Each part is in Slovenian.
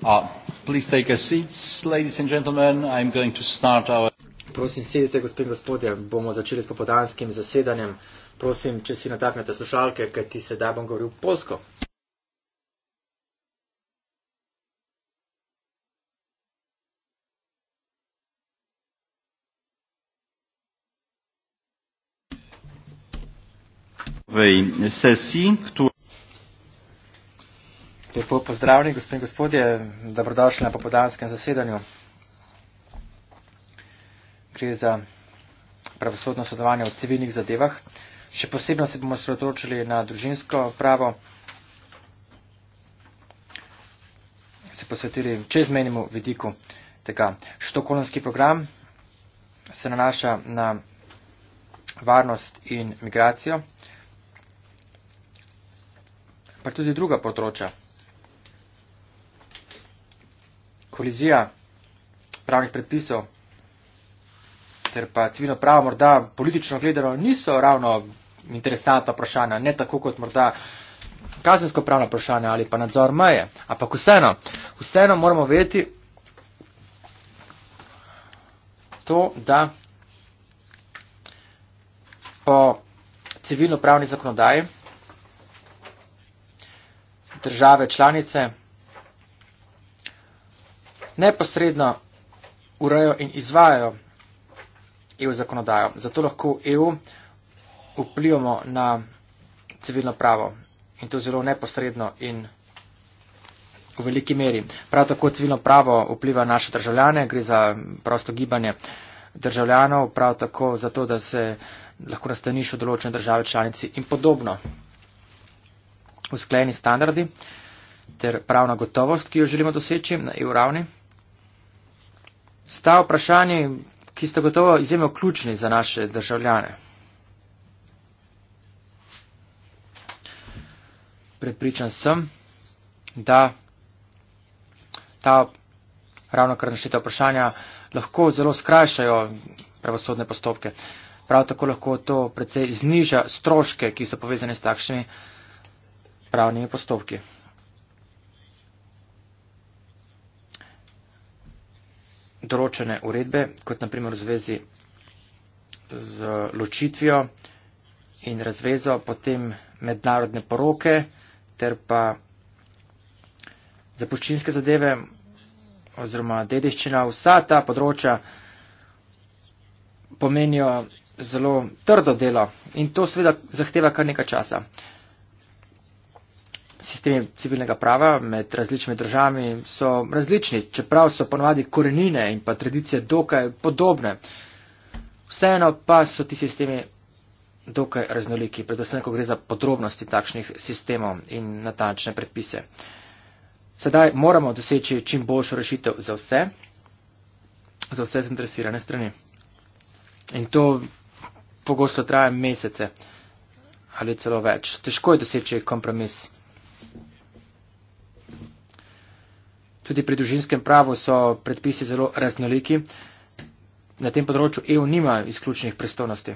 Uh, Prosim, sedite, gospod in gospodje, bomo začeli s popodanskim zasedanjem. Prosim, če si nataknete slušalke, kaj ti sedaj bom govoril polsko. V sesiji, ki tu. Lepo pozdravljeni, gospod in gospodje, dobrodošli na popodanskem zasedanju. Gre za pravosodno sodelovanje v civilnih zadevah. Še posebno se bomo sredotočili na družinsko pravo, se posvetili čezmenjemu vidiku tega. Štokolonski program se nanaša na varnost in migracijo, pa tudi druga področja kolizija pravnih predpisov ter pa civilno pravo morda politično gledano niso ravno interesanta vprašanja, ne tako kot morda kazensko pravno vprašanje ali pa nadzor meje. Ampak vseeno, vseeno moramo vedeti to, da po civilno pravni zakonodaji države članice neposredno urejo in izvajajo EU zakonodajo. Zato lahko EU vplivamo na civilno pravo in to zelo neposredno in v veliki meri. Prav tako civilno pravo vpliva naše državljane, gre za prosto gibanje državljanov, prav tako zato, da se lahko nastaniš v določene države članici in podobno. Usklajeni standardi ter pravna gotovost, ki jo želimo doseči na EU ravni sta vprašanje, ki sta gotovo izjemno ključni za naše državljane. Prepričan sem, da ta ravno kar našteta vprašanja lahko zelo skrajšajo pravosodne postopke. Prav tako lahko to precej zniža stroške, ki so povezane s takšnimi pravnimi postopki. določene uredbe, kot naprimer v zvezi z ločitvijo in razvezo, potem mednarodne poroke ter pa zapuščinske zadeve oziroma dediščina. Vsa ta področja pomenijo zelo trdo delo in to seveda zahteva kar nekaj časa sistemi civilnega prava med različnimi državami so različni, čeprav so ponovadi korenine in pa tradicije dokaj podobne. Vseeno pa so ti sistemi dokaj raznoliki, predvsem, ko gre za podrobnosti takšnih sistemov in natančne predpise. Sedaj moramo doseči čim boljšo rešitev za vse, za vse zainteresirane strani. In to pogosto traja mesece ali celo več. Težko je doseči kompromis. Tudi pri družinskem pravu so predpisi zelo raznoliki. Na tem področju EU nima izključnih pristojnosti.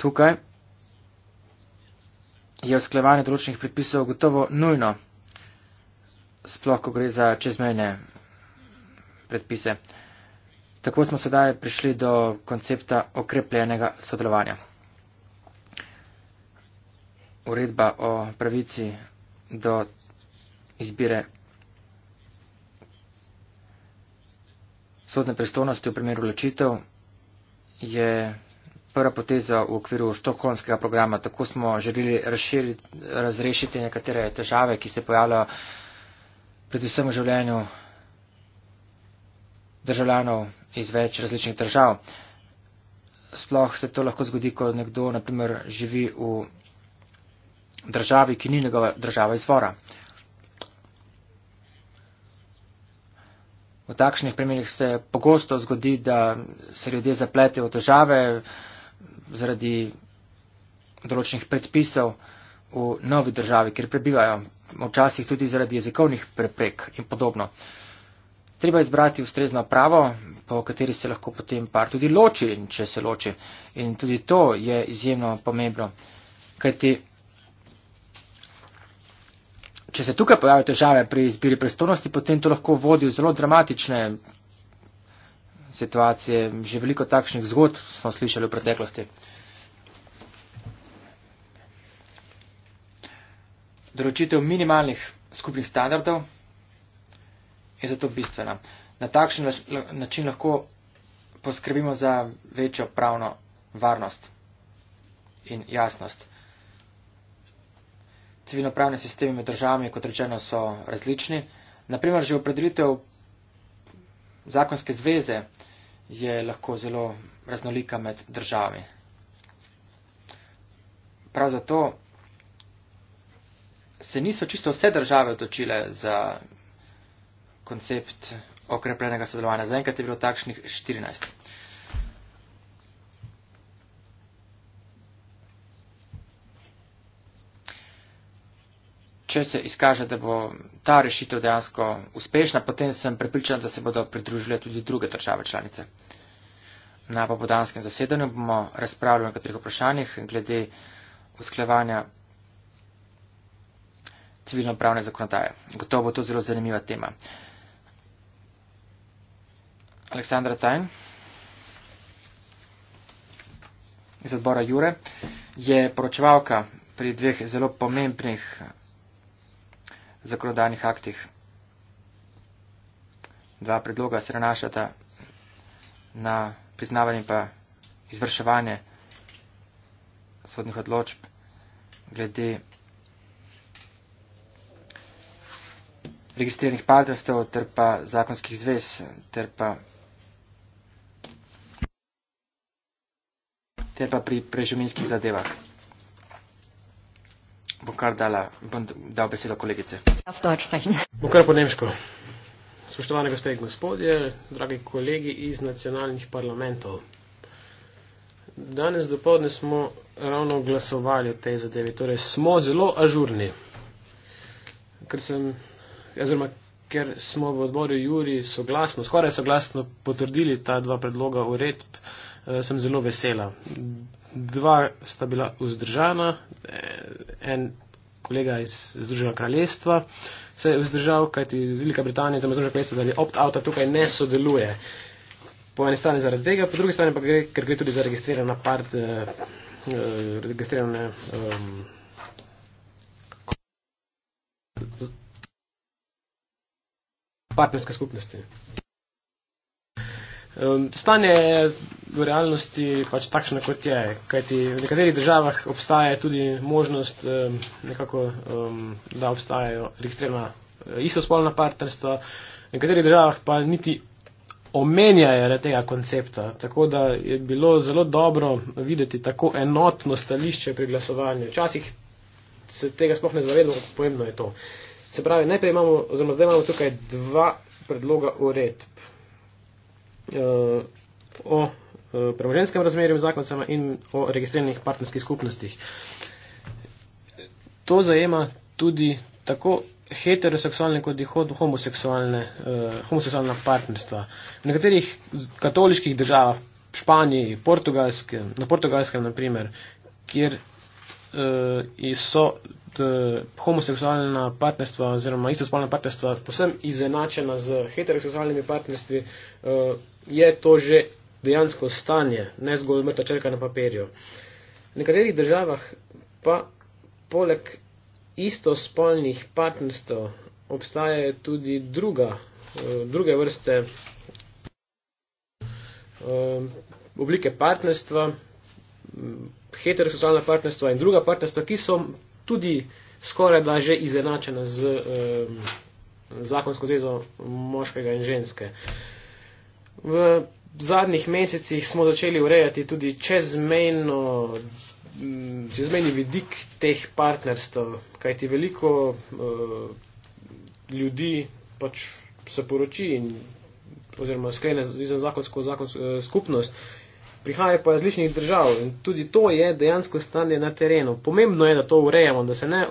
Tukaj je usklevanje določenih predpisov gotovo nujno, sploh ko gre za čezmejne predpise. Tako smo sedaj prišli do koncepta okrepljenega sodelovanja uredba o pravici do izbire sodne prestolnosti v primeru ločitev je prva poteza v okviru štokholmskega programa. Tako smo želeli razširiti, razrešiti nekatere težave, ki se pojavljajo predvsem v življenju državljanov iz več različnih držav. Sploh se to lahko zgodi, ko nekdo, na primer, živi v državi, ki ni njegova država izvora. V takšnih primerjih se pogosto zgodi, da se ljudje zapletejo v države zaradi določenih predpisov v novi državi, kjer prebivajo, včasih tudi zaradi jezikovnih preprek in podobno. Treba izbrati ustrezno pravo, po kateri se lahko potem par tudi loči, če se loči. In tudi to je izjemno pomembno, kajti če se tukaj pojavijo težave pri izbiri prestolnosti, potem to lahko vodi v zelo dramatične situacije. Že veliko takšnih zgodb smo slišali v preteklosti. Doročitev minimalnih skupnih standardov je zato bistvena. Na takšen način lahko poskrbimo za večjo pravno varnost in jasnost civilnopravni sistemi med državami, kot rečeno, so različni. Naprimer, že opredelitev zakonske zveze je lahko zelo raznolika med državami. Prav zato se niso čisto vse države odločile za koncept okrepljenega sodelovanja. Zaenkrat je bilo takšnih 14. če se izkaže, da bo ta rešitev dejansko uspešna, potem sem prepričan, da se bodo pridružile tudi druge države članice. Na popodanskem zasedanju bomo razpravljali o nekaterih vprašanjih glede usklevanja civilno-pravne zakonodaje. Gotovo bo to zelo zanimiva tema. Aleksandra Tajn iz odbora Jure je poročevalka pri dveh zelo pomembnih zakonodajnih aktih. Dva predloga se nanašata na priznavanje pa izvrševanje sodnih odločb glede registriranih partnerstev ter pa zakonskih zvez ter pa ter pa pri preživljenjskih zadevah bo kar dala, bom dal besedo kolegice. Ja, bo kar po nemško. Spoštovane gospe in gospodje, dragi kolegi iz nacionalnih parlamentov. Danes dopoledne smo ravno glasovali o tej zadevi, torej smo zelo ažurni. Ker sem, oziroma ker smo v odboru Juri soglasno, skoraj soglasno potrdili ta dva predloga uredb, Eh, sem zelo vesela. Dva sta bila vzdržana, eh, en kolega iz Združenega kraljestva se je vzdržal, kajti Velika Britanija za Združeno kraljestvo zaradi opt-outa tukaj ne sodeluje. Po eni strani zaradi tega, po drugi strani pa gre, ker gre tudi za registrirana part, eh, eh registrirane. Um, partnerske skupnosti. Stanje je v realnosti pač takšno, kot je. Kajti v nekaterih državah obstaja tudi možnost, nekako, da obstajajo registrirana eh, istospolna partnerstva, v nekaterih državah pa niti omenjajo tega koncepta. Tako da je bilo zelo dobro videti tako enotno stališče pri glasovanju. Včasih se tega sploh ne zavedamo, kako pomembno je to. Se pravi, najprej imamo, oziroma zdaj imamo tukaj dva predloga uredb uh, o uh, premoženskem razmerju med zakoncema in o registriranih partnerskih skupnostih. To zajema tudi tako heteroseksualne kot i homoseksualne, uh, homoseksualna partnerstva. V nekaterih katoliških državah, v Španiji, Portugalske, na Portugalskem naprimer, kjer uh, so homoseksualna partnerstva oziroma istospolna partnerstva posem izenačena z heteroseksualnimi partnerstvi, uh, je to že dejansko stanje, ne zgolj mrtva črka na papirju. V nekaterih državah pa poleg istospolnih partnerstv obstajajo tudi druga, eh, druge vrste eh, oblike partnerstva, mm, heteroseksualna partnerstva in druga partnerstva, ki so tudi skoraj da že izenačena z eh, zakonsko zvezo moškega in ženske. Uh, V zadnjih mesecih smo začeli urejati tudi čezmejno, mm, čezmejni vidik teh partnerstv, kajti veliko uh, ljudi pač se poroči in, oziroma sklene izven zakonsko, zakonsko uh, eh, skupnost. Prihajajo pa iz različnih držav in tudi to je dejansko stanje na terenu. Pomembno je, da to urejamo, da se ne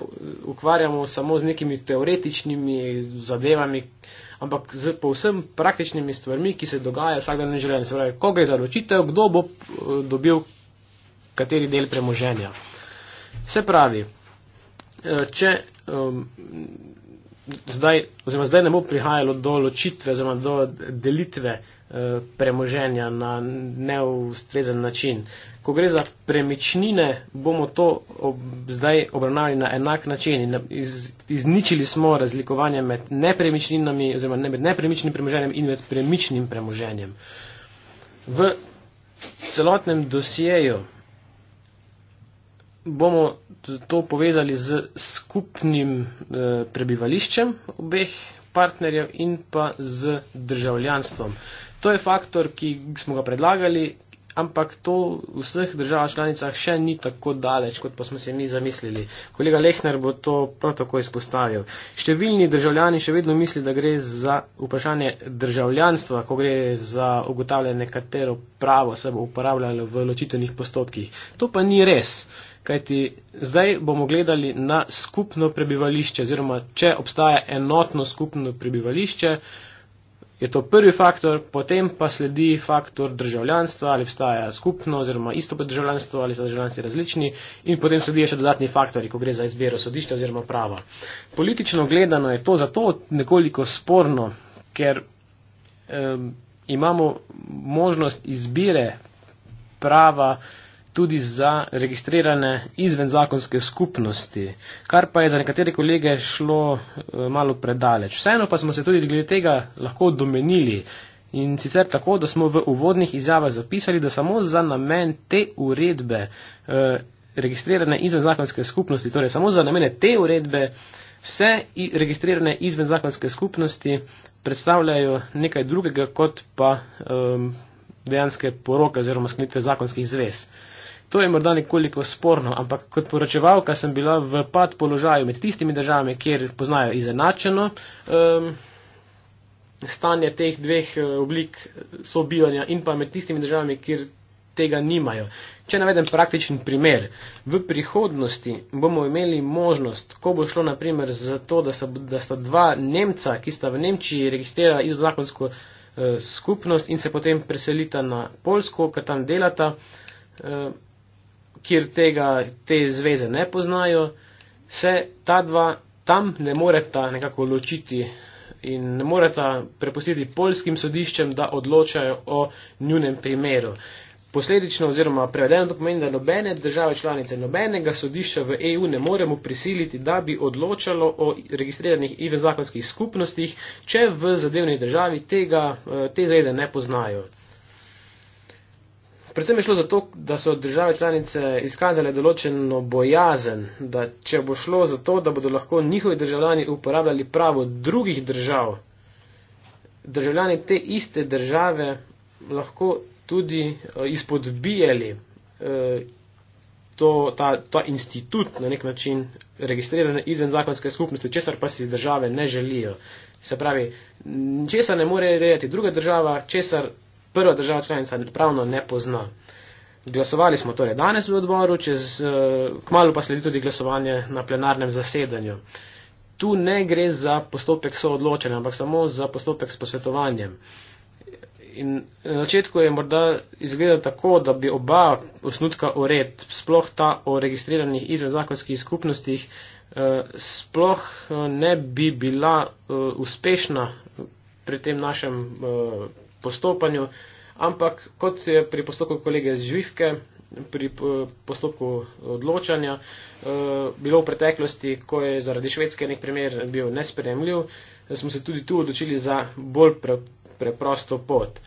ukvarjamo samo z nekimi teoretičnimi zadevami, uh, ampak z povsem praktičnimi stvarmi, ki se dogajajo vsak dan življenje. Se pravi, ko gre za ločitev, kdo bo eh, dobil kateri del premoženja. Se pravi, eh, če um, zdaj, oziroma zdaj ne bo prihajalo do ločitve oziroma do delitve uh, premoženja na neustrezen način, uh, Ko gre za premičnine, bomo to ob, zdaj obravnavali na enak način. In iz, izničili smo razlikovanje med nepremičninami oziroma ne med nepremičnim premoženjem in med premičnim premoženjem. V celotnem dosjeju bomo to povezali z skupnim e, prebivališčem obeh partnerjev in pa z državljanstvom. To je faktor, ki smo ga predlagali, Ampak to v vseh državah članicah še ni tako daleč, kot pa smo se mi zamislili. Kolega Lehner bo to prav tako izpostavil. Številni državljani še vedno misli, da gre za vprašanje državljanstva, ko gre za ugotavljanje, katero pravo se bo uporabljalo v ločitevnih postopkih. To pa ni res, kajti zdaj bomo gledali na skupno prebivališče oziroma če obstaja enotno skupno prebivališče, je to prvi faktor, potem pa sledi faktor državljanstva, ali obstaja skupno oziroma isto državljanstvo ali so državljanci različni in potem sledijo še dodatni faktori, ko gre za izbiro sodišča oziroma prava. Politično gledano je to zato nekoliko sporno, ker um, imamo možnost izbire prava tudi za registrirane izvenzakonske skupnosti, kar pa je za nekatere kolege šlo eh, malo predaleč. Vseeno pa smo se tudi glede tega lahko domenili in sicer tako, da smo v uvodnih izjavah zapisali, da samo za namen te uredbe eh, registrirane izvenzakonske skupnosti, torej samo za namene te uredbe, vse registrirane izvenzakonske skupnosti predstavljajo nekaj drugega kot pa um, dejanske poroke oziroma sklenitve zakonskih zvez. Uh, To je morda nekoliko sporno, ampak kot poročevalka sem bila v pad položaju med tistimi državami, kjer poznajo izenačeno um, stanje teh dveh eh, oblik eh, sobivanja in pa med tistimi državami, kjer tega nimajo. Če navedem praktičen primer, v prihodnosti bomo imeli možnost, ko bo šlo naprimer za to, da sta, da sta dva Nemca, ki sta v Nemčiji registrirala izozakonsko eh, skupnost in se potem preselita na Polsko, ker tam delata, eh, kjer tega, te zveze ne poznajo, se ta dva tam ne moreta nekako ločiti in ne moreta prepustiti polskim sodiščem, da odločajo o njunem primeru. Posledično oziroma prevedeno to pomeni, da nobene države članice, nobenega sodišča v EU ne moremo prisiliti, da bi odločalo o registriranih in zakonskih skupnostih, če v zadevni državi tega, eh, te zveze ne poznajo. Predvsem je šlo zato, da so države članice izkazale določeno bojazen, da če bo šlo za to, da bodo lahko njihovi državljani uporabljali pravo drugih držav, državljani te iste države lahko tudi eh, izpodbijali eh, to, ta, ta institut na nek način registrirane izven zakonske skupnosti, česar pa si države ne želijo. Se pravi, česar ne more rejati druga država, česar prva država članica pravno ne pozna. Glasovali smo torej danes v odboru, čez, eh, kmalo pa sledi tudi glasovanje na plenarnem zasedanju. Tu ne gre za postopek soodločenja, ampak samo za postopek s posvetovanjem. In na začetku je morda izgledalo tako, da bi oba osnutka ured, sploh ta o registriranih izven zakonskih skupnostih, eh, sploh eh, ne bi bila uspešna pri tem našem postopanju, ampak kot je pri postopku kolege Živke, pri eh, postopku odločanja, eh, bilo v preteklosti, ko je zaradi švedske nek primer bil nespremljiv, eh, smo se tudi tu odločili za bolj pre, preprosto pot.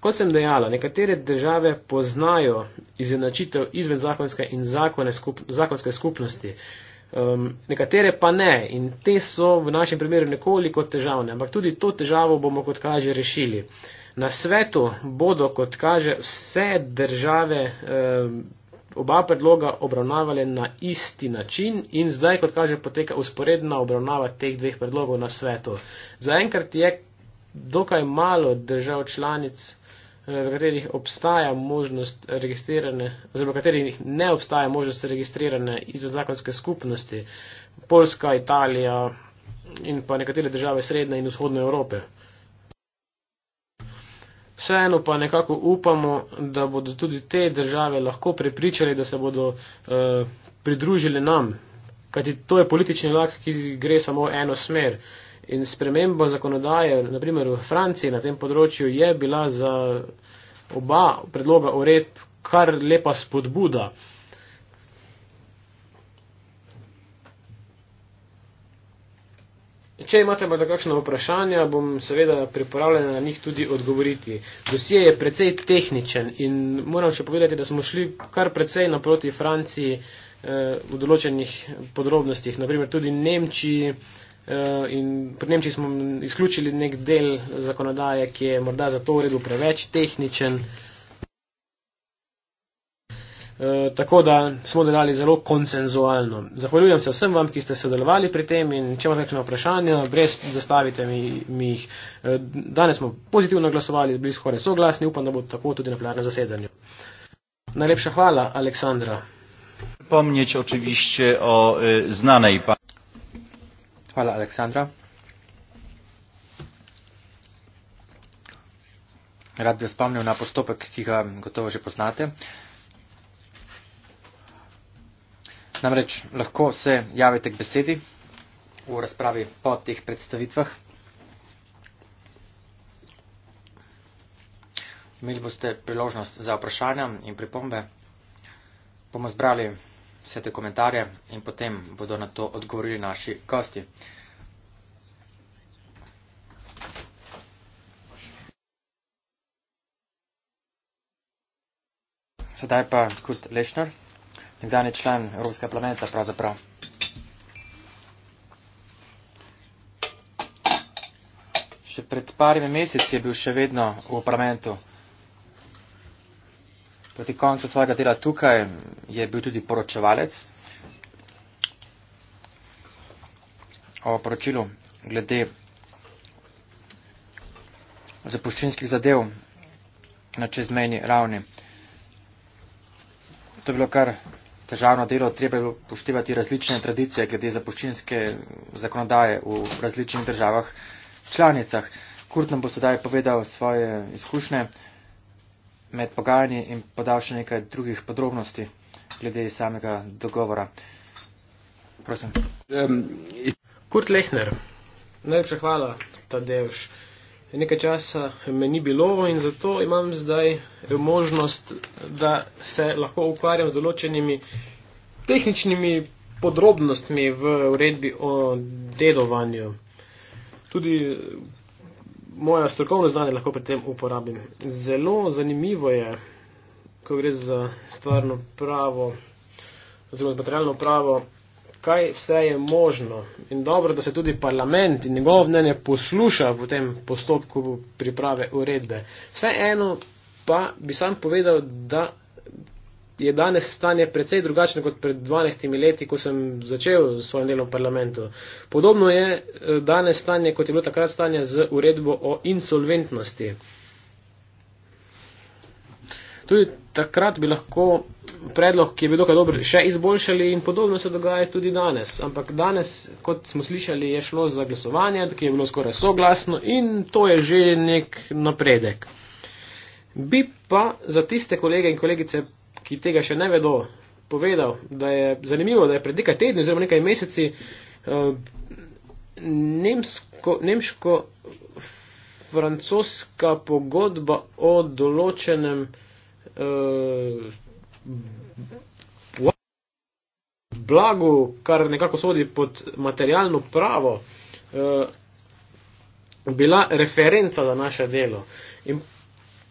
Kot sem dejala, nekatere države poznajo izenačitev izven zakonske in zakone, skup, zakonske skupnosti. Um, nekatere pa ne in te so v našem primeru nekoliko težavne, ampak tudi to težavo bomo, kot kaže, rešili. Uh, Na svetu bodo, kot kaže, vse države eh, oba predloga obravnavale na isti način in zdaj, kot kaže, poteka usporedna obravnava teh dveh predlogov na svetu. Zaenkrat je dokaj malo držav članic, eh, v katerih obstaja možnost registrirane, oziroma v katerih ne obstaja možnost registrirane izvozakonske skupnosti, Poljska, Italija in pa nekatere države srednje in vzhodne Evrope. Vseeno pa nekako upamo, da bodo tudi te države lahko prepričali, da se bodo uh, eh, pridružili nam. Kajti to je politični vlak, ki gre samo eno smer. In sprememba zakonodaje, naprimer v Franciji na tem področju, je bila za oba predloga ured kar lepa spodbuda. Uh, Če imate pa kakšno vprašanje, bom seveda pripravljen na njih tudi odgovoriti. Dosije je precej tehničen in moram še povedati, da smo šli kar precej naproti Franciji eh, v določenih podrobnostih, naprimer tudi Nemčiji. Eh, in pri Nemčiji smo izključili nek del zakonodaje, ki je morda za to uredu preveč tehničen. Uh, Eh, tako da smo delali zelo konsenzualno. Zahvaljujem se vsem vam, ki ste sodelovali pri tem in če imate kakšno vprašanje, brez zastavite mi, mi jih. Eh, danes smo pozitivno glasovali, bili skoraj soglasni, upam, da bo tako tudi na plenarnem zasedanju. Najlepša hvala, Aleksandra. Pomnič, očiviščje o e, znanej pa. Hvala, Aleksandra. Rad bi vas spomnil na postopek, ki ga gotovo že poznate. Namreč lahko se javite k besedi v razpravi po teh predstavitvah. Imeli boste priložnost za vprašanja in pripombe. Bomo zbrali vse te komentarje in potem bodo na to odgovorili naši gosti. Sedaj pa kot Lešner nekdani član Evropskega parlamenta pravzaprav. Še pred parimi meseci je bil še vedno v parlamentu. Proti koncu svojega dela tukaj je bil tudi poročevalec o poročilu glede zapuščinskih zadev na čezmejni ravni. To je bilo kar težavno delo, treba je poštevati različne tradicije glede zapuščinske zakonodaje v različnih državah članicah. Kurt nam bo sedaj povedal svoje izkušnje med pogajanji in podal še nekaj drugih podrobnosti glede samega dogovora. Prosim. Um, Kurt Lehner, najlepša hvala, Tadeusz nekaj časa me ni bilo in zato imam zdaj možnost, da se lahko ukvarjam z določenimi tehničnimi podrobnostmi v uredbi o dedovanju. Tudi moja strokovna znanja lahko pri tem uporabim. Zelo zanimivo je, ko gre za stvarno pravo, oziroma za materialno pravo, kaj vse je možno. In dobro, da se tudi parlament in njegovo mnenje posluša v tem postopku priprave uredbe. Vseeno pa bi sam povedal, da je danes stanje precej drugačno kot pred 12 leti, ko sem začel s svojim delom v parlamentu. Podobno je eh, danes stanje, kot je bilo takrat stanje z uredbo o insolventnosti tudi takrat bi lahko predlog, ki je bil dokaj dober, še izboljšali in podobno se dogaja tudi danes. Ampak danes, kot smo slišali, je šlo za glasovanje, ki je bilo skoraj soglasno in to je že nek napredek. Bi pa za tiste kolege in kolegice, ki tega še ne vedo, povedal, da je zanimivo, da je pred nekaj tedni oziroma nekaj meseci eh, nemsko, nemško-francoska pogodba o določenem Eh, v blagu, kar nekako sodi pod materialno pravo, eh, bila referenca za naše delo. In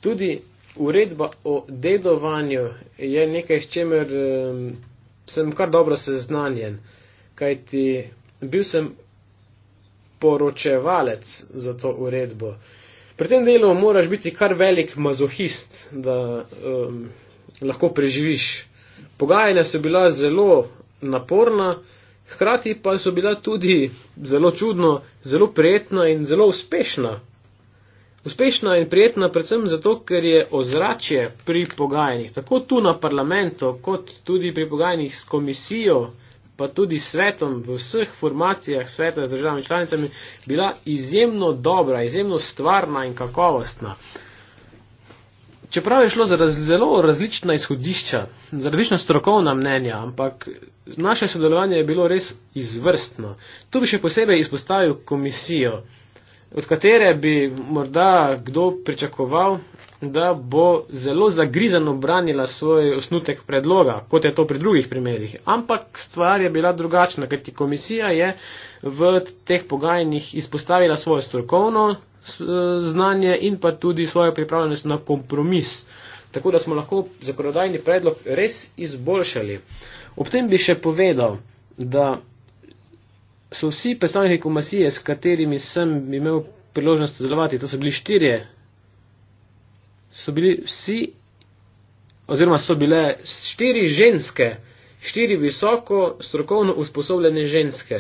tudi uredba o dedovanju je nekaj, s čemer eh, sem kar dobro seznanjen, kajti bil sem poročevalec za to uredbo. Uh, Pri tem delu moraš biti kar velik mazohist, da um, lahko preživiš. Pogajanja so bila zelo naporna, hkrati pa so bila tudi zelo čudno, zelo prijetna in zelo uspešna. Uspešna in prijetna predvsem zato, ker je ozračje pri pogajanjih, tako tu na parlamento, kot tudi pri pogajanjih s komisijo, pa tudi svetom v vseh formacijah sveta z državami članicami, bila izjemno dobra, izjemno stvarna in kakovostna. Čeprav je šlo za raz, zelo različna izhodišča, za različna strokovna mnenja, ampak naše sodelovanje je bilo res izvrstno. Tu bi še posebej izpostavil komisijo, od katere bi morda kdo pričakoval, da bo zelo zagrizano branila svoj osnutek predloga, kot je to pri drugih primerjih. Ampak stvar je bila drugačna, ker ti komisija je v teh pogajanjih izpostavila svojo strokovno eh, znanje in pa tudi svojo pripravljenost na kompromis. Tako da smo lahko zakonodajni predlog res izboljšali. Ob tem bi še povedal, da so vsi predstavniki komisije, s katerimi sem imel priložnost sodelovati, to so bili štirje so bili vsi, oziroma so bile štiri ženske, štiri visoko strokovno usposobljene ženske.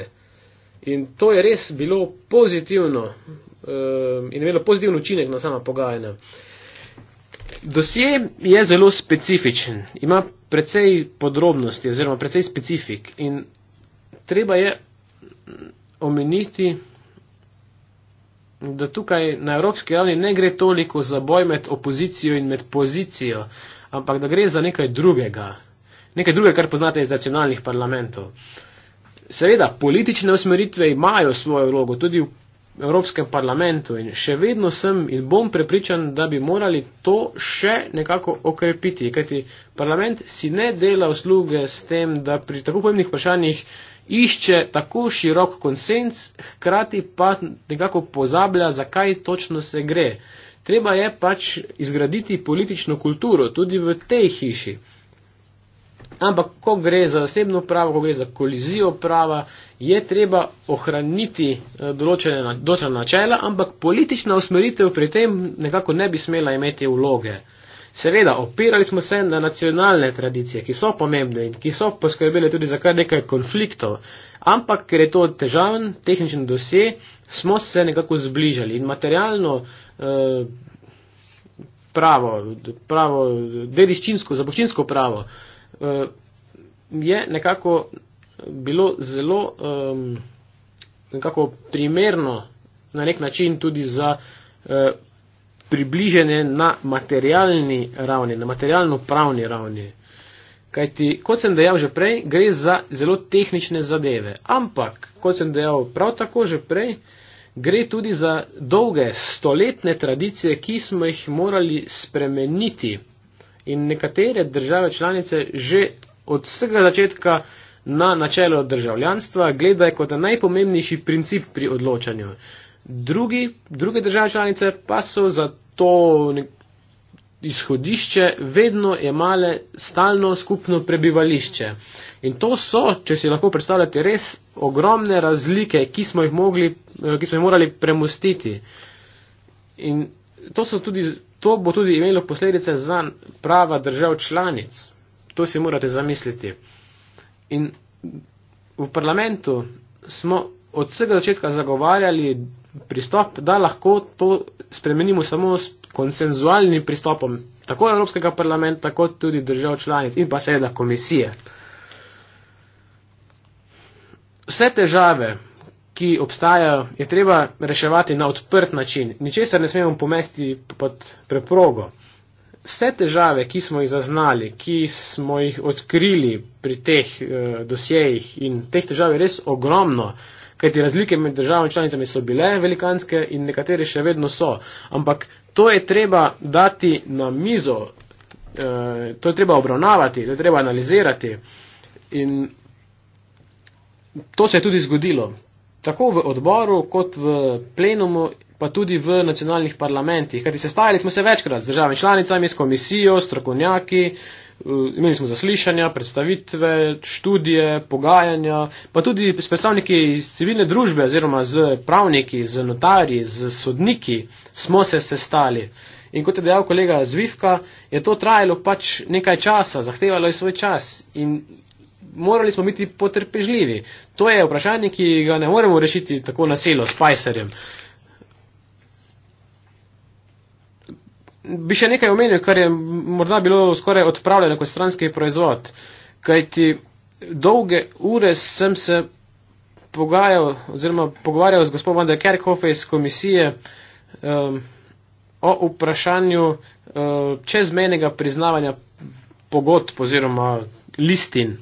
In to je res bilo pozitivno ehm, in imelo pozitivno učinek na sama pogajanja. Dosje je zelo specifičen, ima precej podrobnosti oziroma precej specifik in treba je omeniti, da tukaj na evropski ravni ne gre toliko za boj med opozicijo in med pozicijo, ampak da gre za nekaj drugega. Nekaj drugega, kar poznate iz nacionalnih parlamentov. Seveda, politične usmeritve imajo svojo vlogo tudi v Evropskem parlamentu in še vedno sem in bom prepričan, da bi morali to še nekako okrepiti, kajti parlament si ne dela usluge s tem, da pri tako pomembnih vprašanjih eh, išče tako širok konsens, hkrati pa nekako pozablja, zakaj točno se gre. Treba je pač izgraditi politično kulturo tudi v tej hiši. Ampak, ko gre za zasebno pravo, ko gre za kolizijo prava, je treba ohraniti eh, določene na, načela, ampak politična usmeritev pri tem nekako ne bi smela imeti vloge. Seveda, opirali smo se na nacionalne tradicije, ki so pomembne in ki so poskrbele tudi za kar nekaj konfliktov, ampak ker je to težaven tehničen dosje, smo se nekako zbližali in materialno eh, pravo, pravo dediščinsko, zapuščinsko pravo eh, je nekako bilo zelo eh, nekako primerno na nek način tudi za približene na materialni ravni, na materialno-pravni ravni. Kajti, kot sem dejal že prej, gre za zelo tehnične zadeve. Ampak, kot sem dejal prav tako že prej, gre tudi za dolge stoletne tradicije, ki smo jih morali spremeniti. In nekatere države članice že od vsega začetka na načelo državljanstva gledajo kot najpomembnejši princip pri odločanju. Drugi, druge države članice pa so za to izhodišče vedno imale stalno skupno prebivališče. In to so, če si lahko predstavljate, res ogromne razlike, ki smo jih, mogli, eh, ki smo jih morali premustiti. In to, tudi, to bo tudi imelo posledice za prava držav članic. To si morate zamisliti. In v parlamentu smo od vsega začetka zagovarjali pristop, da lahko to spremenimo samo s konsenzualnim pristopom tako Evropskega parlamenta, kot tudi držav članic in pa seveda komisije. Vse težave, ki obstajajo, je treba reševati na odprt način. Ničesar ne smemo pomesti pod preprogo. Vse težave, ki smo jih zaznali, ki smo jih odkrili pri teh eh, dosjejih in teh težav je res ogromno, eh, kajti razlike med državami članicami so bile velikanske in nekatere še vedno so. Ampak to je treba dati na mizo, eh, to je treba obravnavati, to je treba analizirati. In to se je tudi zgodilo. Tako v odboru, kot v plenumu, pa tudi v nacionalnih parlamentih. Kajti sestajali smo se večkrat z državami članicami, s komisijo, strokovnjaki, Eh, imeli smo zaslišanja, predstavitve, študije, pogajanja, pa tudi s predstavniki iz civilne družbe oziroma z pravniki, z notarji, z sodniki smo se sestali. In kot je dejal kolega Zvivka, je to trajalo pač nekaj časa, zahtevalo je svoj čas in morali smo biti potrpežljivi. To je vprašanje, ki ga ne moremo rešiti tako na selo s pajserjem. bi še nekaj omenil, kar je morda bilo skoraj odpravljeno kot stranski proizvod. Kajti dolge ure sem se pogajal oziroma pogovarjal z gospodom Vande Kerkhofe iz komisije um, o vprašanju um, čezmejnega priznavanja pogodb oziroma listin.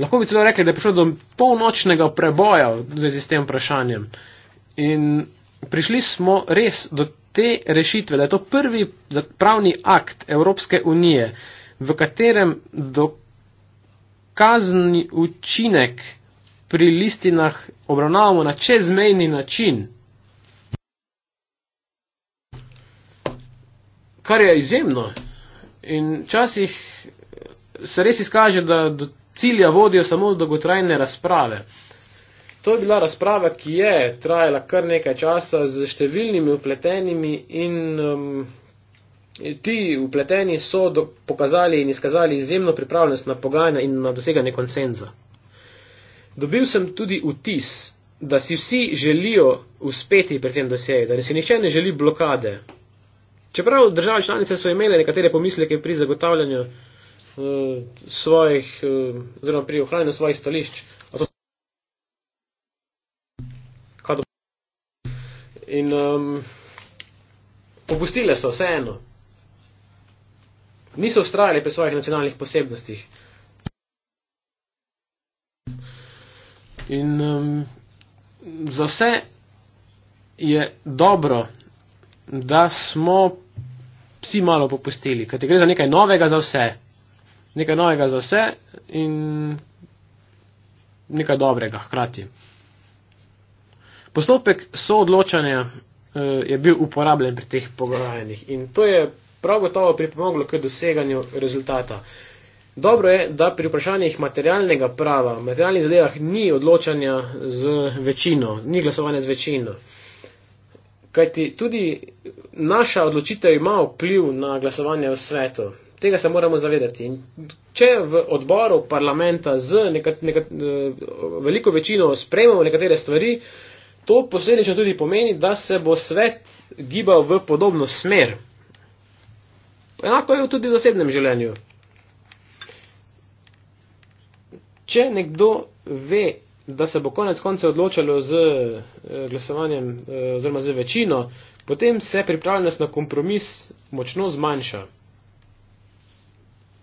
Lahko bi celo rekli, da je prišlo do polnočnega preboja v zvezi s tem vprašanjem. In prišli smo res do te rešitve, da je to prvi pravni akt Evropske unije, v katerem dokazni učinek pri listinah obravnavamo na čezmejni način, kar je izjemno. In včasih se res izkaže, da do cilja vodijo samo dolgotrajne razprave. To je bila razprava, ki je trajala kar nekaj časa z številnimi upletenimi in um, ti upleteni so do, pokazali in izkazali izjemno pripravljenost na pogajanja in na doseganje konsenza. Dobil sem tudi vtis, da si vsi želijo uspeti pri tem doseji, da si nihče ne želi blokade. Čeprav države članice so imele nekatere pomisleke pri zagotavljanju uh, svojih, uh, oziroma pri ohranjanju svojih stališč, uh, kadro. In um, popustile so vseeno. Niso ustrajali pri svojih nacionalnih posebnostih. In um, za vse je dobro, da smo vsi malo popustili, kajti gre za nekaj novega za vse. Nekaj novega za vse in nekaj dobrega hkrati. Postopek soodločanja eh, je bil uporabljen pri teh pogajanjih in to je prav gotovo pripomoglo k doseganju rezultata. Dobro je, da pri vprašanjih materialnega prava, materialnih zadevah ni odločanja z večino, ni glasovanja z večino. Kajti tudi naša odločitev ima vpliv na glasovanje v svetu. Tega se moramo zavedati. In če v odboru parlamenta z nekat, nekat, eh, veliko večino sprejmemo nekatere stvari, To posledično tudi pomeni, da se bo svet gibal v podobno smer. Enako je tudi v zasebnem življenju. Če nekdo ve, da se bo konec konca odločalo z eh, glasovanjem eh, oziroma z večino, potem se pripravljenost na kompromis močno zmanjša.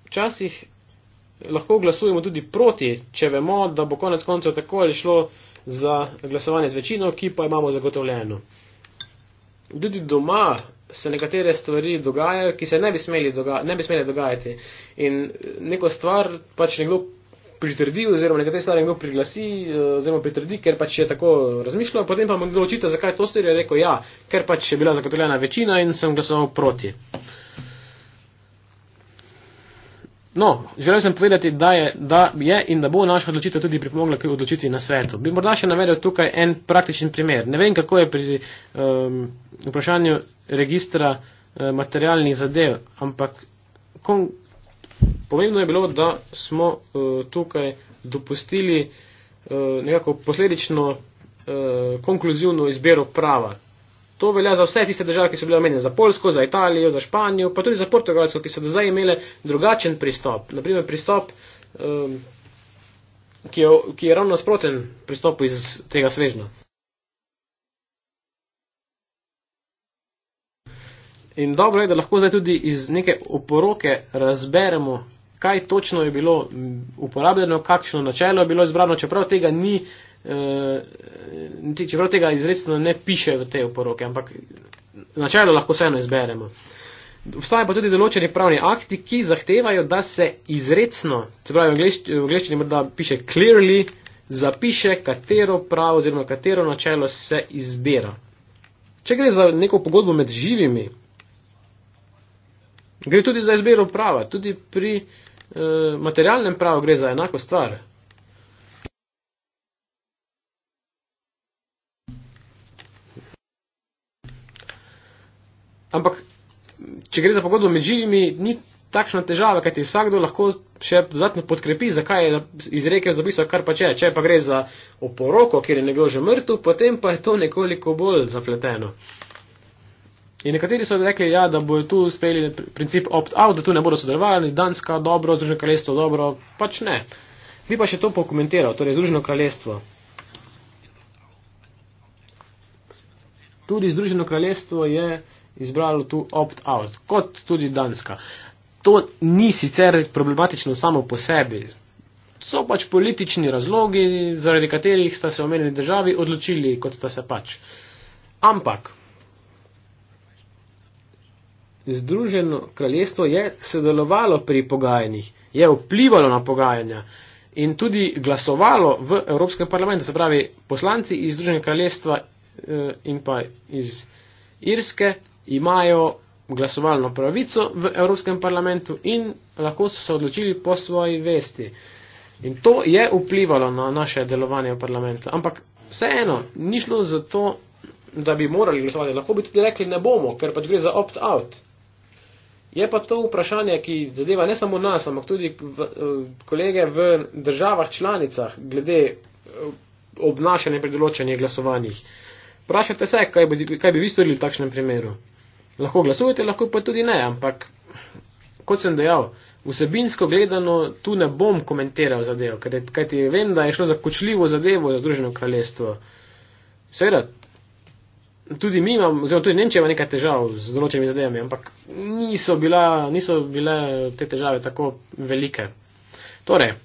Včasih lahko glasujemo tudi proti, če vemo, da bo konec koncev tako ali šlo za glasovanje z večino, ki pa imamo zagotovljeno. Tudi doma se nekatere stvari dogajajo, ki se ne bi smeli, doga ne bi smeli dogajati. In eh, neko stvar pač nekdo pritrdi oziroma nekatere stvari nekdo priglasi eh, oziroma pritrdi, ker pač je tako razmišljal, potem pa mu kdo očita, zakaj to stvar je rekel ja, ker pač je bila zagotovljena večina in sem glasoval proti. Uh, No, želel sem povedati, da je, da je in da bo naša odločitev tudi pripomogla k odločitvi na svetu. Bi morda še navedel tukaj en praktičen primer. Ne vem, kako je pri um, vprašanju registra um, materialnih zadev, ampak kon, pomembno je bilo, da smo uh, tukaj dopustili uh, nekako posledično uh, konkluzivno izbiro prava. To velja za vse tiste države, ki so bile omenjene, za Polsko, za Italijo, za Španijo, pa tudi za Portugalsko, ki so do zdaj imele drugačen pristop. Naprimer, pristop, um, ki, je, ki je ravno nasproten pristopu iz tega svežna. In dobro je, da lahko zdaj tudi iz neke oporoke razberemo, kaj točno je bilo uporabljeno, kakšno načelo je bilo izbrano, čeprav tega ni Uh, čeprav tega izredno ne piše v te oporoke, ampak načelo lahko vseeno izberemo. Obstajajo pa tudi določeni pravni akti, ki zahtevajo, da se izredno, se pravi v angleščini morda piše clearly, zapiše, katero pravo oziroma katero načelo se izbira. Če gre za neko pogodbo med živimi, gre tudi za izbiro prava. Tudi pri uh, materialnem pravu gre za enako stvar. Ampak, če gre za pogodbo med živimi, ni takšna težava, kajti vsakdo lahko še dodatno podkrepi, zakaj je izrekel zapisal, kar pa če je. Če pa gre za oporoko, kjer je nekdo že mrtev, potem pa je to nekoliko bolj zapleteno. In nekateri so rekli, ja, da bodo tu uspeli princip opt-out, da tu ne bodo sodelovali, Danska dobro, Združeno kraljestvo dobro, pač ne. Bi pa še to pokomentiral, torej Združeno kraljestvo. Tudi Združeno kraljestvo je izbralo tu opt-out, kot tudi Danska. To ni sicer problematično samo po sebi. So pač politični razlogi, zaradi katerih sta se omenjeni državi odločili, kot sta se pač. Ampak Združeno kraljestvo je sodelovalo pri pogajanjih, je vplivalo na pogajanja in tudi glasovalo v Evropskem parlamentu. Se pravi, poslanci iz Združenega kraljestva eh, in pa iz Irske imajo glasovalno pravico v Evropskem parlamentu in lahko so se odločili po svoji vesti. In to je vplivalo na naše delovanje v parlamentu. Ampak vseeno, ni šlo za to, da bi morali glasovati. Lahko bi tudi rekli, ne bomo, ker pač gre za opt-out. Je pa to vprašanje, ki zadeva ne samo nas, ampak tudi v, eh, kolege v državah članicah, glede eh, obnašanja pri določenih glasovanjih. Vprašajte se, kaj bi, kaj bi vi storili v takšnem primeru lahko glasujete, lahko pa tudi ne, ampak kot sem dejal, vsebinsko gledano tu ne bom komentiral zadevo, kajti vem, da je šlo za kočljivo zadevo za Združeno kraljestvo. Seveda, tudi mi imamo, oziroma tudi Nemčija ima nekaj težav z določenimi zadevami, ampak niso, bila, niso bile te težave tako velike. Torej,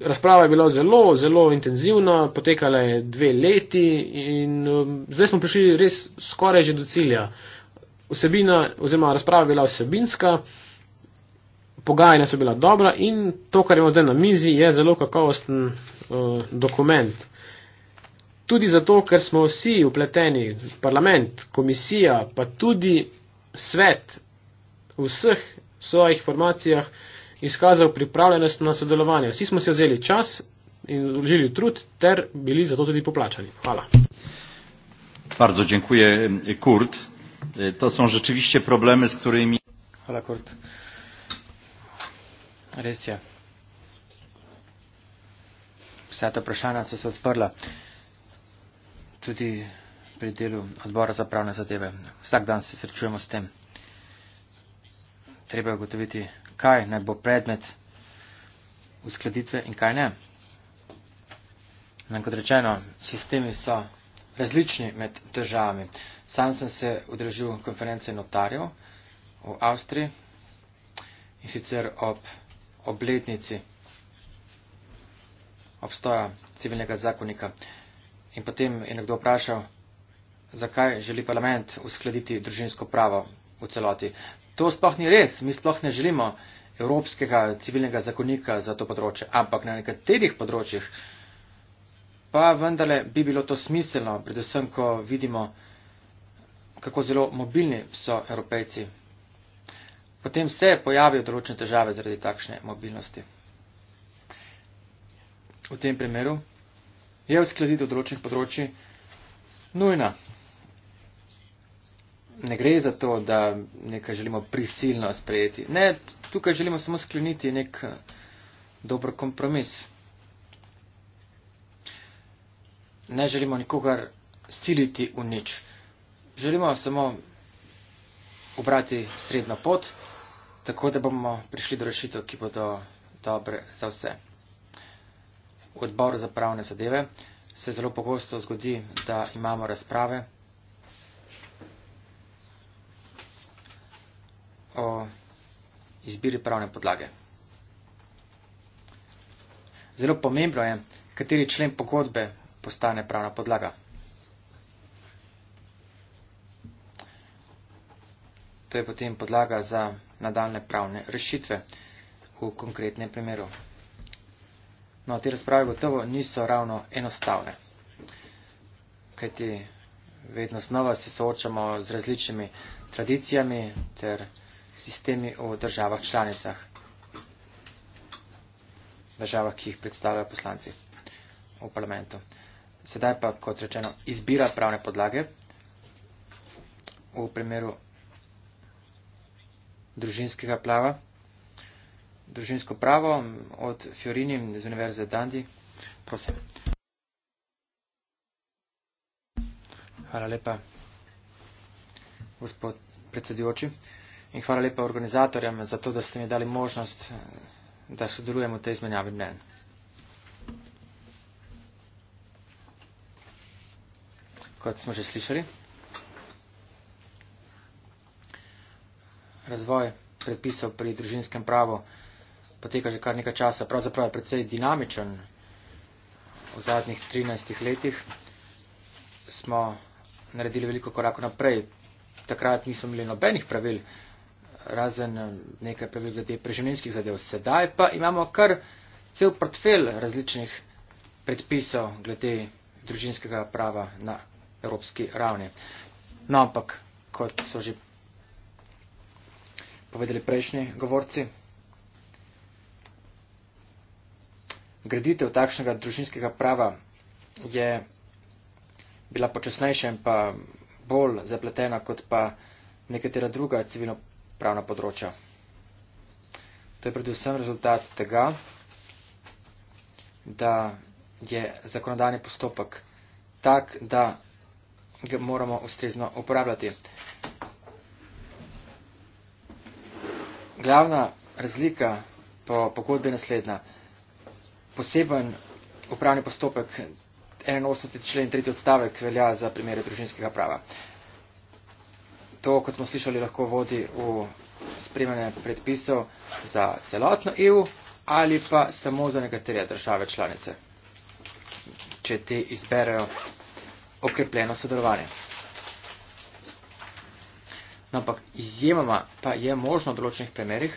razprava je bila zelo, zelo intenzivna, potekala je dve leti in um, zdaj smo prišli res skoraj že do cilja. Uh, vsebina oziroma razprava bila vsebinska, pogajanja so bila dobra in to, kar imamo zdaj na mizi, je zelo kakovosten uh, dokument. Tudi zato, ker smo vsi upleteni, parlament, komisija, pa tudi svet v vseh svojih formacijah izkazal pripravljenost na sodelovanje. Vsi smo se vzeli čas in vložili trud ter bili zato tudi poplačani. Hvala. Bardzo dziękuję, Kurt. To są rzeczywiście problemy, z którymi. Holakurt. Rysia. Sveta vprašanja so se odprla tudi pri delu odbora za pravne zadeve. Vsak dan se srečujemo s tem. Treba je ugotoviti, kaj naj bo predmet uskladitve in kaj ne. Na kot rečeno, sistemi so različni med državami. Sam sem se udeležil konference notarjev v Avstriji in sicer ob obletnici obstoja civilnega zakonika. In potem je nekdo vprašal, zakaj želi parlament uskladiti družinsko pravo v celoti. To sploh ni res, mi sploh ne želimo evropskega civilnega zakonika za to področje, ampak na nekaterih področjih pa vendarle bi bilo to smiselno, predvsem, ko vidimo, kako zelo mobilni so evropejci. Potem se pojavijo določene težave zaradi takšne mobilnosti. V tem primeru je uskladitev določenih področji nujna. Ne gre za to, da nekaj želimo prisilno sprejeti. Ne, tukaj želimo samo skleniti nek eh, dober kompromis. ne želimo nikogar siliti v nič. Želimo samo obrati srednjo pot, tako da bomo prišli do rešitev, ki bodo dobre za vse. V odboru za pravne zadeve se zelo pogosto zgodi, da imamo razprave o izbiri pravne podlage. Zelo pomembno je, kateri člen pogodbe postane pravna podlaga. To je potem podlaga za nadaljne pravne rešitve v konkretnem primeru. No, te razprave gotovo niso ravno enostavne, kajti vedno znova se soočamo z različnimi tradicijami ter sistemi v državah članicah, državah, ki jih predstavljajo poslanci v parlamentu. Sedaj pa, kot rečeno, izbira pravne podlage. V primeru družinskega plava, družinsko pravo od Fiorini iz Univerze Dandi, prosim. Hvala lepa, gospod predsedujoči in hvala lepa organizatorjem za to, da ste mi dali možnost, da sodelujem v tej izmenjavi mnenj. kot smo že slišali. Razvoj predpisov pri družinskem pravu poteka že kar nekaj časa, pravzaprav je precej dinamičen. V zadnjih 13 letih smo naredili veliko korakov naprej. Takrat nismo imeli nobenih pravil, razen eh, nekaj pravil glede preživljenjskih zadev. Sedaj pa imamo kar cel portfel različnih predpisov glede družinskega prava na evropski ravni. No, ampak, kot so že povedali prejšnji govorci, graditev takšnega družinskega prava je bila počasnejša in pa bolj zapletena kot pa nekatera druga civilno-pravna področja. To je predvsem rezultat tega, da je zakonodajni postopek tak, da ga moramo ustrezno uporabljati. Glavna razlika po pogodbi je naslednja. Poseben upravni postopek 81. člen 3. odstavek velja za primere družinskega prava. To, kot smo slišali, lahko vodi v spremljanje predpisov za celotno EU ali pa samo za nekatere države članice, če te izberejo okrepljeno sodelovanje. No, ampak izjemoma pa je možno v določenih primerih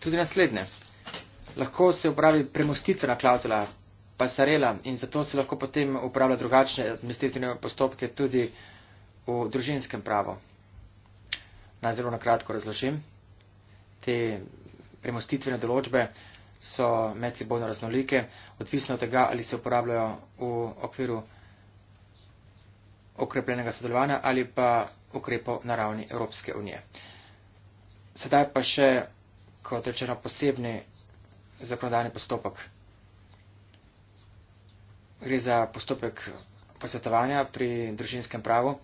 tudi naslednje. Lahko se upravi premustitvena klauzula, pasarela in zato se lahko potem upravlja drugačne administrativne postopke tudi v družinskem pravu. Naj zelo na kratko razložim te premustitvene določbe so medsebojno raznolike, odvisno od tega, ali se uporabljajo v okviru okrepljenega sodelovanja ali pa ukrepov na ravni Evropske unije. Sedaj pa še, kot rečeno, posebni zakonodajni postopek. Gre za postopek posvetovanja pri družinskem pravu.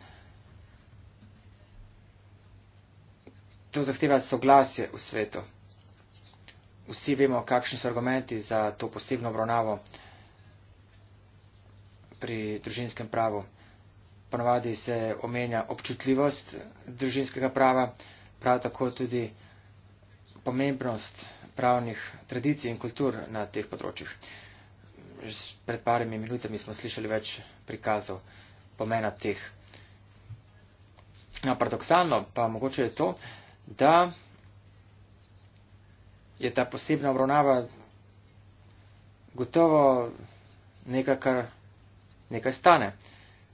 To zahteva soglasje v svetu vsi vemo, kakšni so argumenti za to posebno obravnavo pri družinskem pravu. Ponovadi se omenja občutljivost družinskega prava, prav tako tudi pomembnost pravnih tradicij in kultur na teh področjih. Že pred parimi minutami smo slišali več prikazov pomena teh. No, paradoksalno pa mogoče je to, da je ta posebna obravnava gotovo nekaj, kar nekaj stane.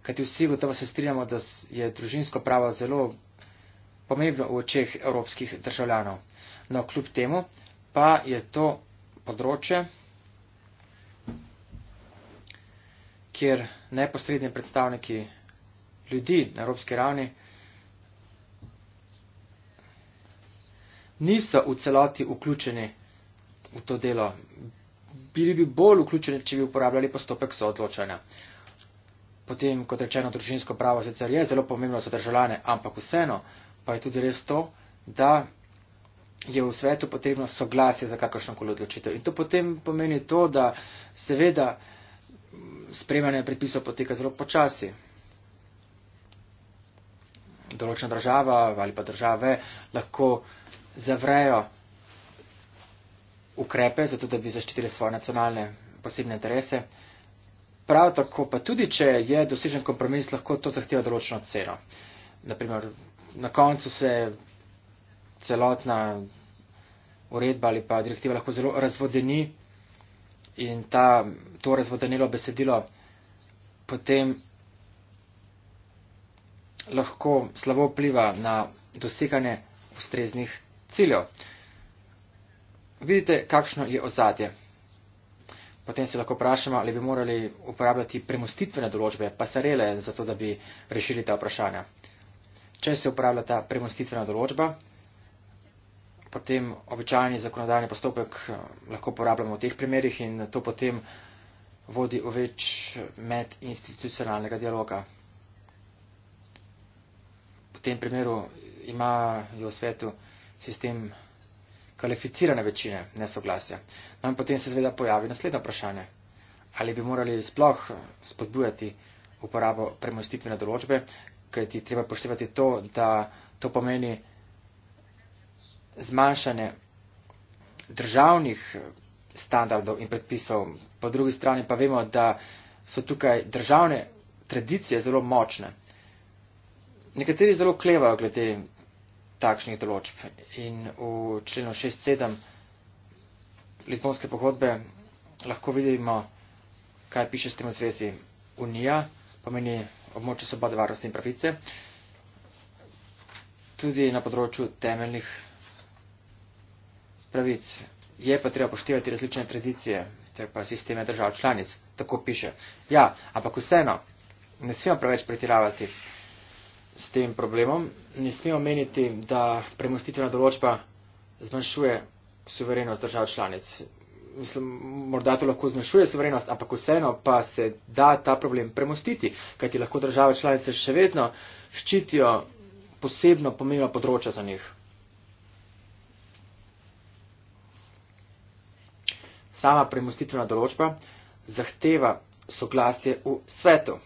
Kajti vsi gotovo se strinjamo, da je družinsko pravo zelo pomembno v očeh evropskih državljanov. No, kljub temu pa je to področje, kjer neposredni predstavniki ljudi na evropski ravni niso v celoti vključeni v to delo. Bili bi bolj vključeni, če bi uporabljali postopek soodločanja. Potem, kot rečeno, družinsko pravo sicer je zelo pomembno za državljane, ampak vseeno pa je tudi res to, da je v svetu potrebno soglasje za kakršno koli odločitev. In to potem pomeni to, da seveda sprejmanje predpisov poteka zelo počasi. Določena država ali pa države lahko zavrejo ukrepe, zato da bi zaščitili svoje nacionalne posebne interese. Prav tako pa tudi, če je dosežen kompromis, lahko to zahteva določeno ceno. Naprimer, na koncu se celotna uredba ali pa direktiva lahko zelo razvodeni in ta, to razvodenilo besedilo potem lahko slabo vpliva na doseganje ustreznih ciljev. Vidite, kakšno je ozadje. Potem se lahko vprašamo, ali bi morali uporabljati premustitvene določbe, pasarele, zato da bi rešili ta vprašanja. Če se uporablja ta premustitvena določba, potem običajni zakonodajni postopek eh, lahko uporabljamo v teh primerjih in to potem vodi v več med institucionalnega dialoga. V tem primeru imajo v svetu sistem kvalificirane večine nesoglasja. No in potem se zveda pojavi naslednje vprašanje. Ali bi morali sploh spodbujati uporabo premostitvene določbe, kaj ti treba poštevati to, da to pomeni zmanjšanje državnih standardov in predpisov. Po drugi strani pa vemo, da so tukaj državne tradicije zelo močne. Nekateri zelo klevajo glede takšnih določb. In v členu 6.7 Lizbonske pogodbe lahko vidimo, kaj piše s tem v zvezi. Unija pomeni območje svobode, varnosti in pravice, tudi na področju temeljnih pravic. Je pa treba poštevati različne tradicije ter pa sisteme držav članic. Tako piše. Ja, ampak vseeno, ne smemo preveč pretiravati s tem problemom. Ne smemo meniti, da premustitvena določba zmanjšuje suverenost držav članic. Mislim, morda to lahko zmanjšuje suverenost, ampak vseeno pa se da ta problem premustiti, kajti lahko države članice še vedno ščitijo posebno pomembna področja za njih. Sama premustitvena določba zahteva soglasje v svetu.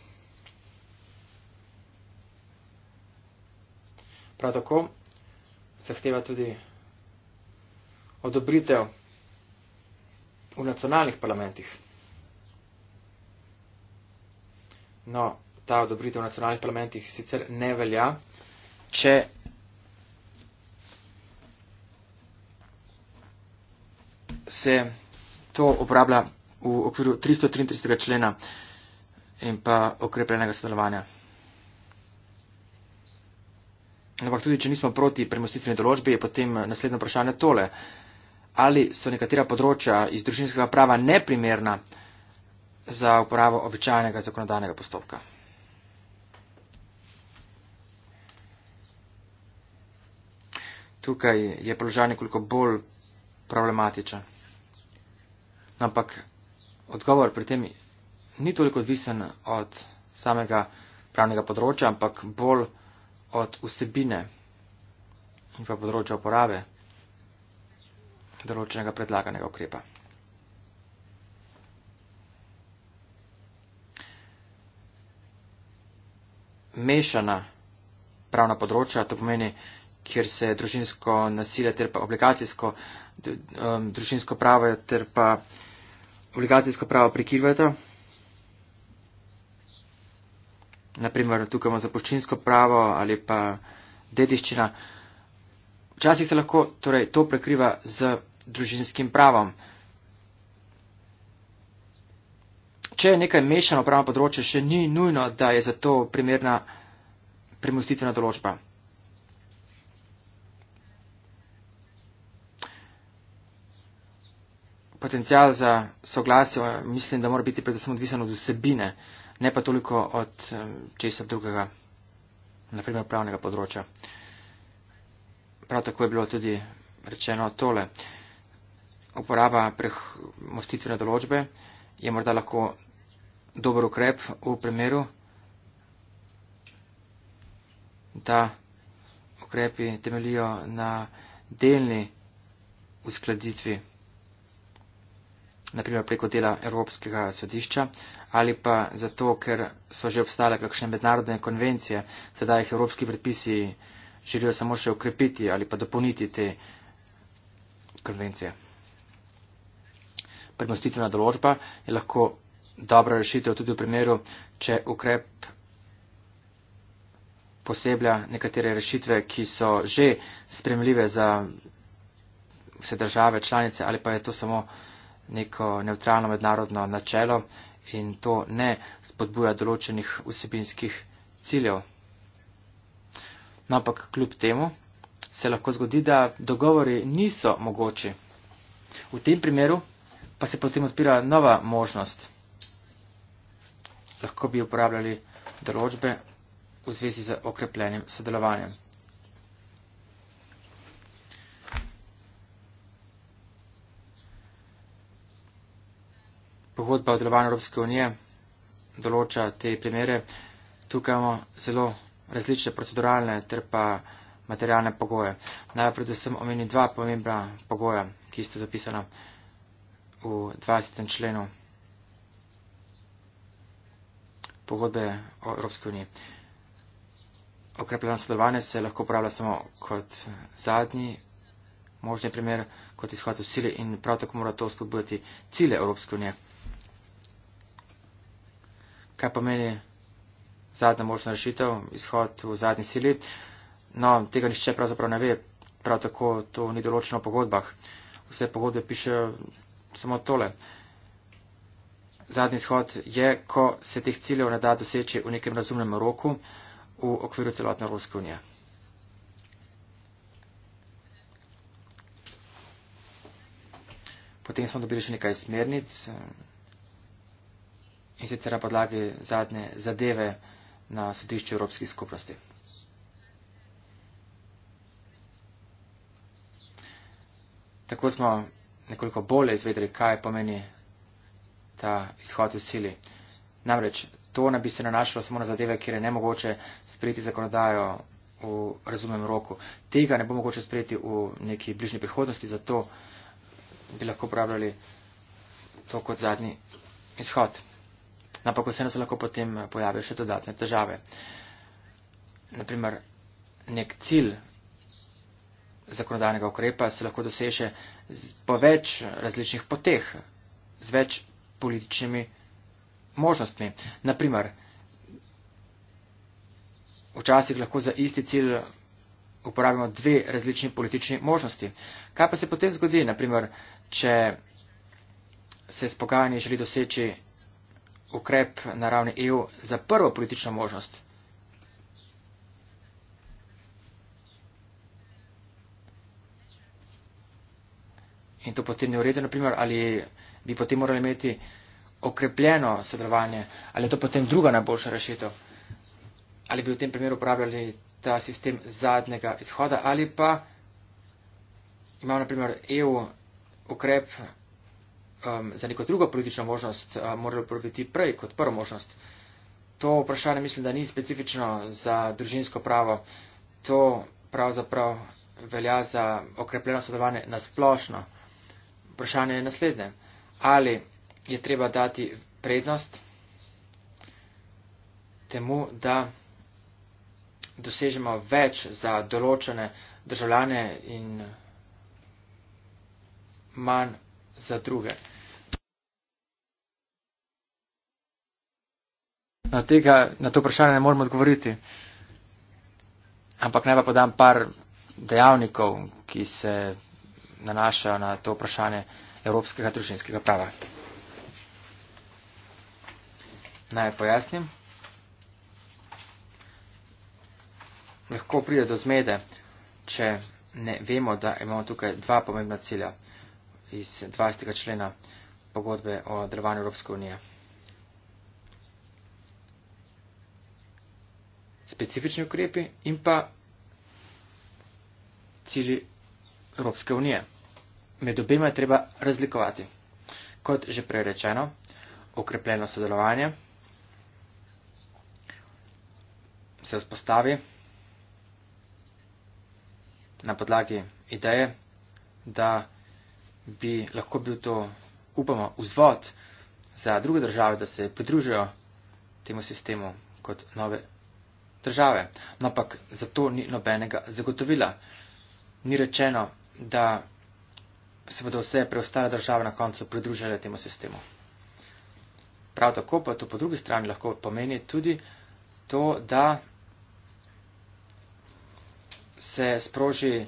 Prav tako zahteva tudi odobritev v nacionalnih parlamentih. No, ta odobritev v nacionalnih parlamentih sicer ne velja, če se to uporablja v okviru 333. člena in pa okrepljenega sodelovanja. Ampak tudi, če nismo proti premostitveni določbi, je potem eh, naslednje vprašanje tole. Ali so nekatera področja iz družinskega prava neprimerna za uporabo običajnega zakonodajnega postopka? Tukaj je položaj nekoliko bolj problematičen. No, ampak odgovor pri tem ni toliko odvisen od samega pravnega področja, ampak bolj od vsebine in pa področja uporabe določenega predlaganega ukrepa. Mešana pravna področja, to pomeni, kjer se družinsko nasilje ter pa obligacijsko um, družinsko pravo ter pa obligacijsko pravo prikrivajo naprimer tukaj imamo zapuščinsko pravo ali pa dediščina. Včasih se lahko torej, to prekriva z družinskim pravom. Če je nekaj mešano pravno področje, še ni nujno, da je za to primerna premustitvena določba. Potencial za soglasje mislim, da mora biti predvsem odvisen od vsebine ne pa toliko od eh, česa drugega, naprimer pravnega področja. Prav tako je bilo tudi rečeno tole. Uporaba premostitvene določbe je morda lahko dober ukrep v primeru, da ukrepi temelijo na delni uskladitvi naprimer preko dela Evropskega sodišča, ali pa zato, ker so že obstale kakšne mednarodne konvencije, sedaj jih evropski predpisi želijo samo še ukrepiti ali pa dopolniti te konvencije. Premostitvena določba je lahko dobra rešitev tudi v primeru, če ukrep poseblja nekatere rešitve, ki so že spremljive za vse države, članice ali pa je to samo neko neutralno mednarodno načelo in to ne spodbuja določenih vsebinskih ciljev. No, ampak kljub temu se lahko zgodi, da dogovori niso mogoči. V tem primeru pa se potem odpira nova možnost. Lahko bi uporabljali določbe v zvezi z okrepljenim sodelovanjem. pogodba o delovanju Evropske unije določa te primere. Tukaj imamo zelo različne proceduralne ter pa materialne pogoje. Najprej predvsem omeni dva pomembna pogoja, ki sta zapisana v 20. členu pogodbe o Evropske unije. Okrepljeno sodelovanje se lahko uporablja samo kot zadnji možni primer, kot izhod v sili in prav tako mora to spodbujati cilje Evropske unije kaj pomeni zadnja možna rešitev, izhod v zadnji sili. No, tega nišče pravzaprav ne ve, prav tako to ni določeno v pogodbah. Vse pogodbe pišejo samo tole. Zadnji izhod je, ko se teh ciljev ne da doseči v nekem razumnem roku v okviru celotne Evropske unije. Potem smo dobili še nekaj smernic in sicer na podlagi zadnje zadeve na sodišču Evropskih skupnosti. Tako smo nekoliko bolje izvedeli, kaj pomeni ta izhod v sili. Namreč to ne bi se nanašalo samo na zadeve, kjer je nemogoče spriti zakonodajo v razumem roku. Tega ne bo mogoče spriti v neki bližnji prihodnosti, zato bi lahko uporabljali to kot zadnji izhod ampak vseeno se lahko potem pojavijo še dodatne težave. Naprimer, nek cilj zakonodajnega ukrepa se lahko doseže po več različnih poteh, z več političnimi možnostmi. Naprimer, včasih lahko za isti cilj uporabimo dve različni politični možnosti. Kaj pa se potem zgodi, naprimer, če se s pogajanji želi doseči ukrep na ravni EU za prvo politično možnost. In to potem ni uredno, naprimer, ali bi potem morali imeti okrepljeno sodelovanje, ali je to potem druga najboljša rešitev, ali bi v tem primeru uporabljali ta sistem zadnjega izhoda, ali pa imamo, naprimer, EU ukrep um, za neko drugo politično možnost um, uh, morali uporabiti prej kot prvo možnost. To vprašanje mislim, da ni specifično za družinsko pravo. To pravzaprav velja za okrepljeno sodelovanje na splošno. Vprašanje je naslednje. Ali je treba dati prednost temu, da dosežemo več za določene državljane in manj za druge. na, tega, na to vprašanje ne moremo odgovoriti. Ampak naj pa podam par dejavnikov, ki se nanašajo na to vprašanje evropskega družinskega prava. Naj pojasnim. Lahko pride do zmede, če ne vemo, da imamo tukaj dva pomembna cilja iz 20. člena pogodbe o delovanju Evropske unije. specifični ukrepi in pa cili Evropske unije. Med obema je treba razlikovati. Kot že prej rečeno, okrepljeno sodelovanje se vzpostavi na podlagi ideje, da bi lahko bil to, upamo, vzvod za druge države, da se pridružijo temu sistemu kot nove države. No, ampak za to ni nobenega zagotovila. Ni rečeno, da se bodo vse preostale države na koncu pridružile temu sistemu. Prav tako pa to po drugi strani lahko pomeni tudi to, da se sproži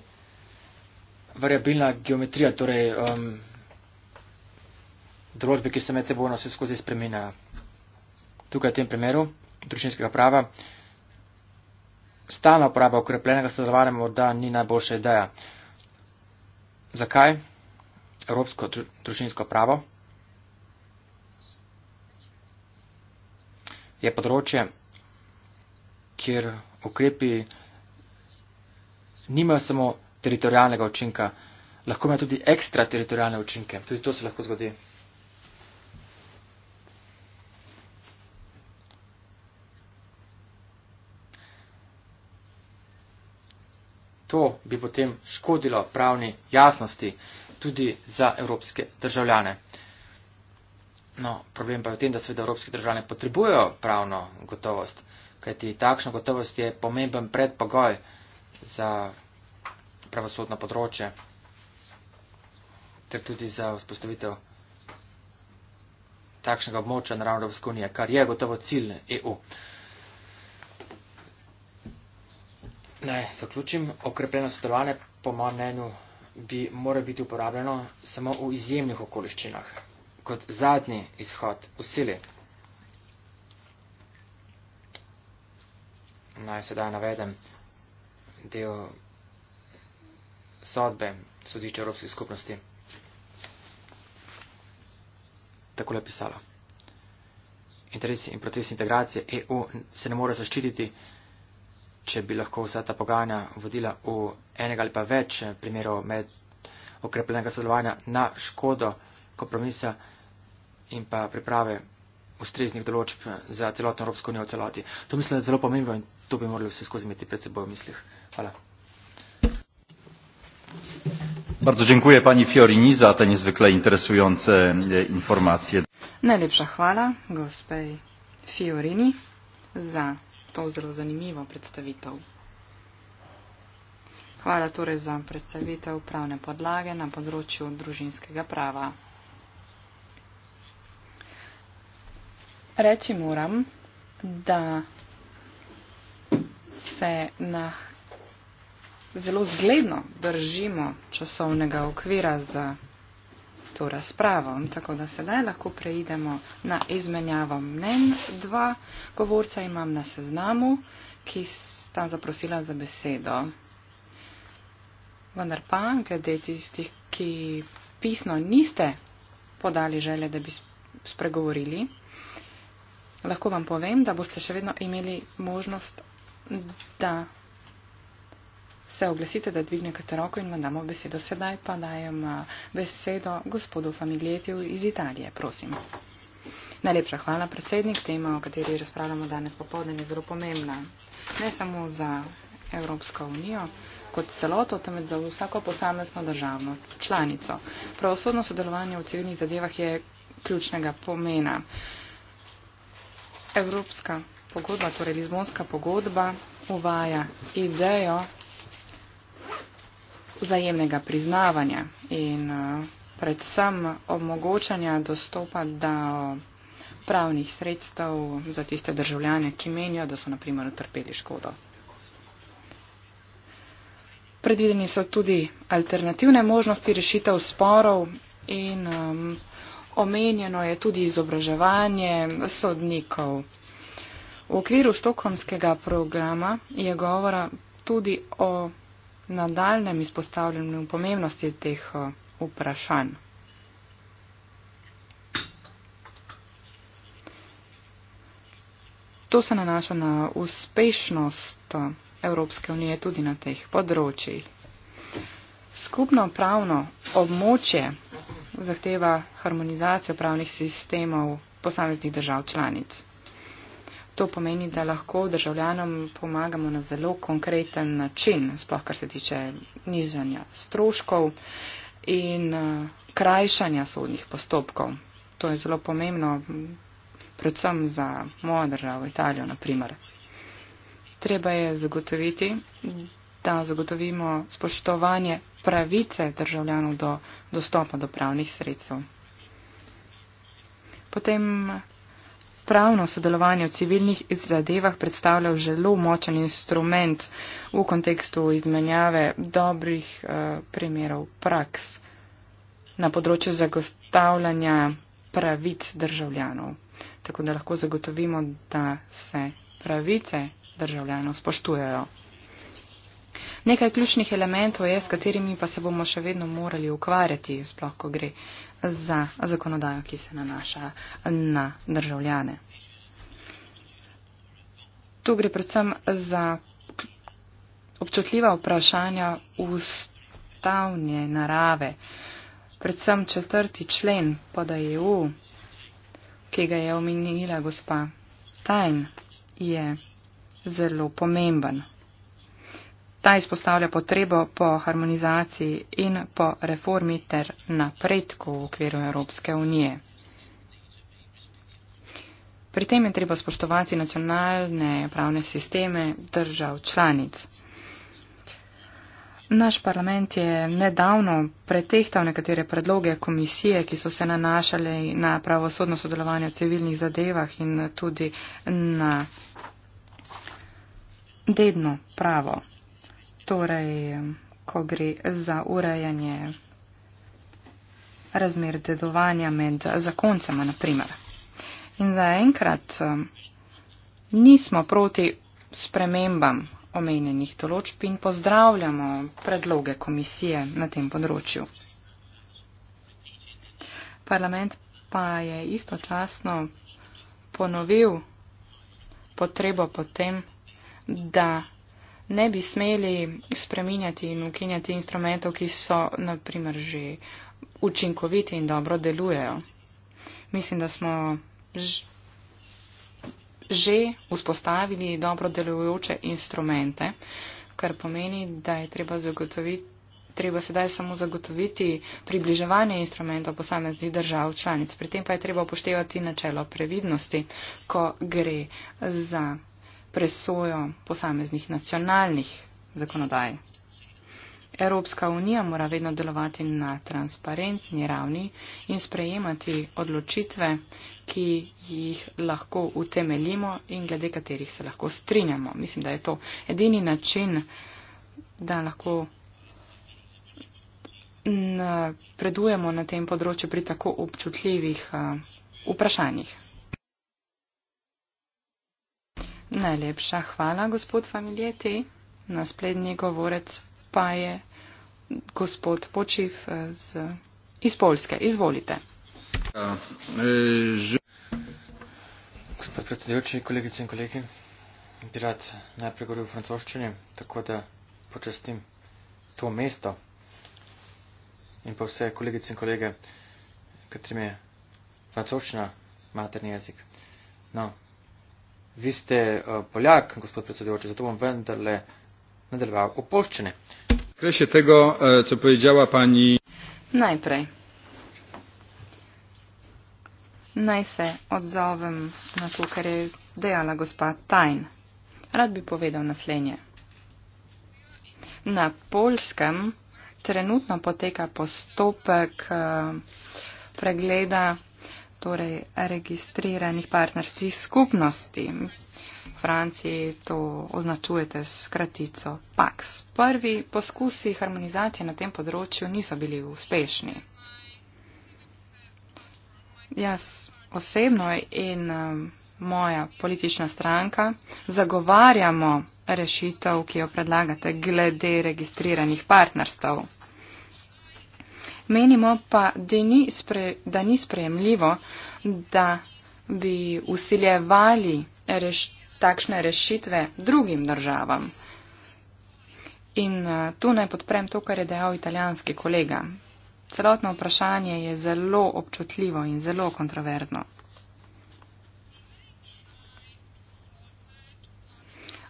variabilna geometrija, torej um, določbe, ki se med sebojno vse skozi spremenjajo. Tukaj v tem primeru družinskega prava stalna uporaba ukrepljenega sodelovanja morda ni najboljša ideja. Zakaj? Evropsko družinsko pravo je področje, kjer ukrepi nimajo samo teritorijalnega učinka, lahko imajo tudi ekstra teritorijalne učinke. Tudi to se lahko zgodi. to bi potem škodilo pravni jasnosti tudi za evropske državljane. No, problem pa je v tem, da seveda evropske državljane potrebujejo pravno gotovost, kajti takšna gotovost je pomemben predpogoj za pravosodno področje ter tudi za vzpostavitev takšnega območja na ravno Evropske unije, kar je gotovo cilj EU. naj zaključim. Okrepljeno sodelovanje, po mojem mnenju, bi mora biti uporabljeno samo v izjemnih okoliščinah, kot zadnji izhod v sili. Naj sedaj navedem del sodbe sodišča Evropske skupnosti. Takole je pisala. Interesi in procesi integracije EU se ne more zaščititi, če bi lahko vsa ta pogajanja vodila v enega ali pa več primerov med okrepljenega sodelovanja na škodo kompromisa in pa priprave ustreznih določb za celotno Evropsko unijo v celoti. To mislim, da je zelo pomembno in to bi morali vse skozi imeti pred seboj v mislih. Hvala. Bardzo dziękuję pani Fiorini za te niezwykle interesujące e, informacje. Najlepsza chwała gospej Fiorini za to zelo zanimivo predstavitev. Hvala torej za predstavitev pravne podlage na področju družinskega prava. Reči moram, da se na zelo zgledno držimo časovnega okvira za to razpravo. Tako da sedaj lahko preidemo na izmenjavo mnen. Dva govorca imam na seznamu, ki sta zaprosila za besedo. Vendar pa, glede tistih, ki pisno niste podali želje, da bi spregovorili, lahko vam povem, da boste še vedno imeli možnost, da se oglasite, da dvignete roko in vam damo besedo. Sedaj pa dajem eh, besedo gospodu Famiglietju iz Italije, prosim. Najlepša hvala, predsednik. Tema, o kateri razpravljamo danes popovdne, je zelo pomembna. Ne samo za Evropsko unijo kot celoto, temveč za vsako posamezno državno članico. Pravosodno sodelovanje v civilnih zadevah je ključnega pomena. Evropska pogodba, torej Lizbonska pogodba, uvaja idejo vzajemnega priznavanja in eh, predvsem omogočanja dostopa do pravnih sredstev za tiste državljane, ki menijo, da so naprimer utrpeli škodo. Predvideni so tudi alternativne možnosti rešitev sporov in um, omenjeno je tudi izobraževanje sodnikov. V okviru štokomskega programa je govora tudi o nadaljem izpostavljanju pomembnosti teh eh, vprašanj. To se nanaša na uspešnost eh, Evropske unije tudi na teh področjih. Skupno pravno območje zahteva harmonizacijo pravnih sistemov posameznih držav članic. To pomeni, da lahko državljanom pomagamo na zelo konkreten način, sploh kar se tiče nižanja stroškov in eh, krajšanja sodnih postopkov. To je zelo pomembno, predvsem za mojo državo, Italijo, naprimer. Treba je zagotoviti, da zagotovimo spoštovanje pravice državljanov do dostopa do pravnih sredstev. Potem pravno sodelovanje v civilnih zadevah predstavljal zelo močen instrument v kontekstu izmenjave dobrih eh, primerov praks na področju zagostavljanja pravic državljanov. Tako da lahko zagotovimo, da se pravice državljanov spoštujejo. Nekaj ključnih elementov je, s katerimi pa se bomo še vedno morali ukvarjati, sploh ko gre za zakonodajo, ki se nanaša na državljane. Tu gre predvsem za občutljiva vprašanja ustavne narave. Predvsem četrti člen pod EU, ki ga je omenila gospa Tajn, je zelo pomemben. Ta izpostavlja potrebo po harmonizaciji in po reformi ter napredku v okviru Evropske unije. Pri tem je treba spoštovati nacionalne pravne sisteme držav članic. Naš parlament je nedavno pretehtal nekatere predloge komisije, ki so se nanašali na pravosodno sodelovanje v civilnih zadevah in tudi na dedno pravo torej, ko gre za urejanje razmer dedovanja med zakoncema, naprimer. In zaenkrat eh, nismo proti spremembam omenjenih določb in pozdravljamo predloge komisije na tem področju. Parlament pa je istočasno ponovil potrebo potem, da ne bi smeli spreminjati in ukinjati instrumentov, ki so naprimer že učinkoviti in dobro delujejo. Mislim, da smo že vzpostavili dobro delujoče instrumente, kar pomeni, da je treba zagotoviti. Treba sedaj samo zagotoviti približevanje instrumentov posameznih držav članic. Pri tem pa je treba upoštevati načelo previdnosti, ko gre za presojo posameznih nacionalnih zakonodaj. Evropska unija mora vedno delovati na transparentni ravni in sprejemati odločitve, ki jih lahko utemeljimo in glede katerih se lahko strinjamo. Mislim, da je to edini način, da lahko predujemo na tem področju pri tako občutljivih vprašanjih. Najlepša hvala, gospod Familjeti. Naslednji govorec pa je gospod Počiv eh, z, iz Polske. Izvolite. Ja, eh, že... Gospod predsedujoči, kolegice in kolegi, bi rad najprej govoril v francoščini, tako da počestim to mesto in pa vse kolegice in kolege, katerim je francoščina materni jezik. No, Vi ste uh, Poljak, gospod predsedujoči, zato bom vendarle nadaljeval opoščene. Kaj še tega, uh, co povedala pani? Najprej. Naj se odzovem na to, kar je dejala gospa Tajn. Rad bi povedal naslednje. Na Polskem trenutno poteka postopek uh, pregleda torej registriranih partnerskih skupnosti. V Franciji to označujete s kratico PAX. Prvi poskusi harmonizacije na tem področju niso bili uspešni. Jaz osebno in um, moja politična stranka zagovarjamo rešitev, ki jo predlagate glede registriranih partnerstv. Menimo pa, da ni, spre, da ni sprejemljivo, da bi usiljevali reš, takšne rešitve drugim državam. In eh, tu naj podprem to, kar je dejal italijanski kolega. Celotno vprašanje je zelo občutljivo in zelo kontroverzno.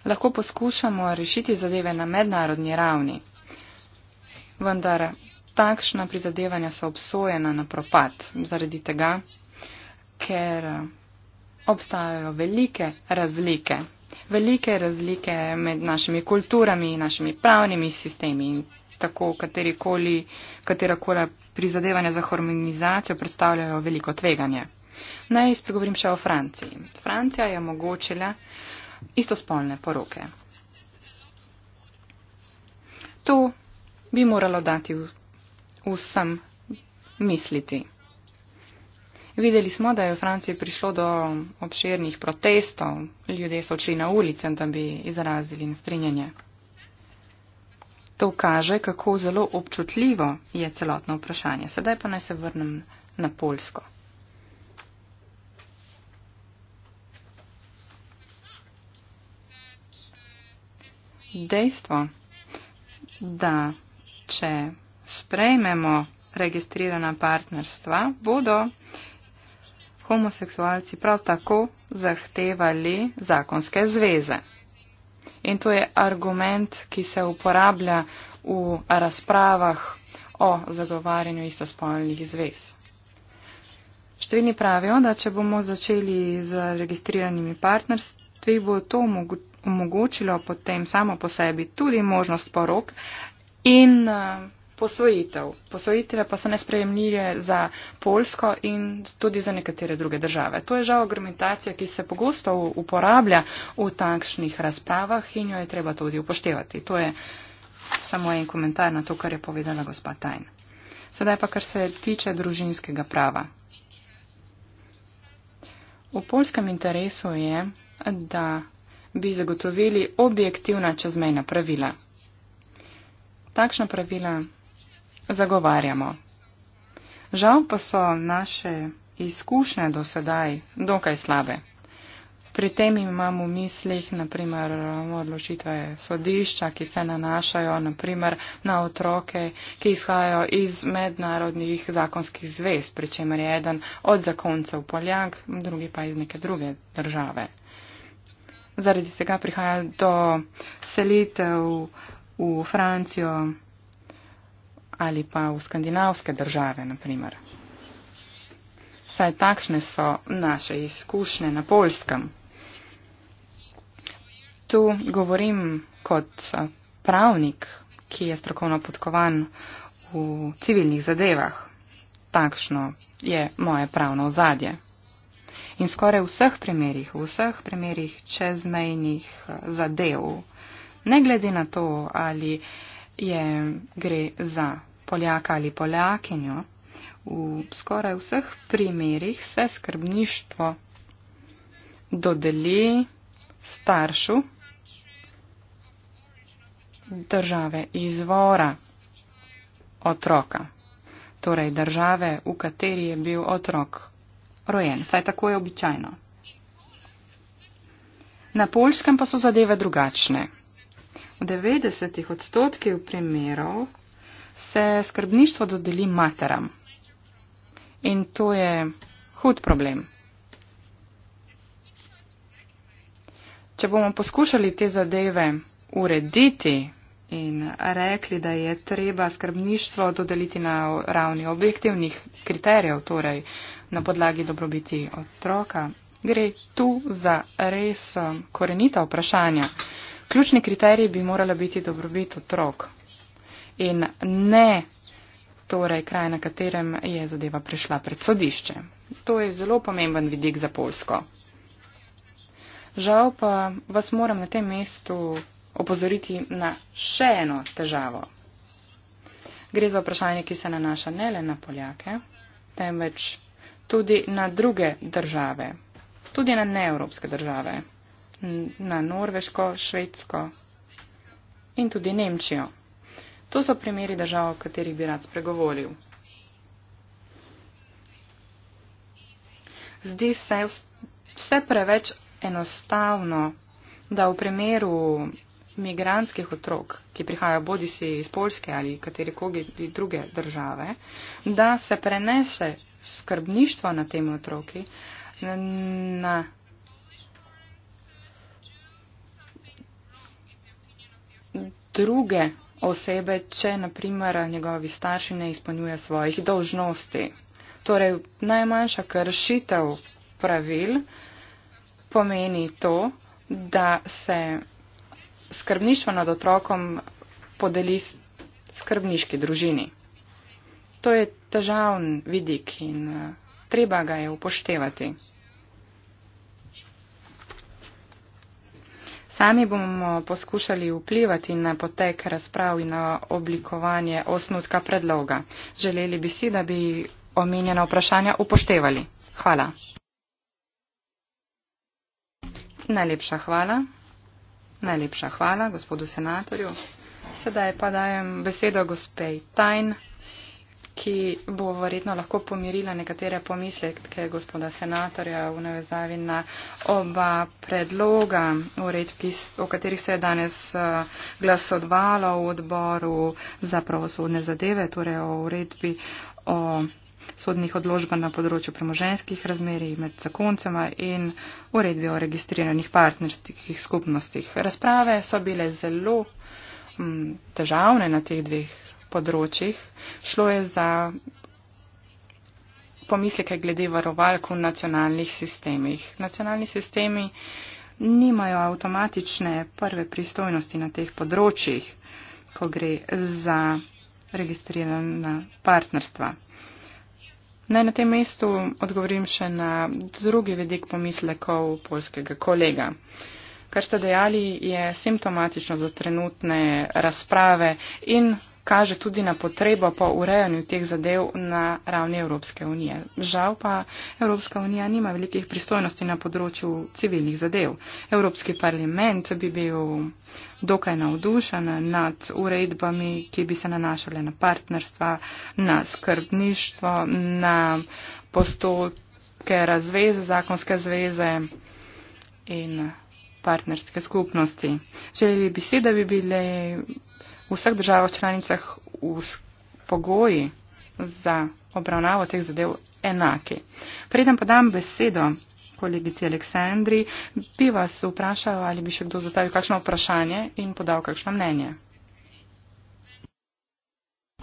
Lahko poskušamo rešiti zadeve na mednarodni ravni, vendar takšna prizadevanja so obsojena na propad zaradi tega, ker eh, obstajajo velike razlike. Velike razlike med našimi kulturami, našimi pravnimi sistemi in tako katerikoli, katerakoli prizadevanja za harmonizacijo predstavljajo veliko tveganje. Naj spregovorim še o Franciji. Francija je omogočila istospolne poroke. To bi moralo dati vsem misliti. Videli smo, da je v Franciji prišlo do obširnih protestov, ljudje so odšli na ulice, da bi izrazili nestrinjanje. To kaže, kako zelo občutljivo je celotno vprašanje. Sedaj pa naj se vrnem na Polsko. Dejstvo, da če sprejmemo registrirana partnerstva, bodo homoseksualci prav tako zahtevali zakonske zveze. In to je argument, ki se uporablja v razpravah o zagovarjanju istospolnih zvez. Številni pravijo, da če bomo začeli z registriranimi partnerstvi, bo to omogočilo potem samo po sebi tudi možnost porok in eh, posvojitev. Posvojitve pa so nesprejemljive za Polsko in tudi za nekatere druge države. To je žal argumentacija, ki se pogosto uporablja v takšnih razpravah in jo je treba tudi upoštevati. To je samo en komentar na to, kar je povedala gospa Tajn. Sedaj pa, kar se tiče družinskega prava. V polskem interesu je, da bi zagotovili objektivna čezmejna pravila. Takšna pravila zagovarjamo. Žal pa so naše izkušnje do sedaj dokaj slabe. Pri tem imam v mislih naprimer odločitve sodišča, ki se nanašajo naprimer na otroke, ki izhajajo iz mednarodnih zakonskih zvez, pri čemer je eden od zakoncev Poljak, drugi pa iz neke druge države. Zaradi tega prihaja do selitev v Francijo ali pa v skandinavske države, naprimer. Saj takšne so naše izkušnje na polskem. Tu govorim kot eh, pravnik, ki je strokovno podkovan v civilnih zadevah. Takšno je moje pravno ozadje. In skoraj v vseh primerjih, v vseh primerjih čezmejnih eh, zadev, ne glede na to, ali je, gre za Poljaka ali Poljakinjo, v skoraj vseh primerjih se skrbništvo dodeli staršu države izvora otroka, torej države, v kateri je bil otrok rojen. Saj tako je običajno. Na polskem pa so zadeve drugačne. V 90 odstotkih primerov se skrbništvo dodeli materam. In to je hud problem. Če bomo poskušali te zadeve urediti in rekli, da je treba skrbništvo dodeliti na ravni objektivnih kriterijev, torej na podlagi dobrobiti otroka, gre tu za res um, korenita vprašanja. Ključni kriterij bi morala biti dobrobit otrok in ne torej kraj, na katerem je zadeva prišla pred sodišče. To je zelo pomemben vidik za Polsko. Žal pa vas moram na tem mestu opozoriti na še eno težavo. Gre za vprašanje, ki se nanaša ne le na Poljake, temveč tudi na druge države, tudi na neevropske države na Norveško, Švedsko in tudi Nemčijo. To so primeri držav, o katerih bi rad spregovoril. Zdi se vse preveč enostavno, da v primeru migranskih otrok, ki prihajajo bodi si iz Polske ali katerikoli druge države, da se prenese skrbništvo na temi otroki na druge osebe, če naprimer njegovi starši ne izpolnjuje svojih dolžnosti. Torej, najmanjša kršitev pravil pomeni to, da se skrbništvo nad otrokom podeli skrbniški družini. To je težavn vidik in eh, treba ga je upoštevati. Sami bomo poskušali vplivati na potek razprav in na oblikovanje osnutka predloga. Želeli bi si, da bi omenjena vprašanja upoštevali. Hvala. Najlepša hvala. Najlepša hvala gospodu senatorju. Sedaj pa dajem besedo gospej Tajn ki bo verjetno lahko pomirila nekatere pomisleke gospoda senatorja v navezavi na oba predloga ured, o katerih se je danes eh, glasodvalo v odboru za pravosodne zadeve, torej o uredbi o sodnih odložbah na področju premoženskih razmerij med zakoncema in uredbi o registriranih partnerskih skupnostih. Razprave so bile zelo mm, težavne na teh dveh področjih. Šlo je za pomisleke glede varovalk v nacionalnih sistemih. Nacionalni sistemi nimajo avtomatične prve pristojnosti na teh področjih, ko gre za registrirana partnerstva. Naj na tem mestu odgovorim še na drugi vedik pomislekov polskega kolega. Kar ste dejali, je simptomatično za trenutne razprave in kaže tudi na potrebo po urejanju teh zadev na ravni Evropske unije. Žal pa Evropska unija nima velikih pristojnosti na področju civilnih zadev. Evropski parlament bi bil dokaj navdušen nad uredbami, ki bi se nanašale na partnerstva, na skrbništvo, na postopke razveze, zakonske zveze in partnerske skupnosti. Želeli bi si, da bi bile v vseh državah članicah pogoji za obravnavo teh zadev enake. Preden pa dam besedo kolegici Aleksandri, bi vas vprašala, ali bi še kdo zastavil kakšno vprašanje in podal kakšno mnenje.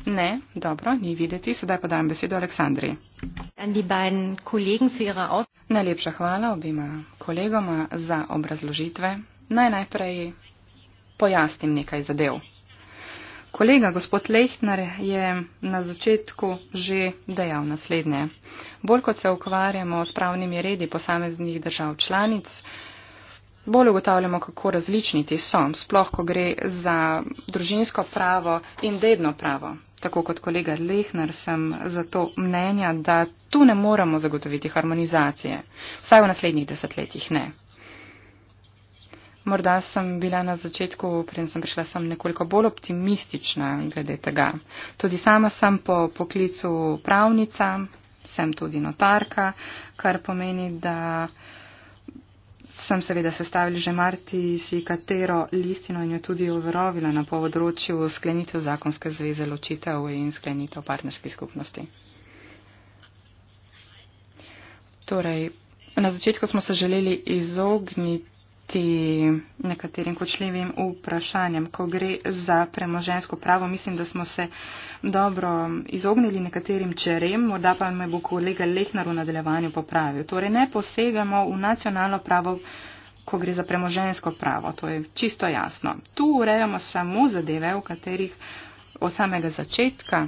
Ne, dobro, ni videti. Sedaj pa dajem besedo Aleksandri. Najlepša hvala obima kolegoma za obrazložitve. Naj najprej pojasnim nekaj zadev. Kolega gospod Lehtner je na začetku že dejal naslednje. Bolj kot se ukvarjamo s pravnimi redi posameznih držav članic, bolj ugotavljamo, kako različni ti so, sploh ko gre za družinsko pravo in dedno pravo. Tako kot kolega Lehner sem zato mnenja, da tu ne moremo zagotoviti harmonizacije. Vsaj v naslednjih desetletjih ne. Morda sem bila na začetku, preden sem prišla, sem nekoliko bolj optimistična glede tega. Tudi sama sem po poklicu pravnica, sem tudi notarka, kar pomeni, da sem seveda sestavila že Marti si katero listino in jo tudi overovila na področju sklenitev zakonske zveze, ločitev in sklenitev partnerskih skupnosti. Torej, na začetku smo se želeli izogniti proti nekaterim kočljivim vprašanjem. Ko gre za premožensko pravo, mislim, da smo se dobro izognili nekaterim čerem, morda pa me bo kolega Lehnar v nadaljevanju popravil. Torej ne posegamo v nacionalno pravo, ko gre za premožensko pravo, to je čisto jasno. Tu urejamo samo zadeve, v katerih od samega začetka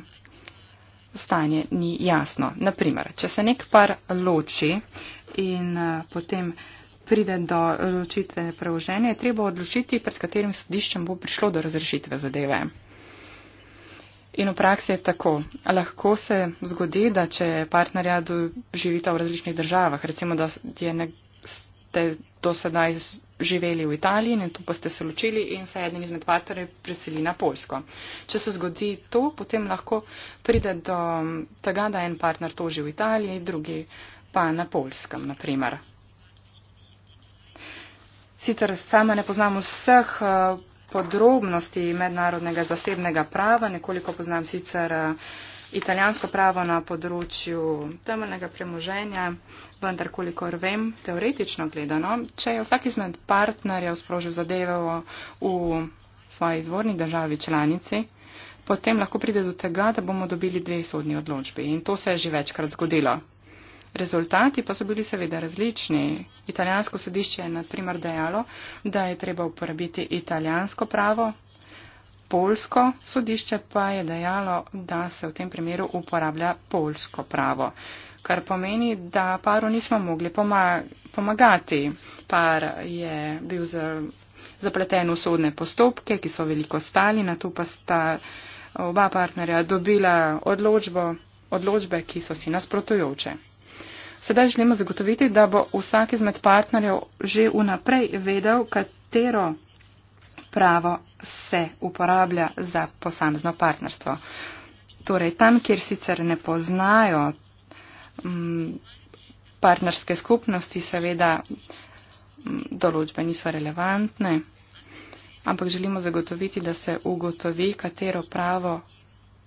stanje ni jasno. Naprimer, če se nek par loči in eh, potem pride do odločitve preloženja, je treba odločiti, pred katerim sodiščem bo prišlo do razrešitve zadeve. In v praksi je tako. Lahko se zgodi, da če partnerja živita v različnih državah, recimo, da ste do sedaj živeli v Italiji in tu pa ste se ločili in se eden izmed partnerjev preseli na Poljsko. Če se zgodi to, potem lahko pride do tega, da en partner toži v Italiji, drugi pa na Poljskem, naprimer. Sicer sama ne poznam vseh eh, podrobnosti mednarodnega zasebnega prava, nekoliko poznam sicer eh, italijansko pravo na področju temeljnega premoženja, vendar kolikor vem, teoretično gledano, če je vsak izmed partnerjev sprožil zadeve v svoji izvorni državi članici, potem lahko pride do tega, da bomo dobili dve sodni odločbi. In to se je že večkrat zgodilo. Rezultati pa so bili seveda različni. Italijansko sodišče je na primer dejalo, da je treba uporabiti italijansko pravo, polsko sodišče pa je dejalo, da se v tem primeru uporablja polsko pravo, kar pomeni, da paru nismo mogli pomagati. Par je bil zapleten v sodne postopke, ki so veliko stali, na to pa sta oba partnerja dobila odločbo, odločbe, ki so si nasprotujoče. Sedaj želimo zagotoviti, da bo vsak izmed partnerjev že vnaprej vedel, katero pravo se uporablja za posamezno partnerstvo. Torej, tam, kjer sicer ne poznajo mm, partnerske skupnosti, seveda mm, določbe niso relevantne, ampak želimo zagotoviti, da se ugotovi, katero pravo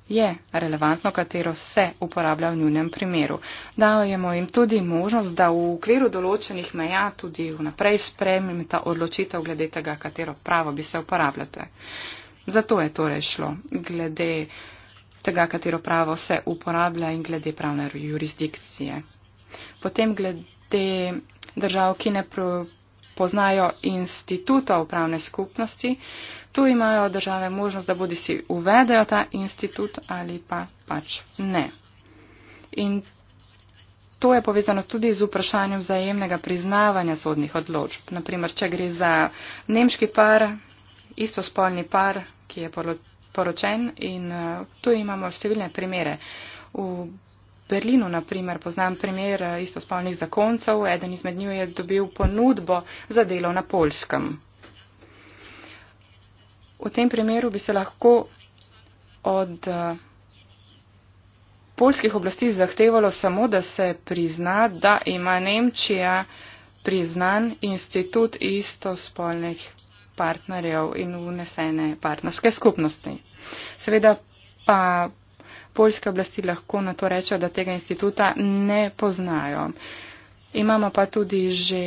je relevantno, katero se uporablja v njunem primeru. Dajemo jim tudi možnost, da v okviru določenih meja tudi vnaprej spremljim ta odločitev glede tega, katero pravo bi se uporabljate. Zato je torej šlo, glede tega, katero pravo se uporablja in glede pravne jurisdikcije. Potem glede držav, ki ne poznajo institutov pravne skupnosti. Uh, Tu imajo države možnost, da bodi si uvedejo ta institut ali pa pač ne. In to je povezano tudi z vprašanjem vzajemnega priznavanja sodnih odločb. Naprimer, če gre za nemški par, istospolni par, ki je poročen in eh, tu imamo številne primere. V Berlinu, naprimer, poznam primer eh, istospolnih zakoncev, eden izmed njih je dobil ponudbo za delo na polskem. V tem primeru bi se lahko od eh, polskih oblasti zahtevalo samo, da se prizna, da ima Nemčija priznan institut istospolnih partnerjev in vnesene partnerske skupnosti. Seveda pa polske oblasti lahko na to rečejo, da tega instituta ne poznajo. Imamo pa tudi že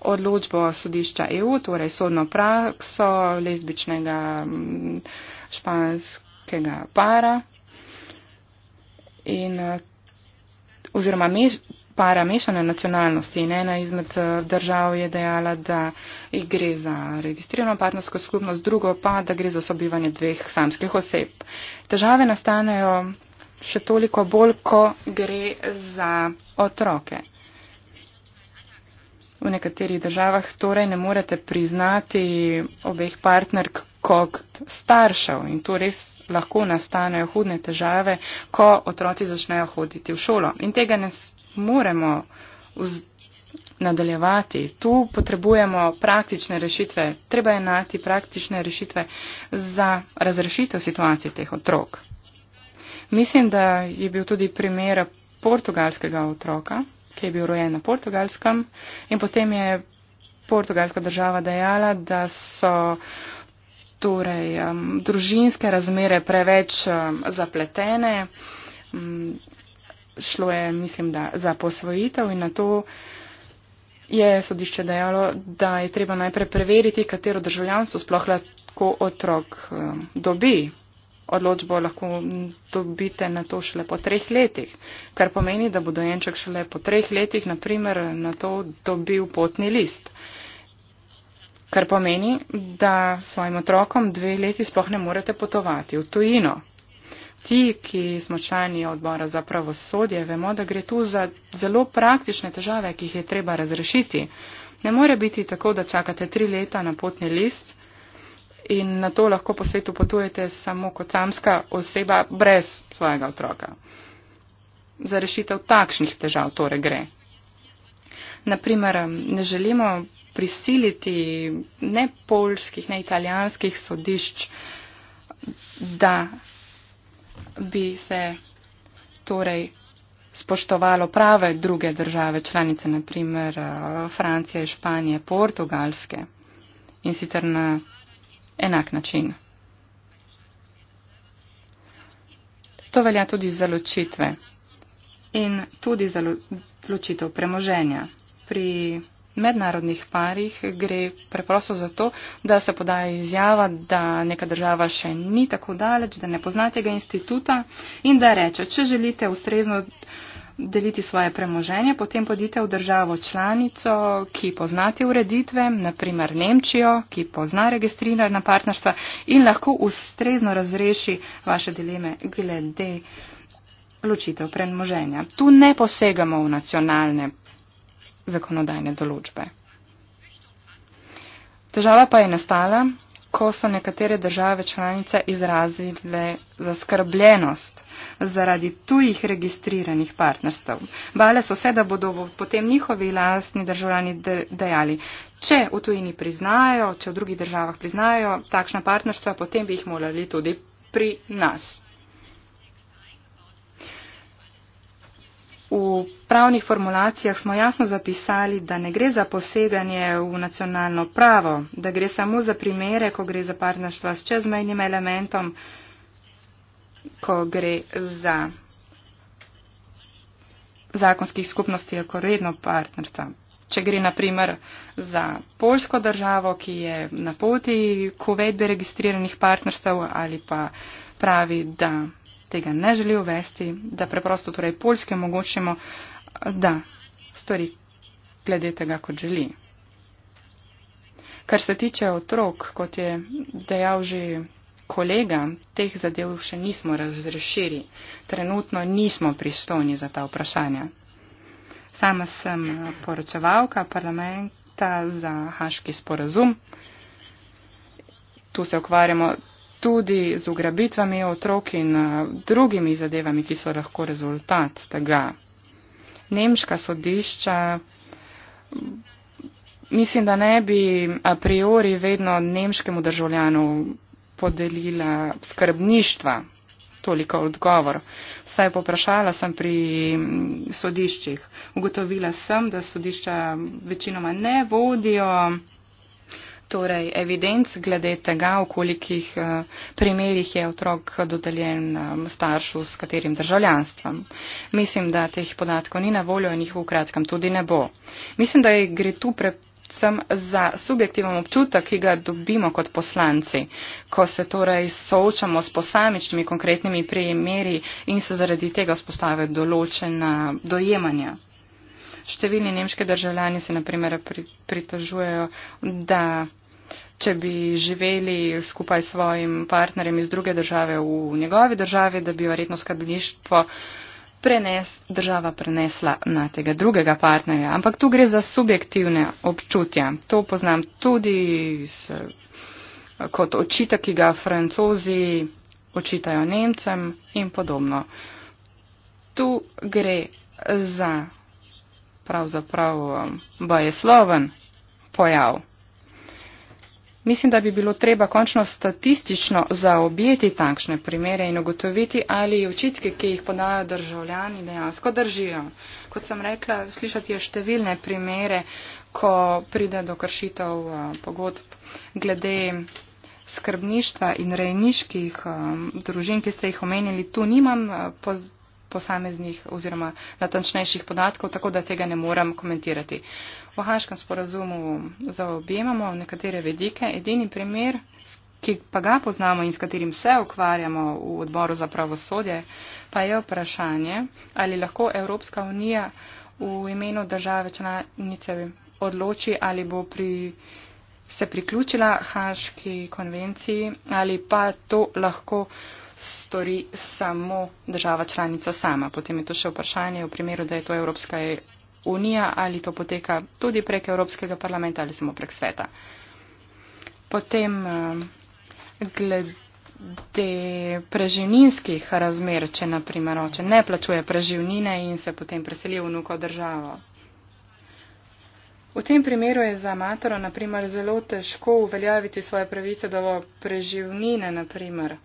odločbo sodišča EU, torej sodno prakso lezbičnega mm, španskega para in eh, oziroma meš, para mešane nacionalnosti in ena izmed eh, držav je dejala, da gre za registrirano partnersko skupnost, drugo pa, da gre za sobivanje dveh samskih oseb. Težave nastanejo še toliko bolj, ko gre za otroke v nekaterih državah torej ne morete priznati obeh partnerk kot staršev in tu res lahko nastanejo hudne težave, ko otroci začnejo hoditi v šolo. In tega ne moremo nadaljevati. Tu potrebujemo praktične rešitve. Treba je najti praktične rešitve za razrešitev situacije teh otrok. Mislim, da je bil tudi primer portugalskega otroka, ki je bil rojen na portugalskem in potem je portugalska država dejala, da so torej, um, družinske razmere preveč um, zapletene. Um, šlo je, mislim, da za posvojitev in na to je sodišče dejalo, da je treba najprej preveriti, katero državljanstvo sploh lahko otrok um, dobi odločbo lahko dobite na to šele po treh letih, kar pomeni, da bo dojenček šele po treh letih, naprimer, na to dobil potni list. Kar pomeni, da svojim otrokom dve leti sploh ne morete potovati v tujino. Ti, ki smo člani odbora za pravosodje, vemo, da gre tu za zelo praktične težave, ki jih je treba razrešiti. Ne more biti tako, da čakate tri leta na potni list, in na to lahko po svetu potujete samo kot samska oseba brez svojega otroka. Za rešitev takšnih težav torej gre. Naprimer, ne želimo prisiliti ne polskih, ne italijanskih sodišč, da bi se torej spoštovalo prave druge države članice, naprimer eh, Francije, Španije, Portugalske in sicer na enak način. To velja tudi za ločitve in tudi za ločitev premoženja. Pri mednarodnih parih gre preprosto za to, da se poda izjava, da neka država še ni tako daleč, da ne pozna tega instituta in da reče, če želite ustrezno deliti svoje premoženje, potem podite v državo članico, ki pozna te ureditve, naprimer Nemčijo, ki pozna registrirana partnerstva in lahko ustrezno razreši vaše dileme glede ločitev premoženja. Tu ne posegamo v nacionalne zakonodajne določbe. Težava pa je nastala ko so nekatere države članice izrazile zaskrbljenost zaradi tujih registriranih partnerstv. Bale so se, da bodo potem njihovi lastni državljani dejali, če v tujini priznajo, če v drugih državah priznajo takšna partnerstva, potem bi jih morali tudi pri nas. V pravnih formulacijah smo jasno zapisali, da ne gre za poseganje v nacionalno pravo, da gre samo za primere, ko gre za partnerstva s čezmejnim elementom, ko gre za zakonskih skupnosti ali koredno partnerstva. Če gre na primer za polsko državo, ki je na poti k uvedbi registriranih partnerstv ali pa pravi, da tega ne želi uvesti, da preprosto torej Poljske omogočimo, da stori glede tega, kot želi. Kar se tiče otrok, kot je dejal že kolega, teh zadev še nismo razrešili. Trenutno nismo pristojni za ta vprašanja. Sama sem poročevalka parlamenta za haški sporazum. Tu se ukvarjamo tudi z ugrabitvami otrok in eh, drugimi zadevami, ki so lahko rezultat tega. Nemška sodišča, mislim, da ne bi a priori vedno nemškemu državljanu podelila skrbništva. Toliko odgovor. Vsaj poprašala sem pri sodiščih. Ugotovila sem, da sodišča večinoma ne vodijo torej evidenc glede tega, v kolikih eh, primerjih je otrok dodeljen eh, staršu s katerim državljanstvom. Mislim, da teh podatkov ni na voljo in jih v kratkem tudi ne bo. Mislim, da gre tu predvsem za subjektiven občutek, ki ga dobimo kot poslanci, ko se torej soočamo s posamičnimi konkretnimi primeri in se zaradi tega spostave določena dojemanja. Številni nemški državljani se naprimer pritožujejo, da če bi živeli skupaj s svojim partnerjem iz druge države v njegovi državi, da bi verjetno skrbništvo prenes, država prenesla na tega drugega partnerja. Ampak tu gre za subjektivne občutja. To poznam tudi s, kot očitek, ki ga francozi očitajo Nemcem in podobno. Tu gre za pravzaprav um, bajesloven pojav. Mislim, da bi bilo treba končno statistično zaobjeti takšne primere in ugotoviti, ali očitke, ki jih podajo državljani, dejansko držijo. Kot sem rekla, slišati je številne primere, ko pride do kršitev uh, pogodb glede skrbništva in rejniških um, družin, ki ste jih omenili. Tu nimam uh, eh, pozornosti posameznih oziroma natančnejših podatkov, tako da tega ne moram komentirati. V Haškem sporazumu zaobjemamo nekatere vedike. Edini primer, ki pa ga poznamo in s katerim se ukvarjamo v odboru za pravosodje, pa je vprašanje, ali lahko Evropska unija v imenu države članice odloči, ali bo pri se priključila Haški konvenciji ali pa to lahko stori samo država članica sama. Potem je to še vprašanje v primeru, da je to Evropska unija ali to poteka tudi prek Evropskega parlamenta ali samo prek sveta. Potem eh, glede preživninskih razmer, če naprimer oče ne plačuje preživnine in se potem preseli v nuko državo. V tem primeru je za matero naprimer zelo težko uveljaviti svoje pravice do preživnine naprimer.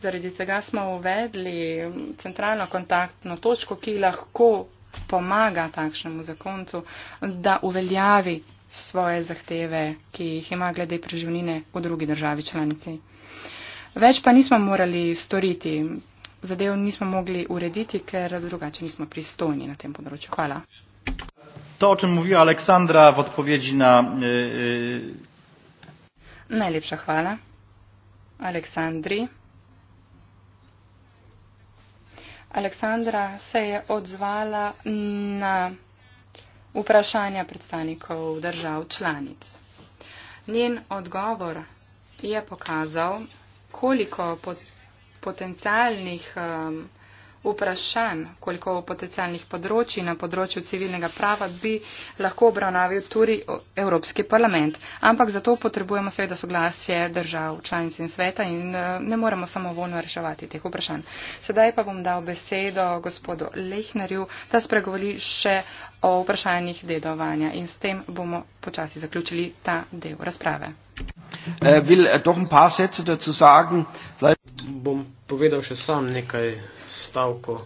Zaradi tega smo uvedli centralno kontaktno točko, ki lahko pomaga takšnemu zakoncu, da uveljavi svoje zahteve, ki jih ima glede preživnine v drugi državi članici. Več pa nismo morali storiti, zadev nismo mogli urediti, ker drugače nismo pristojni na tem področju. Hvala. To, o čem mluvila Aleksandra v odpovedi na. Eh, eh. Najlepša hvala. Aleksandri. Aleksandra se je odzvala na vprašanja predstavnikov držav članic. Njen odgovor je pokazal, koliko potencialnih um, vprašanj, koliko potencialnih področji na področju civilnega prava bi lahko obravnavil tudi Evropski parlament. Ampak zato potrebujemo seveda soglasje držav, članic in sveta in eh, ne moremo samo voljno reševati teh vprašanj. Sedaj pa bom dal besedo gospodu Lehnerju, da spregovori še o vprašanjih dedovanja in s tem bomo počasi zaključili ta del razprave. Uh, will äh, doch ein paar Sätze dazu sagen. Vielleicht bom povedal še sam nekaj stavko,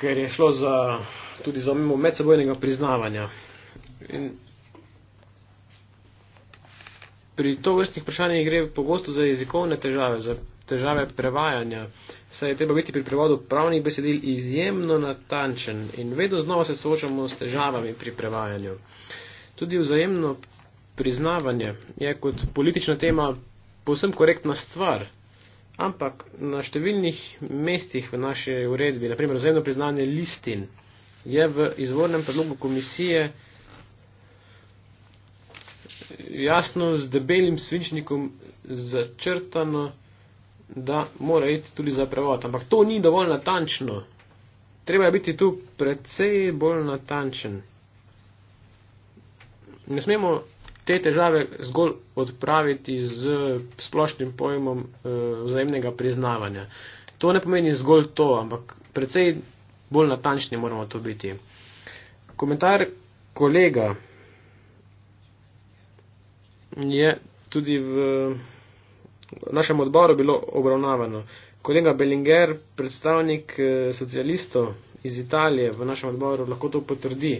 ker je šlo za, tudi za mimo medsebojnega priznavanja. In pri to vrstnih vprašanjih gre pogosto za jezikovne težave, za težave prevajanja, saj je treba biti pri prevodu pravnih besedil izjemno natančen in vedno znova se soočamo s težavami pri prevajanju. Tudi vzajemno priznavanje je kot politična tema posebno korektna stvar. Ampak na številnih mestih v naši uredbi, naprimer vzajemno priznanje listin, je v izvornem predlogu komisije jasno z debelim svinčnikom začrtano, da mora iti tudi za prevod. Ampak to ni dovolj natančno. Treba je biti tu precej bolj natančen. Ne smemo te težave zgolj odpraviti z splošnim pojmom uh, vzajemnega priznavanja. To ne pomeni zgolj to, ampak precej bolj natančni moramo to biti. Komentar kolega je tudi v našem odboru bilo obravnavano. Kolega Bellinger, predstavnik eh, socialistov iz Italije v našem odboru, lahko to potrdi.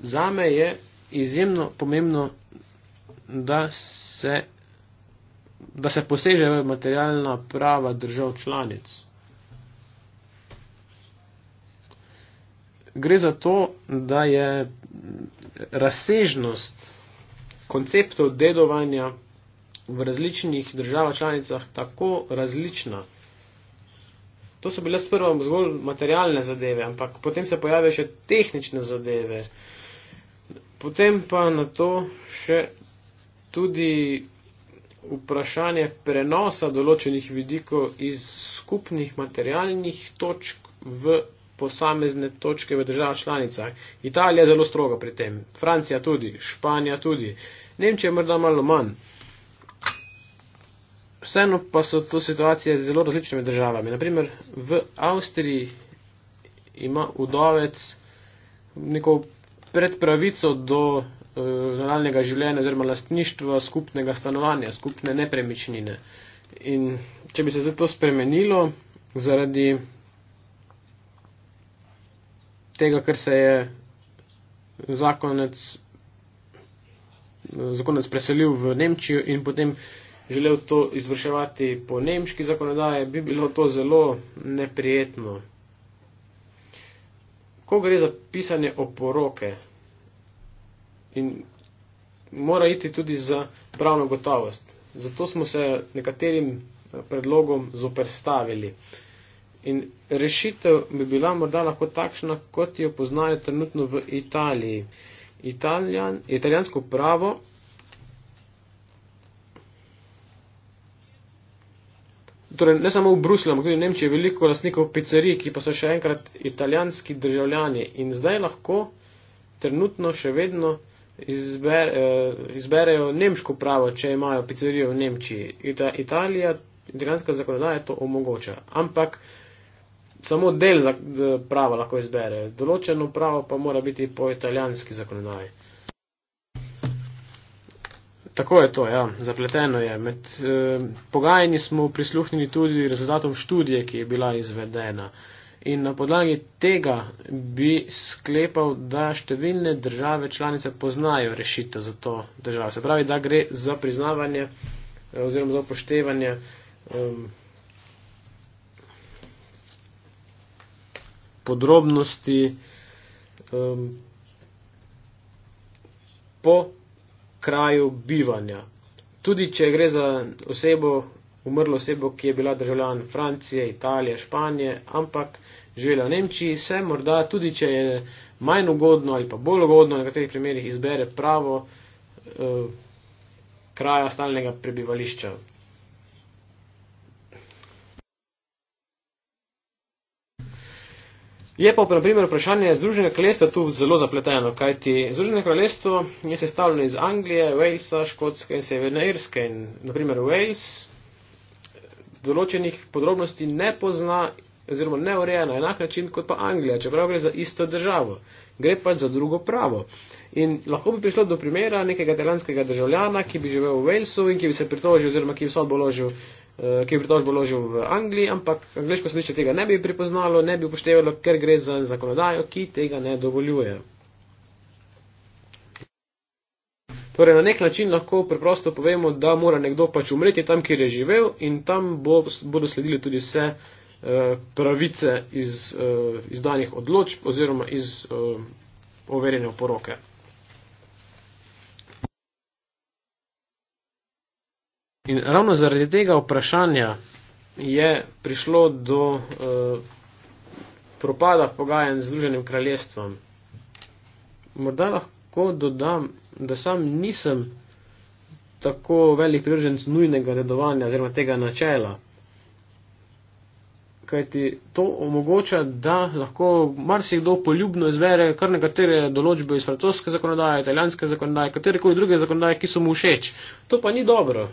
Zame je izjemno pomembno, da se, da se poseže v materialna prava držav članic. Gre za to, da je razsežnost konceptov dedovanja v različnih državah članicah tako različna. To so bile sprva zgolj materialne zadeve, ampak potem se pojavijo še tehnične zadeve, eh, potem pa na to še tudi vprašanje prenosa določenih vidikov iz skupnih materialnih točk v posamezne točke v državah članicah. Italija je zelo stroga pri tem, Francija tudi, Španija tudi, Nemčija je morda malo manj. Vseeno pa so to situacije z zelo različnimi državami. Naprimer, v Avstriji ima udovec neko pred pravico do uh, eh, normalnega življenja oziroma lastništva skupnega stanovanja, skupne nepremičnine. In če bi se zato spremenilo zaradi tega, ker se je zakonec, zakonec preselil v Nemčijo in potem želel to izvrševati po nemški zakonodaje, bi bilo to zelo neprijetno ko gre za pisanje oporoke in mora iti tudi za pravno gotovost. Zato smo se nekaterim eh, predlogom zoperstavili. In rešitev bi bila morda lahko takšna, kot jo poznajo trenutno v Italiji. Italijan, italijansko pravo torej ne samo v Bruslju, ampak tudi v Nemčiji, veliko lastnikov pizzerij, ki pa so še enkrat italijanski državljani in zdaj lahko trenutno še vedno izber, eh, izberejo nemško pravo, če imajo pizzerijo v Nemčiji. Ita, Italija, italijanska zakonodaja to omogoča, ampak samo del za, de, prava lahko izberejo. Določeno pravo pa mora biti po italijanski zakonodaji. Tako je to, ja. zapleteno je. Med eh, pogajanji smo prisluhnili tudi rezultatom študije, ki je bila izvedena. In na podlagi tega bi sklepal, da številne države članice poznajo rešitev za to državo. Se pravi, da gre za priznavanje eh, oziroma za upoštevanje. Eh, podrobnosti um, po kraju bivanja. Tudi če gre za osebo, umrlo osebo, ki je bila državljan Francije, Italije, Španije, ampak živela v Nemčiji, se morda tudi, če je manj ugodno ali pa bolj ugodno, v nekaterih primerjih izbere pravo eh, kraja stalnega prebivališča, Je pa, na primer, vprašanje Združenega kraljestva tu zelo zapleteno, kajti Združeno kraljestvo je sestavljeno iz Anglije, Walesa, Škotske in Severne Irske in, na primer, Wales določenih podrobnosti ne pozna oziroma ne ureja na enak način kot pa Anglija, čeprav gre za isto državo, gre pač za drugo pravo. In lahko bi prišlo do primera nekega italijanskega državljana, ki bi živel v Walesu in ki bi se pritožil oziroma ki bi se odboložil uh, Eh, ki je pritožbo vložil v Angliji, ampak angliško sodišče tega ne bi pripoznalo, ne bi upoštevalo, ker gre za zakonodajo, ki tega ne dovoljuje. Torej, na nek način lahko preprosto povemo, da mora nekdo pač umreti tam, kjer je živel in tam bo, bodo sledili tudi vse eh, pravice iz eh, izdanih odločb oziroma iz eh, overjene v poroke. In ravno zaradi tega vprašanja je prišlo do uh, propada pogajanj z Združenim kraljestvom. Morda lahko dodam, da sam nisem tako velik priroženc nujnega dedovanja oziroma tega načela. Kaj ti to omogoča, da lahko marsikdo poljubno izvere kar nekatere določbe iz francoske zakonodaje, italijanske zakonodaje, katerekoli druge zakonodaje, ki so mu všeč. To pa ni dobro.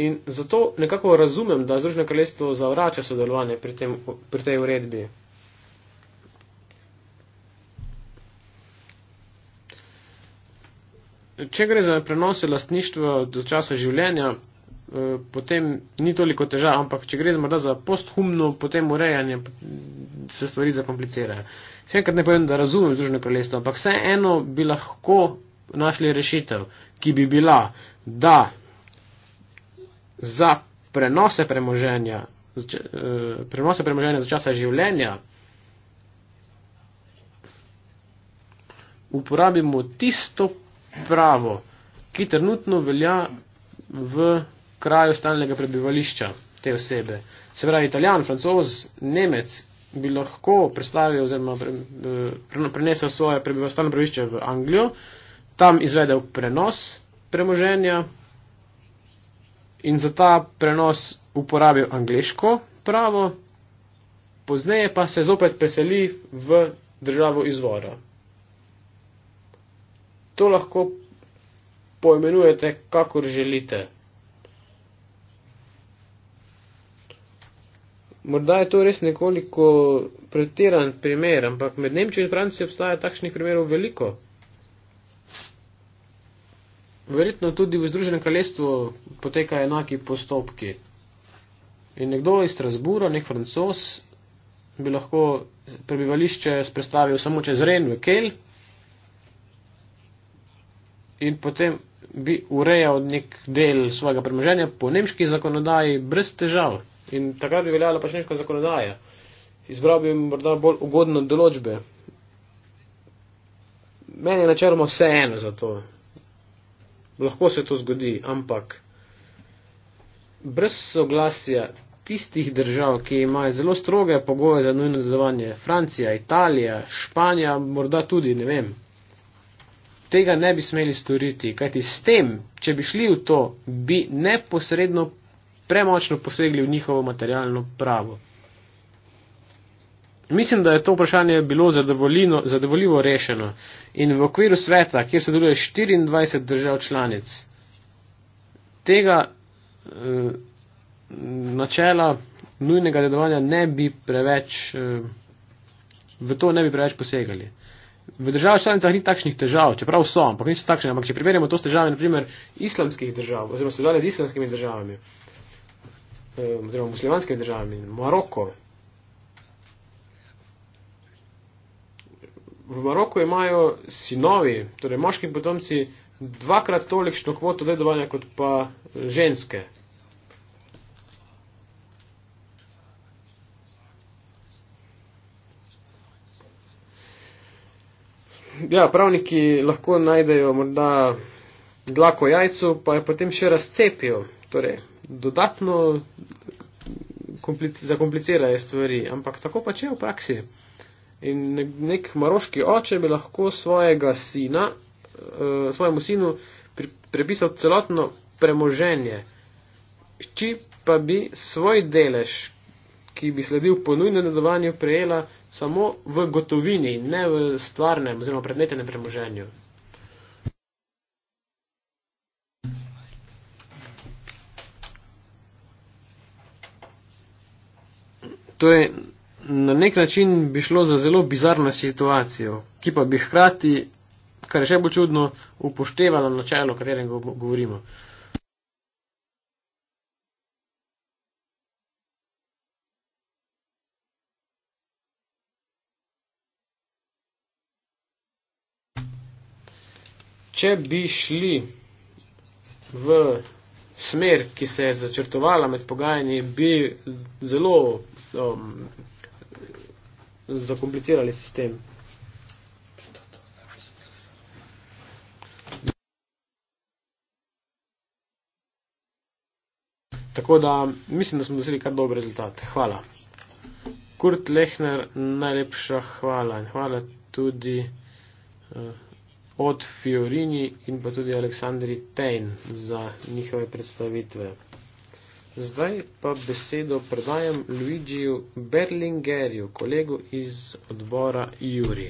In zato nekako razumem, da Združeno kraljestvo zavrača sodelovanje pri, tem, pri tej uredbi. Če gre za prenose lastništva do časa življenja, eh, potem ni toliko težav, ampak če gre morda za posthumno, potem urejanje se stvari zakomplicirajo. Še enkrat ne povem, da razumem Združeno kraljestvo, ampak vseeno bi lahko našli rešitev, ki bi bila, da za prenose premoženja, eh, prenose premoženja za časa življenja, uporabimo tisto pravo, ki trenutno velja v kraju stalnega prebivališča te osebe. Se pravi, italijan, francoz, nemec bi lahko predstavil oziroma eh, prenesel svoje prebivalstveno prebivališče v Anglijo, tam izvedel prenos premoženja, in za ta prenos uporabijo angliško pravo, pozneje pa se zopet preseli v državo izvora. To lahko poimenujete, kakor želite. Morda je to res nekoliko pretiran primer, ampak med Nemčijo in Francijo obstaja takšnih primerov veliko. Verjetno tudi v Združenem kraljestvu potekajo enaki postopki. In nekdo iz Strasbura, nek francos, bi lahko prebivališče spredstavil samo čez Ren v Kel in potem bi urejal nek del svojega premoženja po nemški zakonodaji brez težav. In takrat bi veljala pač nemška zakonodaja. Izbral bi morda bolj ugodno določbe. Meni je načeloma vse eno za to lahko se to zgodi, ampak brez soglasja tistih držav, ki imajo zelo stroge pogoje za nujno delovanje, Francija, Italija, Španija, morda tudi, ne vem, tega ne bi smeli storiti, kajti s tem, če bi šli v to, bi neposredno premočno posegli v njihovo materialno pravo. Mislim, da je to vprašanje bilo zadovoljivo rešeno in v okviru sveta, kjer sodeluje 24 držav članic, tega eh, načela nujnega dedovanja ne bi preveč, eh, v to ne bi preveč posegali. V državah članicah ni takšnih težav, čeprav so, ampak niso takšne. Ampak če primerjamo to s težavami, naprimer, islamskih držav, oziroma sodelovanje z islamskimi državami, eh, oziroma muslimanskimi državami, Moroko, V Maroku imajo sinovi, torej moški potomci, dvakrat tolikšno kvoto dedovanja kot pa ženske. Ja, pravniki lahko najdejo morda dlako jajcu, pa je potem še razcepijo. Torej, dodatno zakomplicirajo stvari, ampak tako pa če je v praksi. In nek maroški oče bi lahko svojega sina, eh, svojemu sinu prepisal celotno premoženje, či pa bi svoj delež, ki bi sledil po nujnem nadovanju, prejela samo v gotovini, ne v stvarnem oziroma predmetenem premoženju. To je na nek način bi šlo za zelo bizarno situacijo, ki pa bi hkrati, kar je še bolj čudno, upoštevala načelo, o katerem govorimo. Če bi šli v smer, ki se je začrtovala med pogajanji, bi zelo um, zakomplicirali sistem. Tako da mislim, da smo dosili kar dober rezultat. Hvala. Kurt Lehner, najlepša hvala in hvala tudi uh, od Fiorini in pa tudi Aleksandri Tejn za njihove predstavitve. Zdaj pa besedo predajam Luigiju Berlingerju, kolegu iz odbora Juri.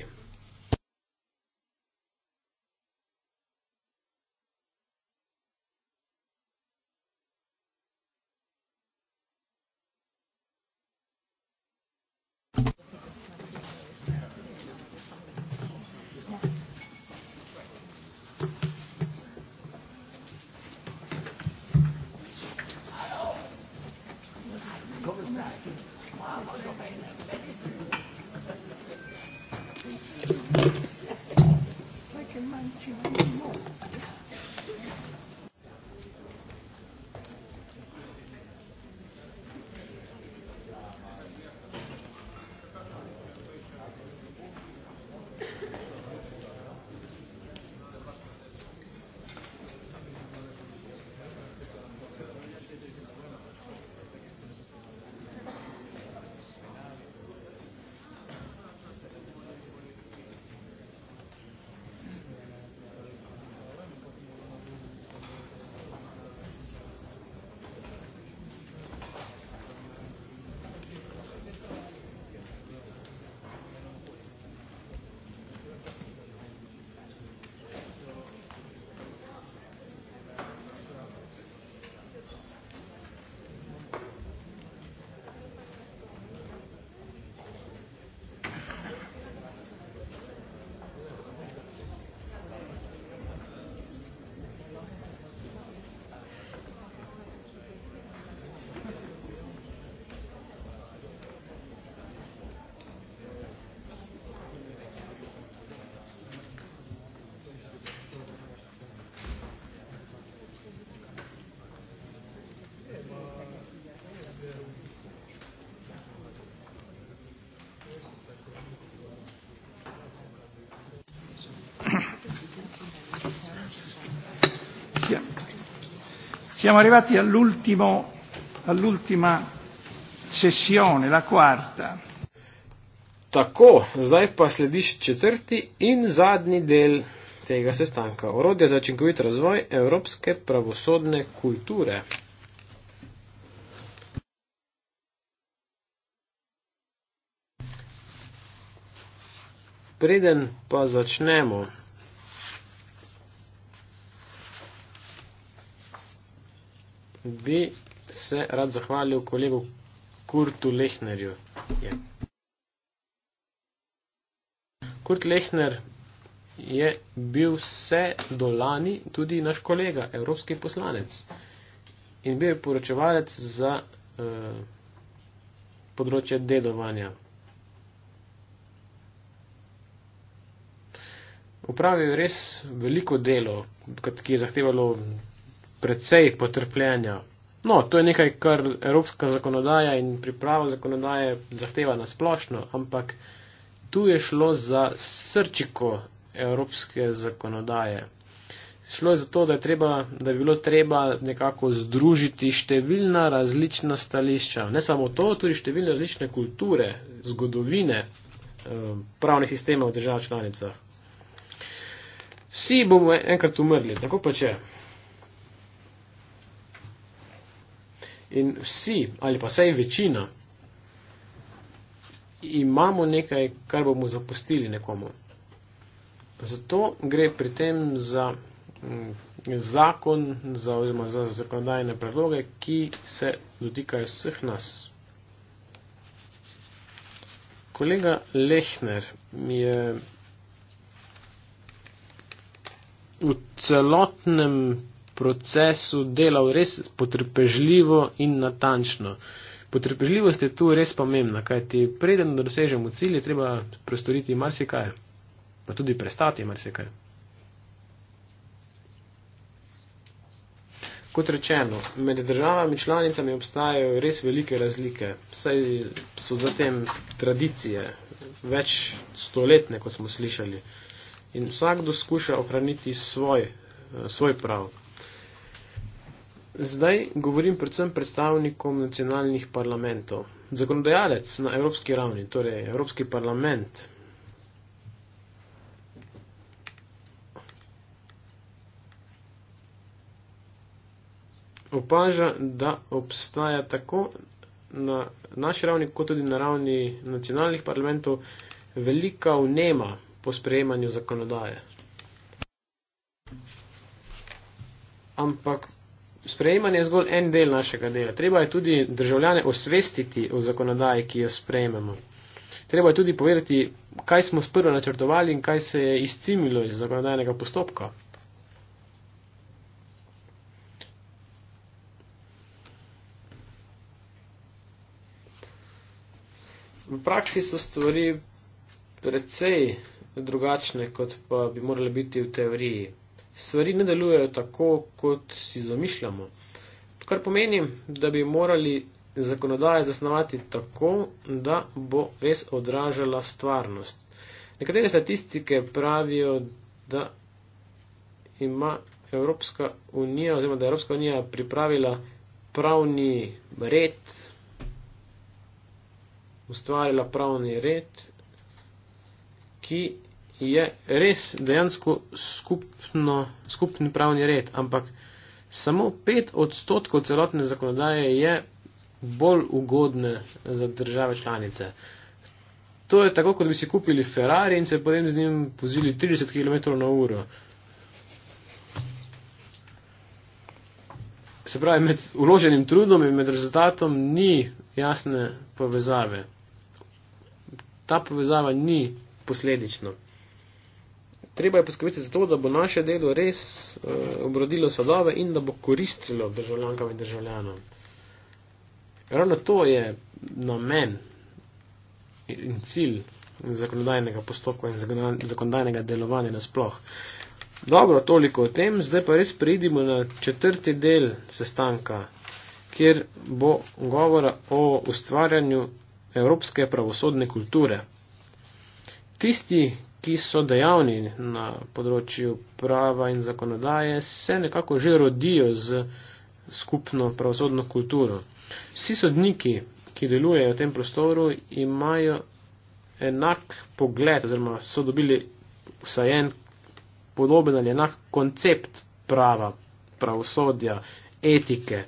Siamo arrivati all'ultimo, all'ultima sessione, la quarta. Tako, zdaj pa slediš četrti in zadnji del tega sestanka. Orodje za učinkovit razvoj evropske pravosodne kulture. Preden pa začnemo bi se rad zahvalil kolegu Kurtu Lehnerju. Je. Kurt Lehner je bil vse do lani tudi naš kolega, evropski poslanec. In bil je poročevalec za eh, področje dedovanja. Upravil je res veliko delo, ki je zahtevalo precej potrpljenja, No, to je nekaj, kar evropska zakonodaja in priprava zakonodaje zahteva na splošno, ampak tu je šlo za srčiko evropske zakonodaje. Šlo je za to, da je, treba, da je bilo treba nekako združiti številna različna stališča. Ne samo to, tudi številne različne kulture, zgodovine eh, pravnih sistemov v državah članicah. Vsi bomo enkrat umrli, tako pa če. In vsi, ali pa vsaj večina, imamo nekaj, kar bomo zapustili nekomu. Zato gre pri tem za mm, zakon, za, oziroma za zakonodajne predloge, ki se dotikajo vseh nas. Kolega Lehner mi je v celotnem procesu delal res potrpežljivo in natančno. Potrpežljivost je tu res pomembna, kajti preden dosežemo cilj, je treba prostoriti marsikaj, pa tudi prestati marsikaj. Kot rečeno, med državami članicami obstajajo res velike razlike, saj so zatem tradicije več stoletne, kot smo slišali. In vsakdo skuša ohraniti svoj, eh, svoj prav. Zdaj govorim predvsem predstavnikom nacionalnih parlamentov. Zakonodajalec na evropski ravni, torej Evropski parlament, opaža, da obstaja tako na naši ravni, kot tudi na ravni nacionalnih parlamentov, velika vnema po sprejemanju zakonodaje. Ampak sprejemanje zgolj en del našega dela. Treba je tudi državljane osvestiti o zakonodaji, ki jo sprejmemo. Treba je tudi povedati, kaj smo sprva načrtovali in kaj se je izcimilo iz zakonodajnega postopka. V praksi so stvari precej drugačne, kot pa bi morale biti v teoriji stvari ne delujejo tako, kot si zamišljamo. Kar pomeni, da bi morali zakonodaje zasnovati tako, da bo res odražala stvarnost. Nekatere statistike pravijo, da ima Evropska unija oziroma da je Evropska unija pripravila pravni red, ustvarila pravni red, ki je res dejansko skupno, skupni pravni red, ampak samo pet odstotkov celotne zakonodaje je bolj ugodne za države članice. To je tako, kot bi si kupili Ferrari in se potem z njim pozili 30 km na uro. Se pravi, med uloženim trudom in med rezultatom ni jasne povezave. Ta povezava ni posledično treba je poskrbeti za to, da bo naše delo res uh, obrodilo sadove in da bo koristilo državljankam in državljanom. Ravno to je namen in cilj zakonodajnega postopka in zakonodajnega delovanja nasploh. Dobro, toliko o tem, zdaj pa res pridimo na četrti del sestanka, kjer bo govora o ustvarjanju evropske pravosodne kulture. Tisti, ki so dejavni na področju prava in zakonodaje, se nekako že rodijo z skupno pravosodno kulturo. Vsi sodniki, ki delujejo v tem prostoru, imajo enak pogled oziroma so dobili vsaj en podoben ali enak koncept prava, pravosodja, etike.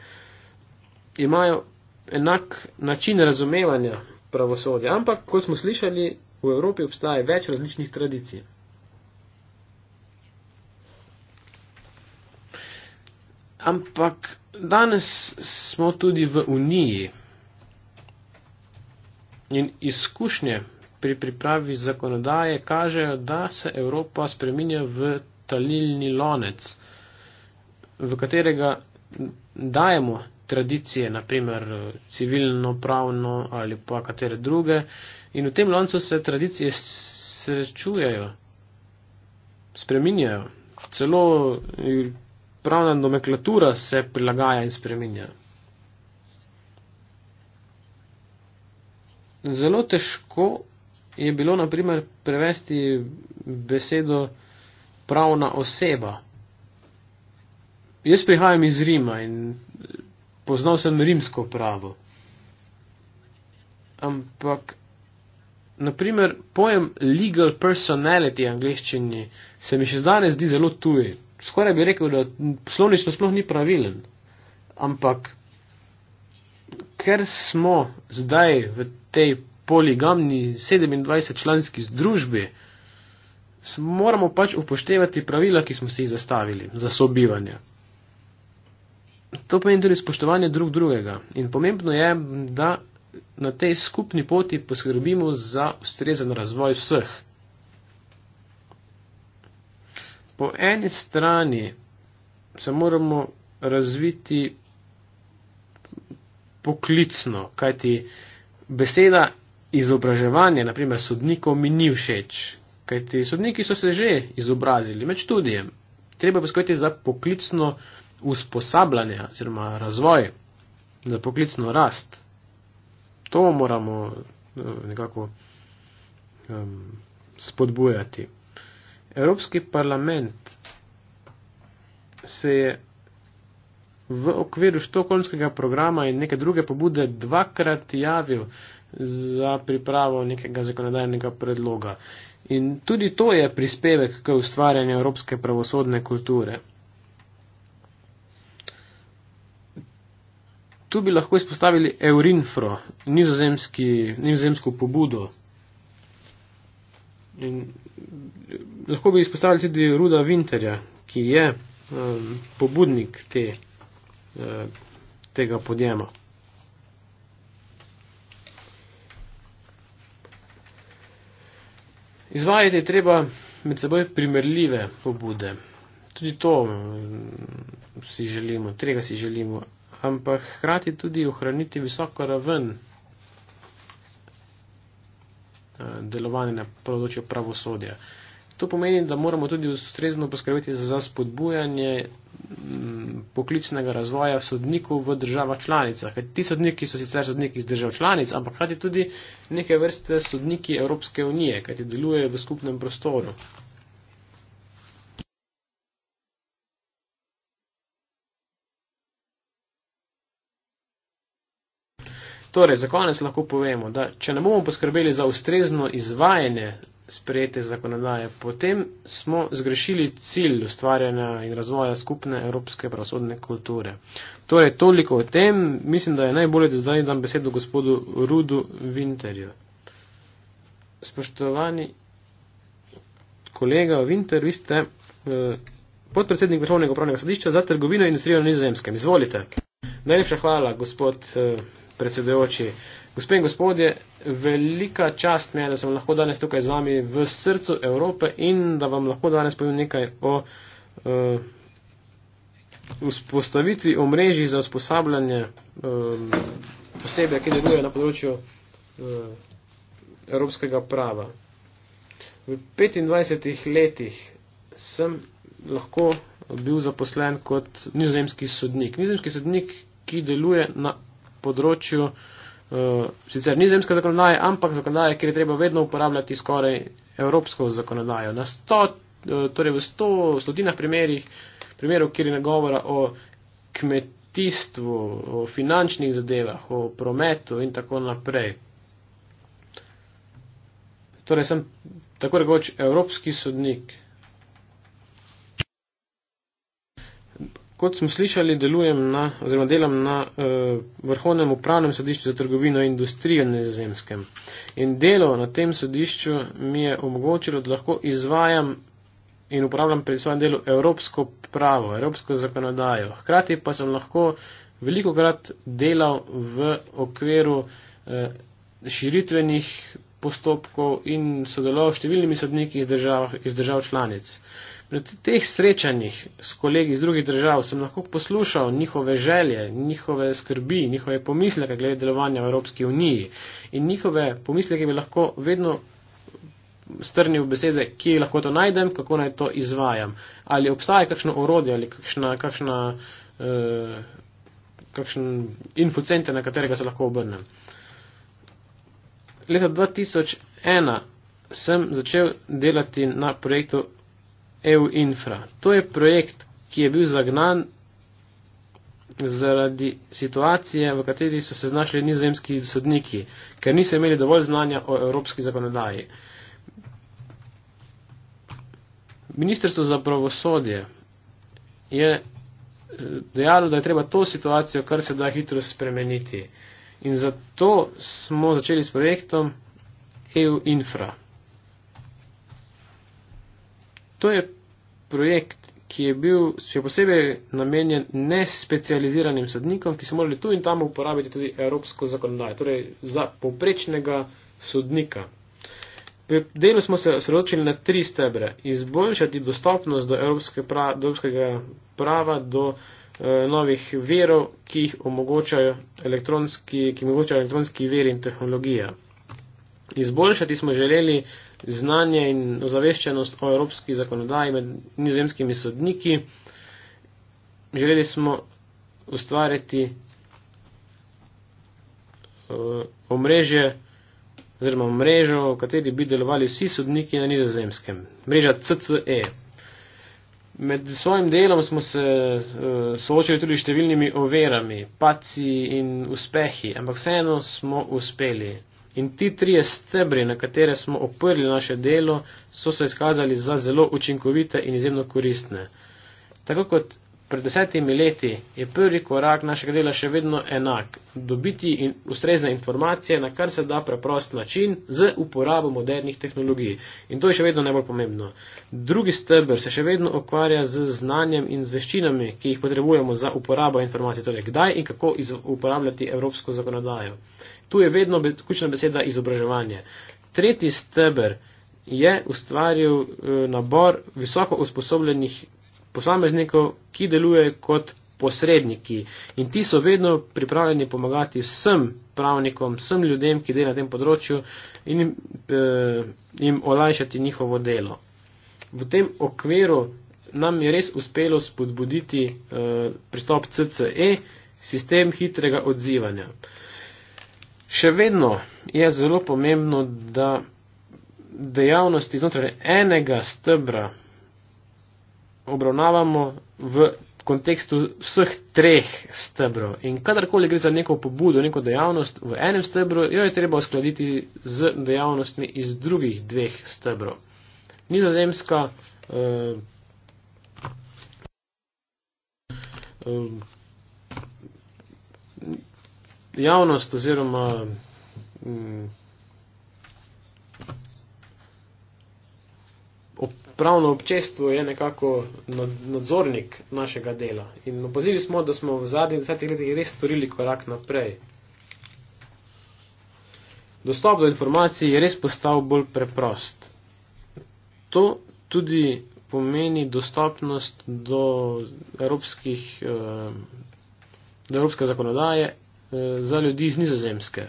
Imajo enak način razumevanja pravosodja, ampak, kot smo slišali, V Evropi obstaja več različnih tradicij. Ampak danes smo tudi v Uniji in izkušnje pri pripravi zakonodaje kažejo, da se Evropa spreminja v talilni lonec, v katerega dajemo tradicije, naprimer civilno, pravno ali pa katere druge. In v tem loncu se tradicije srečujejo, spreminjajo. Celo eh, pravna nomenklatura se prilagaja in spreminja. Zelo težko je bilo, na primer, prevesti besedo pravna oseba. Jaz prihajam iz Rima in eh, poznal sem rimsko pravo. Ampak naprimer, pojem legal personality v angleščini se mi še zdanes zdi zelo tuji. Skoraj bi rekel, da poslovnično sploh ni pravilen. Ampak, ker smo zdaj v tej poligamni 27-članski združbi, moramo pač upoštevati pravila, ki smo si jih zastavili za sobivanje. To pomeni tudi spoštovanje drug drugega. In pomembno je, da na tej skupni poti poskrbimo za ustrezen razvoj vseh. Po eni strani se moramo razviti poklicno, kajti beseda izobraževanje, naprimer sodnikov, mi ni všeč. Kajti sodniki so se že izobrazili med študijem. Treba poskrbeti za poklicno usposabljanje oziroma razvoj, za poklicno rast. To moramo eh, nekako um, spodbujati. Evropski parlament se je v okviru štokolmskega programa in neke druge pobude dvakrat javil za pripravo nekega zakonodajnega predloga. In tudi to je prispevek k ustvarjanju evropske pravosodne kulture. Tu bi lahko izpostavili Eurinfro, nizozemsko pobudo. In eh, lahko bi izpostavili tudi Ruda Winterja, ki je um, pobudnik te, uh, tega podjema. Izvajati je treba med seboj primerljive pobude. Tudi to um, si želimo, tega si želimo ampak hkrati tudi ohraniti visoko raven eh, delovanja na področju pravosodja. To pomeni, da moramo tudi ustrezno poskrbeti za spodbujanje mm, poklicnega razvoja sodnikov v državah članicah. Ti sodniki so sicer sodniki iz držav članic, ampak hkrati tudi neke vrste sodniki Evropske unije, kajti delujejo v skupnem prostoru. Torej, za konec lahko povemo, da če ne bomo poskrbeli za ustrezno izvajanje sprejete zakonodaje, potem smo zgrešili cilj ustvarjanja in razvoja skupne evropske pravosodne kulture. Torej, toliko o tem. Mislim, da je najbolje, da zdaj dam besedo gospodu Rudu Winterju. Spoštovani kolega Winter, vi ste eh, podpredsednik Vrhovnega upravnega sodišča za trgovino in industrijo na nizozemskem. Izvolite. Najlepša hvala, gospod. Eh, predsedujoči. Gospe in gospodje, velika čast mi je, da sem lahko danes tukaj z vami v srcu Evrope in da vam lahko danes povem nekaj o uh, vzpostavitvi omrežij za usposabljanje uh, eh, posebej, ki deluje na področju uh, evropskega prava. V 25 letih sem lahko bil zaposlen kot nizozemski sodnik. Nizozemski sodnik, ki deluje na področju, uh, sicer nizemske zakonodaje, ampak zakonodaje, kjer je treba vedno uporabljati skoraj evropsko zakonodajo. Na sto, uh, torej v sto stotinah primerih, primerov, kjer je nagovora o kmetijstvu, o finančnih zadevah, o prometu in tako naprej. Torej sem tako rekoč evropski sodnik. kot smo slišali, delujem na, oziroma delam na uh, vrhovnem upravnem sodišču za trgovino in industrijo na nizozemskem. In delo na tem sodišču mi je omogočilo, da lahko izvajam in uporabljam pri svojem delu evropsko pravo, evropsko zakonodajo. Hkrati pa sem lahko veliko krat delal v okviru uh, širitvenih postopkov in sodeloval s številnimi sodniki iz držav, iz držav članic. Uh, Na teh srečanjih s kolegi iz drugih držav sem lahko poslušal njihove želje, njihove skrbi, njihove pomisleke glede delovanja v Evropski uniji in njihove pomisleke bi lahko vedno strnil besede, kje lahko to najdem, kako naj to izvajam. Ali obstaja kakšno orodje ali kakšna, kakšna, uh, kakšen infocenter, na katerega se lahko obrnem. Leta 2001 sem začel delati na projektu EU Infra. To je projekt, ki je bil zagnan zaradi situacije, v kateri so se znašli nizozemski sodniki, ker niso imeli dovolj znanja o evropski zakonodaji. Ministrstvo za pravosodje je eh, dejalo, da je treba to situacijo kar se da hitro spremeniti. In zato smo začeli s projektom EU Infra. To je projekt, ki je bil še posebej namenjen nespecializiranim sodnikom, ki so morali tu in tam uporabiti tudi evropsko zakonodajo, torej za poprečnega sodnika. Pri delu smo se sredočili na tri stebre. Izboljšati dostopnost do, evropske pra, do evropskega prava, do e, novih verov, ki jih omogočajo elektronski, omogočajo elektronski veri in tehnologija. Izboljšati smo želeli znanje in ozaveščenost o evropski zakonodaji med nizozemskimi sodniki. Želeli smo ustvariti eh, omrežje, oziroma mrežo, v kateri bi delovali vsi sodniki na nizozemskem, mreža CCE. Med svojim delom smo se uh, eh, soočili tudi številnimi overami, paci in uspehi, ampak vseeno smo uspeli. In ti trije stebri, na katere smo oprli naše delo, so se izkazali za zelo učinkovite in izjemno koristne. Tako kot pred desetimi leti je prvi korak našega dela še vedno enak. Dobiti in ustrezne informacije na kar se da preprost način z uporabo modernih tehnologij. In to je še vedno najbolj pomembno. Drugi stebr se še vedno okvarja z znanjem in z veščinami, ki jih potrebujemo za uporabo informacij. Torej, kdaj in kako uporabljati evropsko zakonodajo. Tu je vedno ključna beseda izobraževanje. Tretji steber je ustvaril eh, nabor visoko usposobljenih posameznikov, ki delujejo kot posredniki in ti so vedno pripravljeni pomagati vsem pravnikom, vsem ljudem, ki delajo na tem področju in jim, eh, jim olajšati njihovo delo. V tem okviru nam je res uspelo spodbuditi eh, pristop CCE, sistem hitrega odzivanja. Eh, Še vedno je zelo pomembno, da dejavnosti znotraj enega stebra obravnavamo v kontekstu vseh treh stebrov. In kadarkoli gre za neko pobudo, neko dejavnost v enem stebru, jo je treba uskladiti z dejavnostmi iz drugih dveh stebrov. Nizozemska uh, uh, javnost oziroma mm, pravno občestvo je nekako nadzornik našega dela. In opozili smo, da smo v zadnjih desetih letih res storili korak naprej. Dostop do informacij je res postal bolj preprost. To tudi pomeni dostopnost do, evropskih, eh, do evropske zakonodaje Eh, za ljudi iz nizozemske.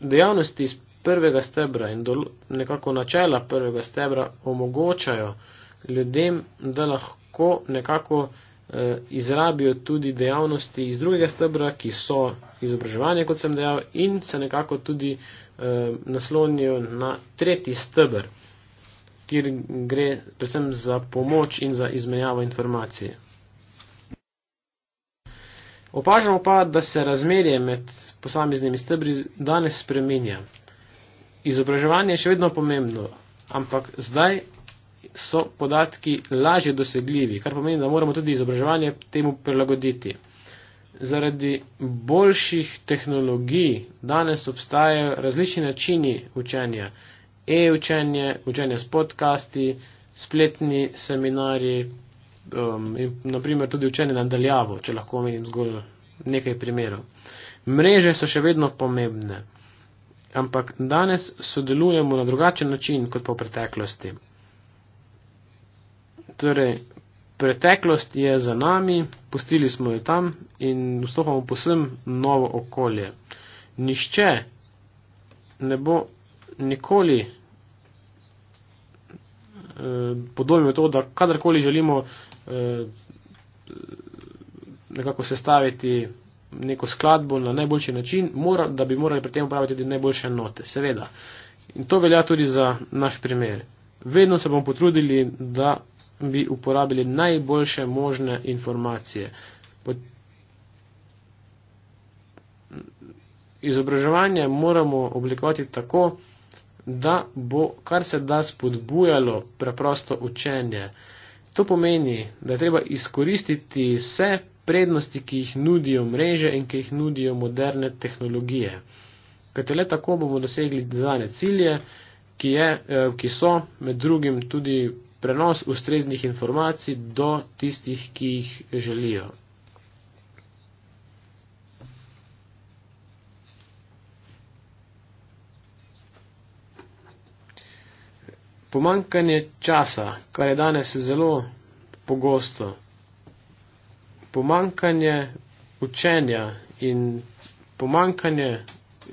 Dejavnosti iz prvega stebra in nekako načela prvega stebra omogočajo ljudem, da lahko nekako eh, izrabijo tudi dejavnosti iz drugega stebra, ki so izobraževanje, kot sem dejal, in se nekako tudi eh, naslonijo na tretji stebr, kjer gre predvsem za pomoč in za izmenjavo informacije. Opažamo pa, da se razmerje med posameznimi stebri danes spreminja. Izobraževanje je še vedno pomembno, ampak zdaj so podatki lažje dosegljivi, kar pomeni, da moramo tudi izobraževanje temu prilagoditi. Zaradi boljših tehnologij danes obstajajo različni načini učenja. E-učenje, učenje s podcasti, spletni seminarji, um, in naprimer tudi učenje nadaljavo, če lahko omenim zgolj nekaj primerov. Mreže so še vedno pomembne, ampak danes sodelujemo na drugačen način kot po preteklosti. Torej, preteklost je za nami, pustili smo jo tam in vstopamo posem novo okolje. Nišče ne bo nikoli eh, podobno to, da kadarkoli želimo Eh, nekako sestaviti neko skladbo na najboljši način, mora, da bi morali pri tem upraviti tudi najboljše note, seveda. In to velja tudi za naš primer. Vedno se bomo potrudili, da bi uporabili najboljše možne informacije. Izobraževanje moramo oblikovati tako, da bo kar se da spodbujalo preprosto učenje. Uh, To pomeni, da je treba izkoristiti vse prednosti, ki jih nudijo mreže in ki jih nudijo moderne tehnologije. Kajte le tako bomo dosegli zadane cilje, ki, je, eh, ki so med drugim tudi prenos ustreznih informacij do tistih, ki jih želijo. Pomankanje časa, kar je danes zelo pogosto, pomankanje učenja in pomankanje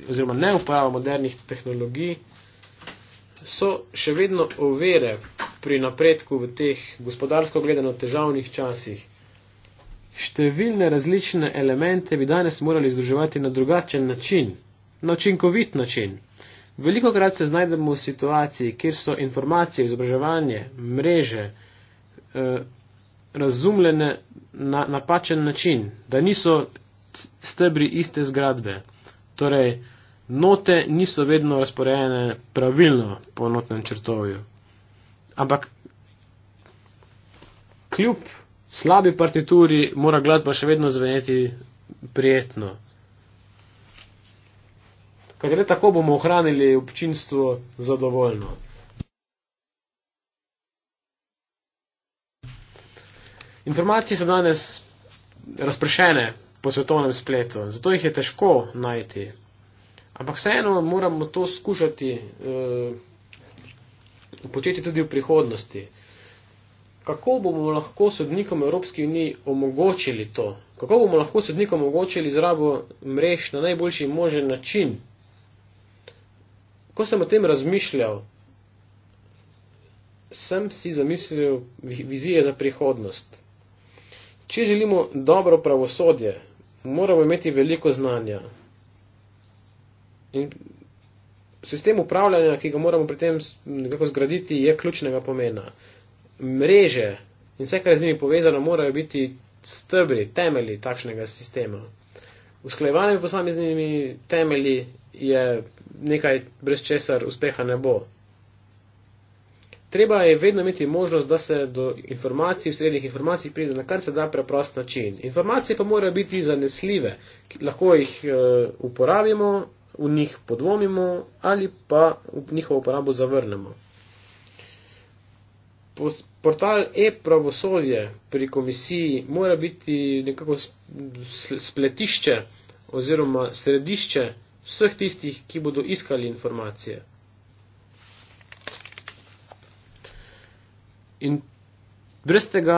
oziroma neuporaba modernih tehnologij so še vedno ovire pri napredku v teh gospodarsko gledano težavnih časih. Številne različne elemente bi danes morali združevati na drugačen način, na učinkovit način. Veliko krat se znajdemo v situaciji, kjer so informacije, izobraževanje, mreže eh, razumljene na napačen način, da niso stebri iste zgradbe. Torej, note niso vedno razporejene pravilno po notnem črtovju. Ampak kljub slabi partituri mora glasba še vedno zveneti prijetno ker le tako bomo ohranili občinstvo zadovoljno. Informacije so danes razpršene po svetovnem spletu, zato jih je težko najti. Ampak vseeno moramo to skušati eh, početi tudi v prihodnosti. Kako bomo lahko sodnikom Evropske unije omogočili to? Kako bomo lahko sodnikom omogočili izrabo mrež na najboljši možen način? Ko sem o tem razmišljal, sem si zamislil vizije za prihodnost. Če želimo dobro pravosodje, moramo imeti veliko znanja. In sistem upravljanja, ki ga moramo pri tem nekako zgraditi, je ključnega pomena. Mreže in vse, kar je z njimi povezano, morajo biti stebri, temelji takšnega sistema. Usklajevanje posameznimi temelji je nekaj, brez česar uspeha ne bo. Treba je vedno imeti možnost, da se do informacij, srednjih informacij pride na kar se da preprost način. Informacije pa morajo biti zanesljive, lahko jih e, uporabimo, v njih podvomimo ali pa njihovo uporabo zavrnemo. Portal e-pravosodje pri komisiji mora biti nekako spletišče oziroma središče vseh tistih, ki bodo iskali informacije. In brez tega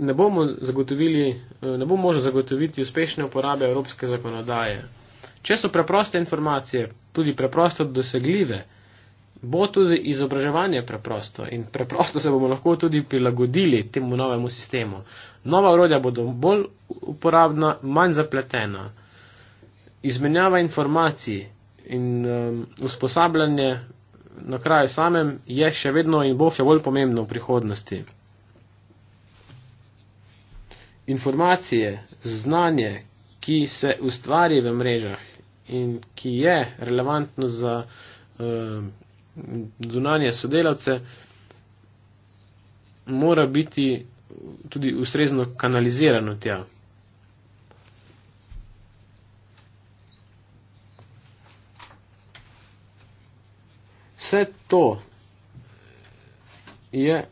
ne bomo zagotovili, eh, ne bomo možno zagotoviti uspešne uporabe evropske zakonodaje. Če so preproste informacije, tudi preprosto dosegljive, bo tudi izobraževanje preprosto in preprosto se bomo lahko tudi prilagodili temu novemu sistemu. Nova urodja bodo bolj uporabna, manj zapletena izmenjava informacij in um, usposabljanje na kraju samem je še vedno in bo še bolj pomembno v prihodnosti. Informacije, znanje, ki se ustvari v mrežah in ki je relevantno za uh, zunanje sodelavce, mora biti tudi ustrezno kanalizirano tja. vse to je,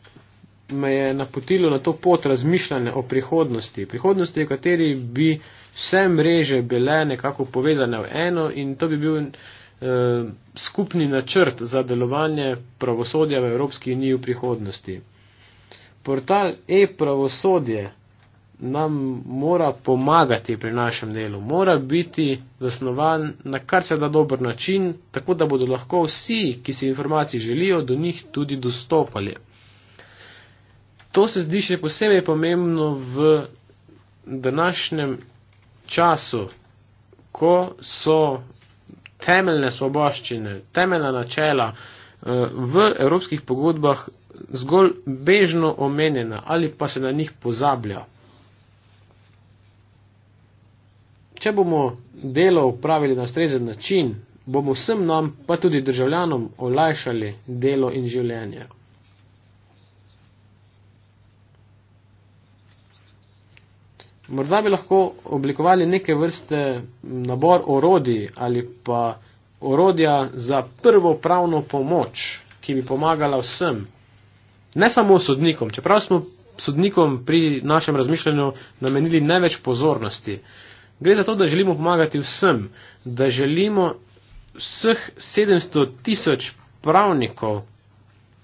me je napotilo na to pot razmišljanja o prihodnosti. Prihodnosti, v kateri bi vse mreže bile nekako povezane v eno in to bi bil eh, skupni načrt za delovanje pravosodja v Evropski uniji v prihodnosti. Portal e-pravosodje nam mora pomagati pri našem delu, mora biti zasnovan na kar se da dober način, tako da bodo lahko vsi, ki si informacij želijo, do njih tudi dostopali. To se zdi še posebej pomembno v današnjem času, ko so temeljne svoboščine, temeljna načela eh, v evropskih pogodbah zgolj bežno omenjena ali pa se na njih pozablja. Če bomo delo upravili na strezen način, bomo vsem nam, pa tudi državljanom, olajšali delo in življenje. Morda bi lahko oblikovali neke vrste nabor orodij ali pa orodja za prvo pravno pomoč, ki bi pomagala vsem, ne samo sodnikom, čeprav smo sodnikom pri našem razmišljanju namenili ne več pozornosti. Uh, Gre za to, da želimo pomagati vsem, da želimo vseh 700 tisoč pravnikov,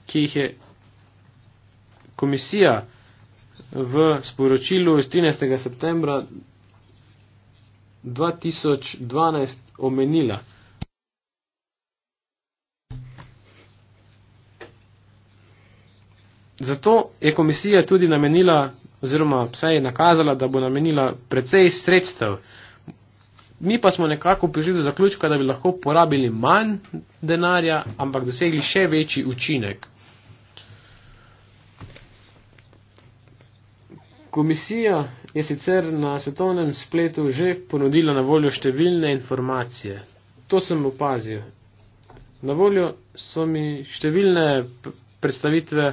ki jih je komisija v sporočilu iz 13. septembra 2012 omenila. Zato je komisija tudi namenila oziroma vsaj je nakazala, da bo namenila precej sredstev. Mi pa smo nekako prišli do zaključka, da bi lahko porabili manj denarja, ampak dosegli še večji učinek. Komisija je sicer na svetovnem spletu že ponudila na voljo številne informacije. To sem opazil. Na voljo so mi številne predstavitve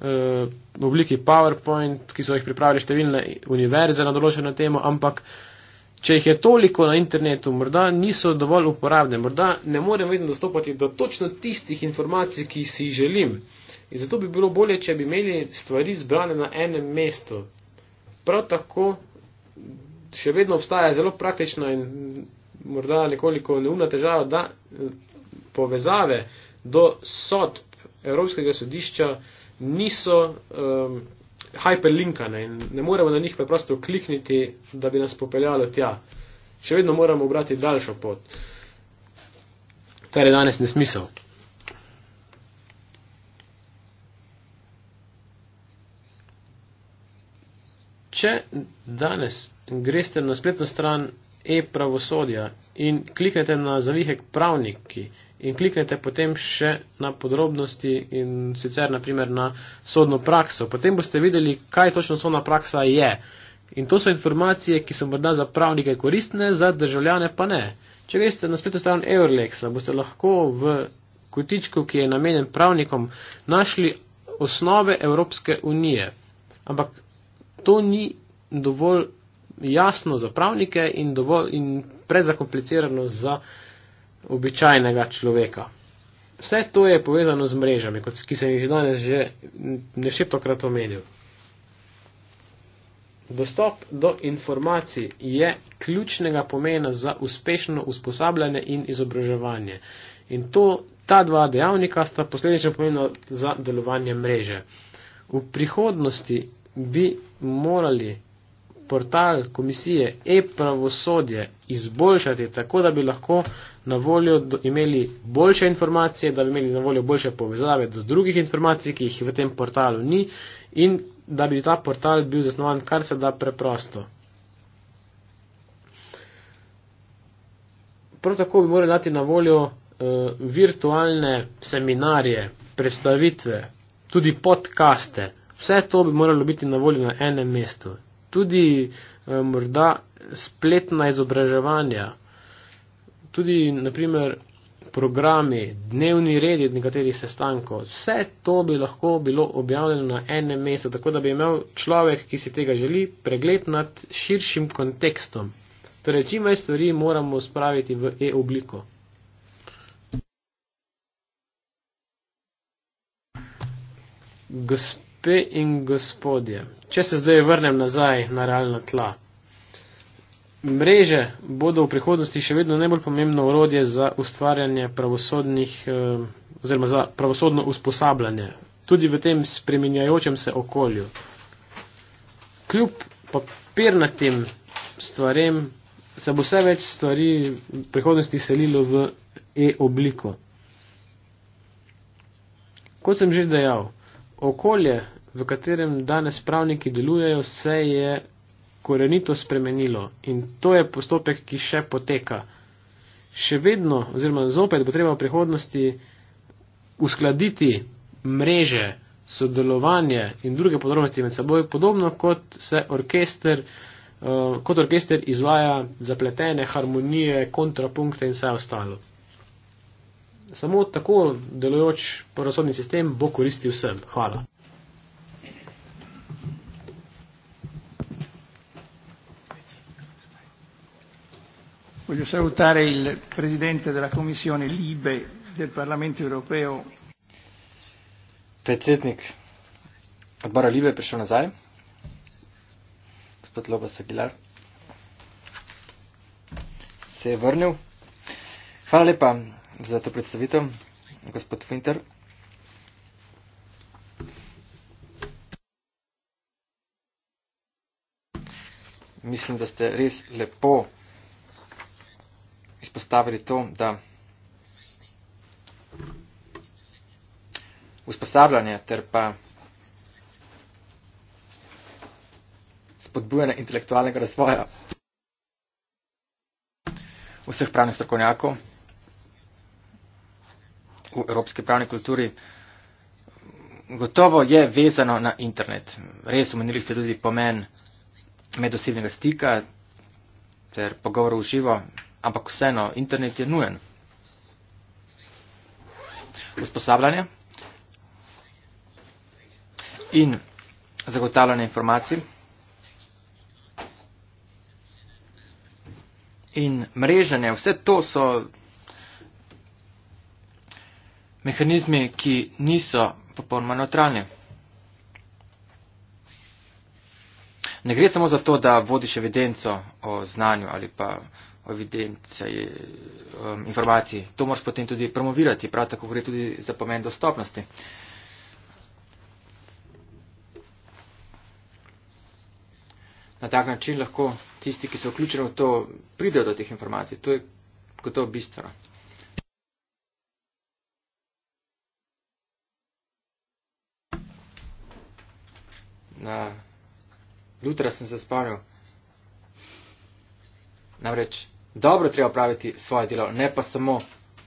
Eh, v obliki PowerPoint, ki so jih pripravili številne univerze na določeno temo, ampak če jih je toliko na internetu, morda niso dovolj uporabne, morda ne morem vedno dostopati do točno tistih informacij, ki si jih želim. In zato bi bilo bolje, če bi imeli stvari zbrane na enem mestu. Prav tako še vedno obstaja zelo praktična in morda nekoliko neumna težava, da eh, povezave do sodb Evropskega sodišča niso um, hyperlinkane in ne moremo na njih preprosto klikniti, da bi nas popeljalo tja. Še vedno moramo obrati daljšo pot, kar je danes nesmisel. Če danes greste na spletno stran e-pravosodja in kliknete na zavihek pravniki, in kliknete potem še na podrobnosti in sicer naprimer na sodno prakso. Potem boste videli, kaj točno sodna praksa je. In to so informacije, ki so morda za pravnike koristne, za državljane pa ne. Če greste na spletno stran Eurlexa, boste lahko v kotičku, ki je namenjen pravnikom, našli osnove Evropske unije. Ampak to ni dovolj jasno za pravnike in, dovolj, in prezakomplicirano za pravnike običajnega človeka. Vse to je povezano z mrežami, kot, ki sem jih danes že neštetokrat omenil. Dostop do informacij je ključnega pomena za uspešno usposabljanje in izobraževanje. In to, ta dva dejavnika sta posledično pomena za delovanje mreže. V prihodnosti bi morali portal komisije e-pravosodje izboljšati, tako da bi lahko na voljo imeli boljše informacije, da bi imeli na voljo boljše povezave do drugih informacij, ki jih v tem portalu ni in da bi ta portal bil zasnovan kar se da preprosto. Prav tako bi morali dati na voljo uh, virtualne seminarje, predstavitve, tudi podkaste. Vse to bi moralo biti na voljo na enem mestu tudi eh, morda spletna izobraževanja, tudi naprimer programi, dnevni redi nekaterih sestankov, vse to bi lahko bilo objavljeno na enem mestu, tako da bi imel človek, ki si tega želi, pregled nad širšim kontekstom. Torej, čim več stvari moramo spraviti v e-obliko. Gospod. Gospe in gospodje, če se zdaj vrnem nazaj na realna tla. Mreže bodo v prihodnosti še vedno najbolj pomembno orodje za ustvarjanje pravosodnih eh, oziroma za pravosodno usposabljanje, tudi v tem spreminjajočem se okolju. Kljub papirnatim stvarem se bo vse več stvari v prihodnosti selilo v e-obliko. Kot sem že dejal, okolje v katerem danes pravniki delujejo, se je korenito spremenilo in to je postopek, ki še poteka. Še vedno, oziroma zopet, bo treba v prihodnosti uskladiti mreže, sodelovanje in druge podrobnosti med seboj, podobno kot se orkester, uh, kot orkester izvaja zapletene harmonije, kontrapunkte in vse ostalo. Samo tako delujoč porazodni sistem bo koristil vsem. Hvala. Voglio salutare il Presidente della Commissione Libe del Parlamento Europeo. Predsednik odbora Libe, prišel nazaj. Gospod Loba Sagilar se je vrnil. Hvala lepa za to predstavitev, gospod Finter. Mislim, da ste res lepo izpostavili to, da usposabljanje ter pa spodbujanje intelektualnega razvoja vseh pravnih strokovnjakov v evropski pravni kulturi gotovo je vezano na internet. Res omenili ste tudi pomen medosebnega stika ter pogovor v živo, ampak vseeno, internet je nujen. Usposabljanje in zagotavljanje informacij in mreženje, vse to so mehanizmi, ki niso popolnoma neutralni. Ne gre samo za to, da vodiš evidenco o znanju ali pa evidence eh, um, informacij. To moraš potem tudi promovirati, prav tako gre tudi za pomen dostopnosti. Na tak način lahko tisti, ki so vključeni v to, pridejo do teh informacij. To je gotovo bistvo. Na Lutra sem se spomnil. Namreč dobro treba opraviti svoje delo, ne pa samo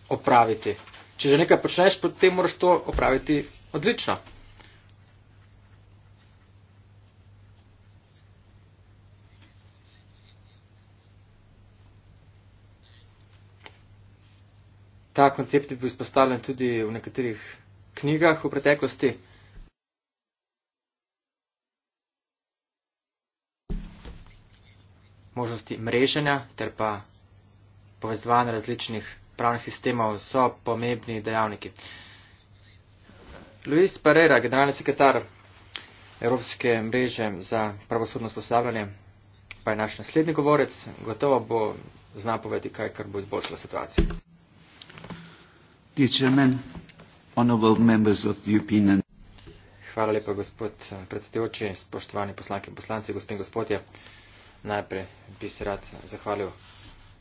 opraviti. Če že nekaj počneš, potem moraš to opraviti odlično. Ta koncept je bil izpostavljen tudi v nekaterih knjigah v preteklosti. možnosti mreženja ter pa povezovanja različnih pravnih sistemov so pomembni dejavniki. Luis Pereira, generalni sekretar Evropske mreže za pravosodno spostavljanje, pa je naš naslednji govorec, gotovo bo zna povedi kaj, kar bo izboljšalo situacijo. Hvala lepa, gospod eh, predsedujoči, spoštovani poslanke in poslanci, gospod in gospodje. Najprej bi se rad zahvalil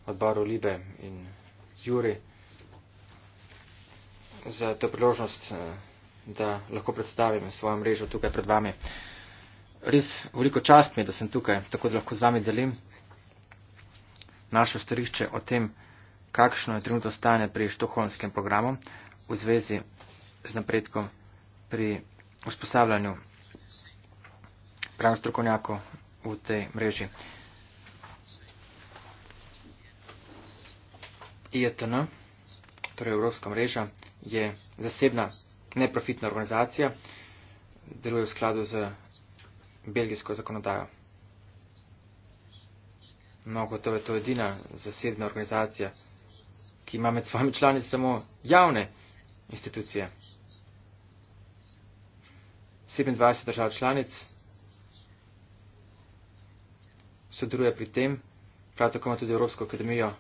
odboru Libe in Juri za to priložnost, eh, da lahko predstavim svojo mrežo tukaj pred vami. Res veliko čast mi je, da sem tukaj, tako da lahko z vami delim našo starišče o tem, kakšno je trenutno stanje pri štoholmskem programu v zvezi z napredkom pri usposabljanju pravnih strokovnjakov v tej mreži. IETN, torej Evropska mreža, je zasebna neprofitna organizacija, deluje v skladu z belgijsko zakonodajo. No, gotovo je to edina zasebna organizacija, ki ima med svojimi člani samo javne institucije. 27 držav članic sodeluje pri tem, prav tako ima tudi Evropsko akademijo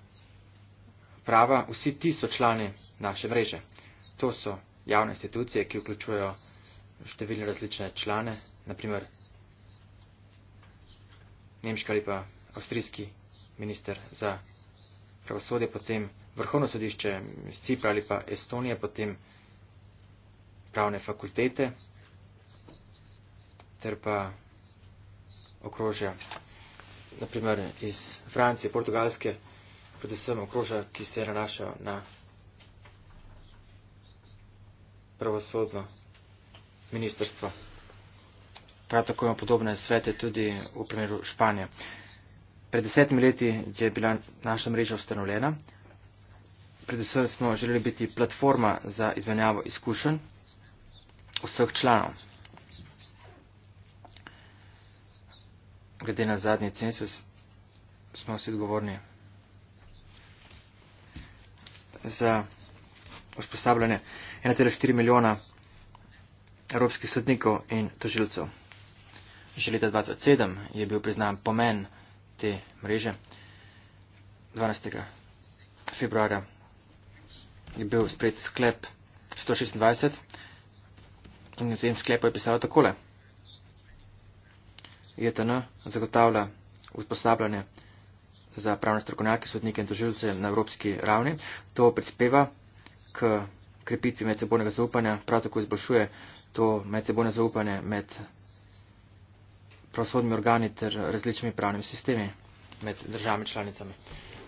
prava, vsi ti so člani naše mreže. To so javne institucije, ki vključujejo številne različne člane, naprimer nemški ali pa avstrijski minister za pravosodje, potem vrhovno sodišče iz Cipra ali pa Estonije, potem pravne fakultete ter pa okrožja, naprimer iz Francije, Portugalske, predvsem okroža, ki se nanašajo na pravosodno ministrstvo. Prav tako imamo podobne svete tudi v primeru Španije. Pred desetimi leti je bila naša mreža ustanovljena. Predvsem smo želeli biti platforma za izmenjavo izkušenj vseh članov. Glede na zadnji census smo vsi odgovorni za usposabljanje 1,4 milijona evropskih sodnikov in tožilcev. Že leta 2007 je bil priznan pomen te mreže. 12. februarja je bil spred sklep 126 in v tem sklepu je pisalo takole. JTN e zagotavlja usposabljanje za pravne strokovnjake, sodnike in doživljce na evropski ravni. To prispeva k krepitvi medsebojnega zaupanja, prav tako izboljšuje to medsebojne zaupanje med pravosodnimi organi ter različnimi pravnimi sistemi med državami članicami.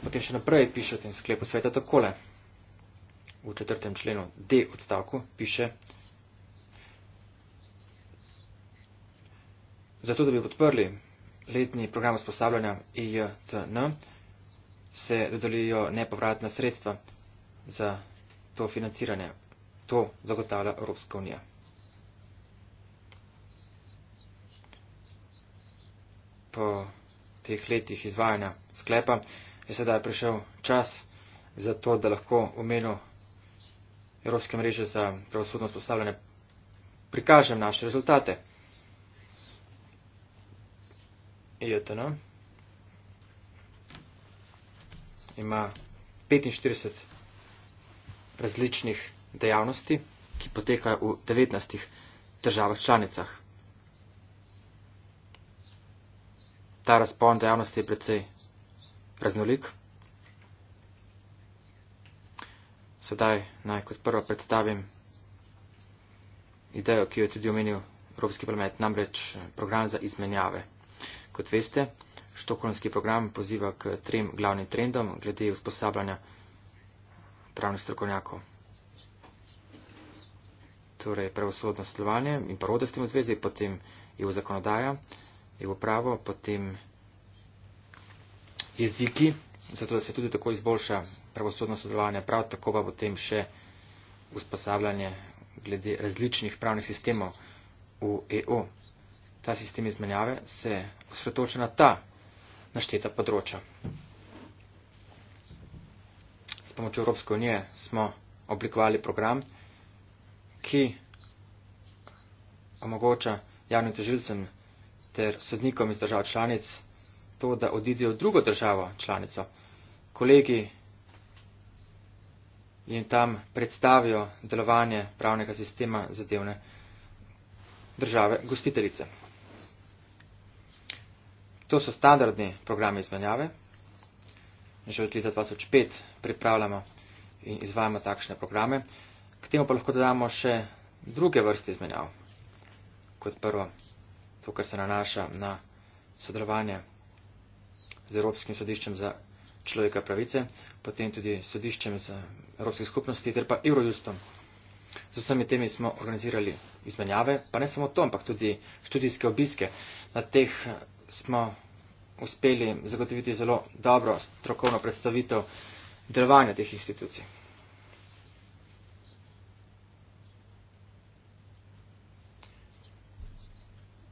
Potem še naprej piše v tem sklepu sveta takole. V četrtem členu D odstavku piše. Zato, da bi podprli letni program usposabljanja IJTN se dodelijo nepovratna sredstva za to financiranje. To zagotavlja Evropska unija. Po teh letih izvajanja sklepa je sedaj prišel čas za to, da lahko v imenu Evropske mreže za pravosodno usposabljanje prikažem naše rezultate. jeteno. Ima 45 različnih dejavnosti, ki potekajo v 19 državah članicah. Ta razpon dejavnosti je precej raznolik. Sedaj naj kot prvo predstavim idejo, ki jo je tudi omenil Evropski parlament, namreč program za izmenjave. Kot veste, štokholmski program poziva k trem glavnim trendom glede usposabljanja pravnih strokovnjakov. Torej pravosodno sodelovanje in parode s tem v zvezi, potem je v zakonodaja, je v pravo, potem jeziki, zato da se tudi tako izboljša pravosodno sodelovanje, prav tako pa potem še usposabljanje glede različnih pravnih sistemov v EU ta sistem izmenjave se osredotoča na ta našteta področja. S pomočjo Evropske unije smo oblikovali program, ki omogoča javnim težilcem ter sodnikom iz držav članic to, da odidejo v drugo državo članico. Kolegi jim tam predstavijo delovanje pravnega sistema zadevne države gostiteljice. To so standardni programi izmenjave. Že od leta 2005 pripravljamo in izvajamo takšne programe. K temu pa lahko dodamo še druge vrste izmenjav. Kot prvo, to, kar se nanaša na sodelovanje z Evropskim sodiščem za človeka pravice, potem tudi sodiščem z Evropske skupnosti ter pa Eurojustom. Z vsemi temi smo organizirali izmenjave, pa ne samo to, ampak tudi študijske obiske. Na teh smo uspeli zagotoviti zelo dobro strokovno predstavitev delovanja teh institucij.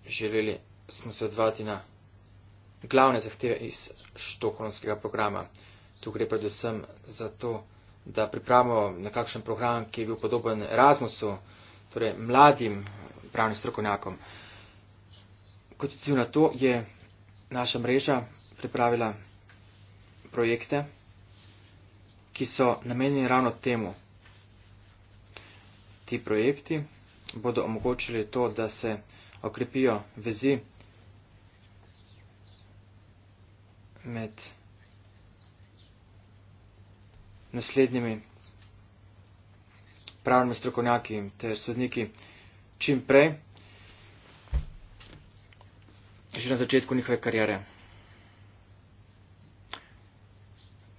Želeli smo se odzvati na glavne zahteve iz štokholmskega programa. Tu gre predvsem za to, da pripravimo nekakšen program, ki je bil podoben Erasmusu, torej mladim pravnim strokovnjakom kot odziv na to je naša mreža pripravila projekte, ki so namenjeni ravno temu. Ti projekti bodo omogočili to, da se okrepijo vezi med naslednjimi pravnimi strokovnjaki ter sodniki čim prej že na začetku njihove karijere.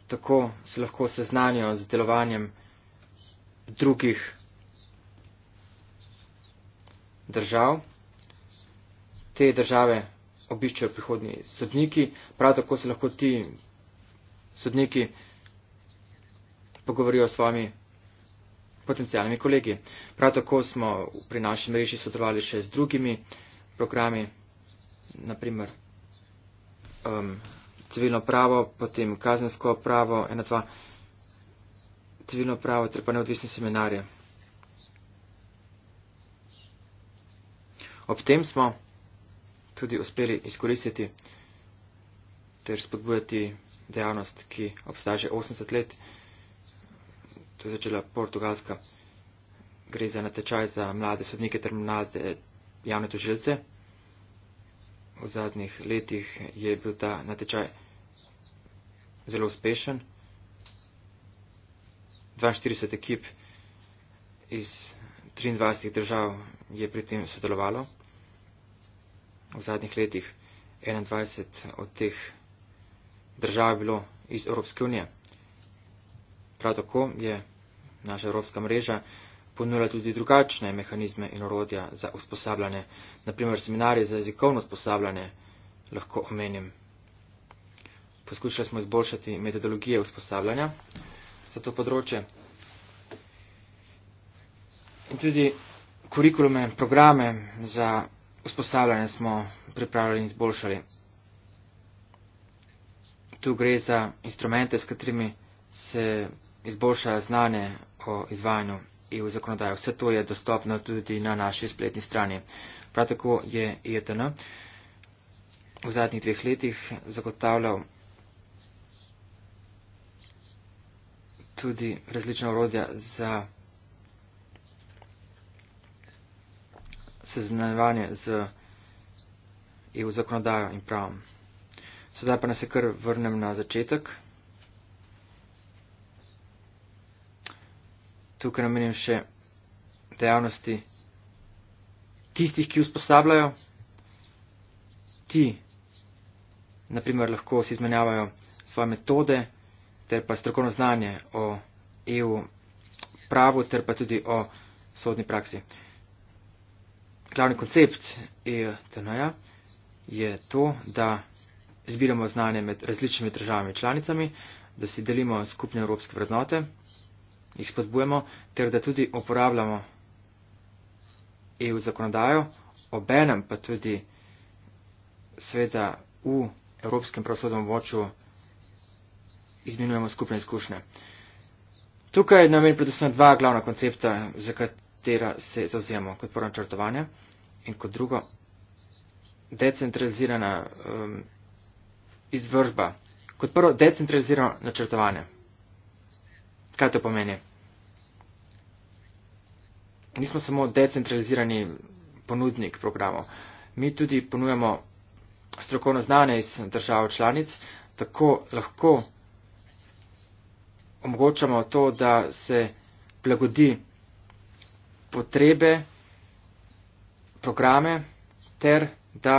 Tako se lahko seznanijo z delovanjem drugih držav. Te države obiščajo prihodnji sodniki, prav tako se lahko ti sodniki pogovorijo s svojimi potencijalnimi kolegi. Prav tako smo pri naši mreži sodelovali še z drugimi programi naprimer um, civilno pravo, potem kazensko pravo, ena, dva, civilno pravo, ter torej pa neodvisne seminarje. Ob tem smo tudi uspeli izkoristiti ter spodbujati dejavnost, ki obstaja že 80 let. To je začela portugalska. Gre za natečaj za mlade sodnike ter mlade javne tožilce v zadnjih letih je bil ta natečaj zelo uspešen. 42 ekip iz 23 držav je pri tem sodelovalo. V zadnjih letih 21 od teh držav je bilo iz Evropske unije. Prav tako je naša evropska mreža ponuja tudi drugačne mehanizme in orodja za usposabljanje, naprimer seminarje za jezikovno usposabljanje, lahko omenim. Poskušali smo izboljšati metodologije usposabljanja za to področje in tudi kurikulume, programe za usposabljanje smo pripravili in izboljšali. Tu gre za instrumente, s katerimi se izboljša znanje o izvajanju EU zakonodajo. Vse to je dostopno tudi na naši spletni strani. Prav tako je ETN v zadnjih dveh letih zagotavljal tudi različna urodja za seznanjevanje z EU zakonodajo in pravom. Sedaj pa ne se kar vrnem na začetek. tukaj namenim še dejavnosti tistih, ki usposabljajo. Ti, naprimer, lahko si izmenjavajo svoje metode ter pa strokovno znanje o EU pravu ter pa tudi o sodni praksi. Glavni koncept EUTN-ja je to, da zbiramo znanje med različnimi državami članicami, da si delimo skupne evropske vrednote jih spodbujamo, ter da tudi uporabljamo EU zakonodajo, obenem pa tudi sveda v Evropskem pravosodnem območju izmenjujemo skupne izkušnje. Tukaj nam je predvsem dva glavna koncepta, za katera se zauzemamo kot prvo načrtovanje in kot drugo decentralizirana um, izvržba. Kot prvo decentralizirano načrtovanje. Kaj to pomeni? Nismo samo decentralizirani ponudnik programov. Mi tudi ponujemo strokovno znanje iz držav članic, tako lahko omogočamo to, da se plagodi potrebe, programe ter da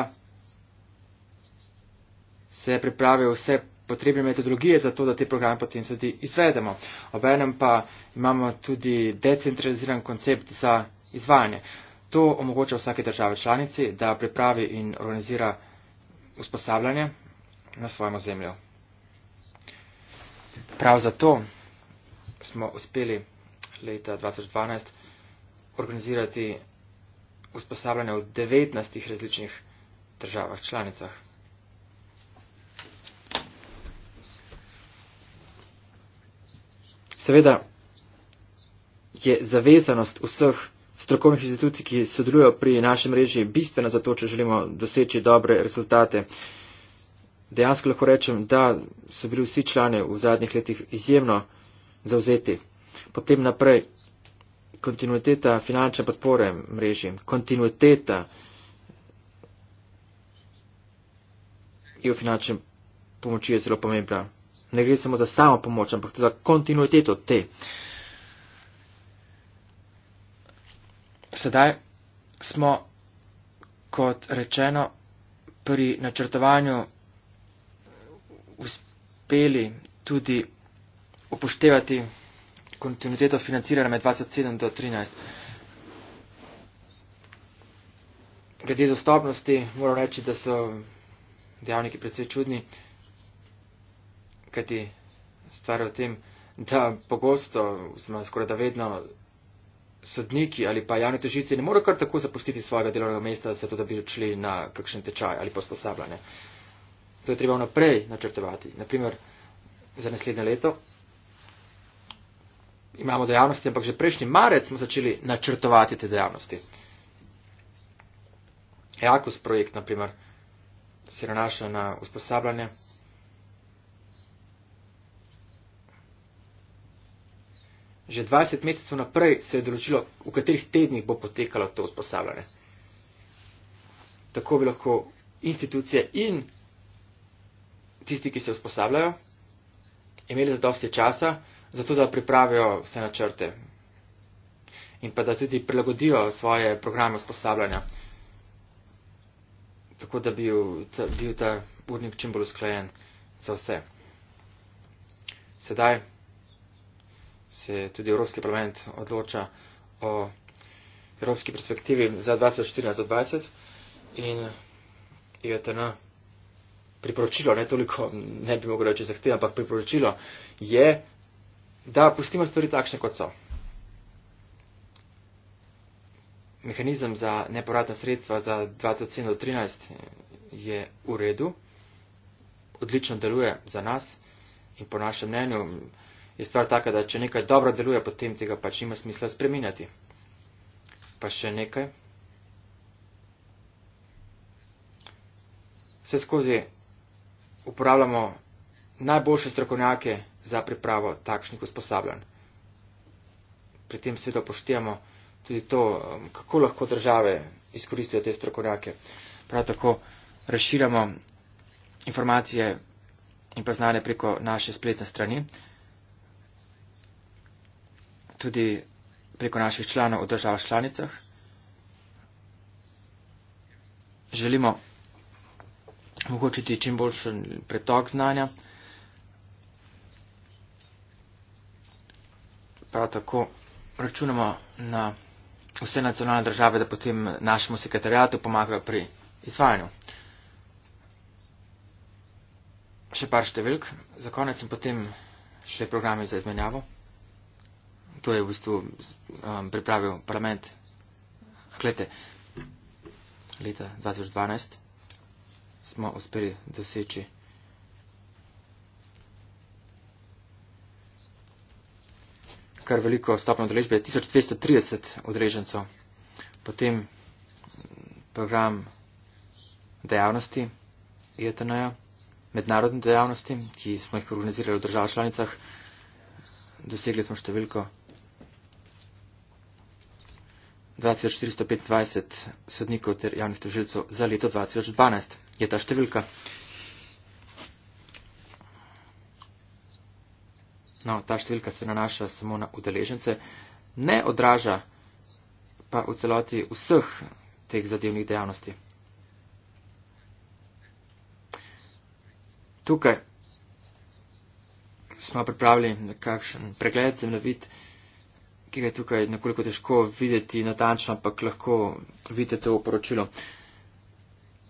se pripravijo vse potrebne metodologije za to, da te programe potem tudi izvedemo. Obenem pa imamo tudi decentraliziran koncept za izvajanje. To omogoča vsake države članici, da pripravi in organizira usposabljanje na svojem ozemlju. Prav zato smo uspeli leta 2012 organizirati usposabljanje v 19 različnih državah članicah. Seveda je zavezanost vseh strokovnih institucij, ki sodelujo pri našem mreži, bistvena za to, če želimo doseči dobre rezultate. Dejansko lahko rečem, da so bili vsi člani v zadnjih letih izjemno zauzeti. Potem naprej kontinuiteta finančne podpore mreži, kontinuiteta in finančne pomoči je zelo pomembna ne gre samo za samo pomoč, ampak za kontinuiteto te. Sedaj smo, kot rečeno, pri načrtovanju uspeli tudi upoštevati kontinuiteto financiranja med 27 do 13. Glede dostopnosti moram reči, da so dejavniki predvsej čudni kajti stvar je v tem, da pogosto, vzma, skoraj da vedno, sodniki ali pa javni tožici ne morejo kar tako zapustiti svojega delovnega mesta, zato da bi odšli na kakšen tečaj ali posposabljanje. To je treba vnaprej načrtovati. Naprimer, za naslednje leto imamo dejavnosti, ampak že prejšnji marec smo začeli načrtovati te dejavnosti. Jakus projekt, naprimer, se nanaša na usposabljanje. že 20 mesecev naprej se je določilo, v katerih tednih bo potekalo to usposabljanje. Tako bi lahko institucije in tisti, ki se usposabljajo, imeli zadosti časa, zato da pripravijo vse načrte in pa da tudi prilagodijo svoje programe usposabljanja, tako da bi bil ta urnik čim bolj usklajen za vse. Sedaj se tudi Evropski parlament odloča o evropski perspektivi za 2014-2020 in IETN priporočilo, ne toliko, ne bi mogel reči zahtev, ampak priporočilo je, da pustimo stvari takšne, kot so. Mehanizem za neporadna sredstva za 2007-2013 je v redu, odlično deluje za nas in po našem mnenju je stvar taka, da če nekaj dobro deluje, potem tega pač nima smisla spreminjati. Pa še nekaj. Vse skozi uporabljamo najboljše strokovnjake za pripravo takšnih usposabljanj. Pri tem se dopoštijamo tudi to, um, kako lahko države izkoristijo te strokovnjake. Prav tako razširjamo informacije in pa znanje preko naše spletne strani, tudi preko naših članov v državah članicah. Želimo omogočiti čim boljši pretok znanja. Prav tako računamo na vse nacionalne države, da potem našemu sekretarijatu pomagajo pri izvajanju. Še par številk za konec in potem še programe za izmenjavo to je v bistvu um, pripravil parlament. Glede, leta 2012 smo uspeli doseči kar veliko stopno odrežbe, 1230 odrežencov. Potem program dejavnosti JTN-ja, mednarodne dejavnosti, ki smo jih organizirali v državah članicah, dosegli smo številko 2425 sodnikov ter javnih tožilcev za leto 2012 je ta številka. No, ta številka se nanaša samo na udeležence, ne odraža pa v celoti vseh teh zadevnih dejavnosti. Tukaj smo pripravili nekakšen pregled zemljevida ki ga je tukaj nekoliko težko videti natančno, ampak lahko vidite to poročilo.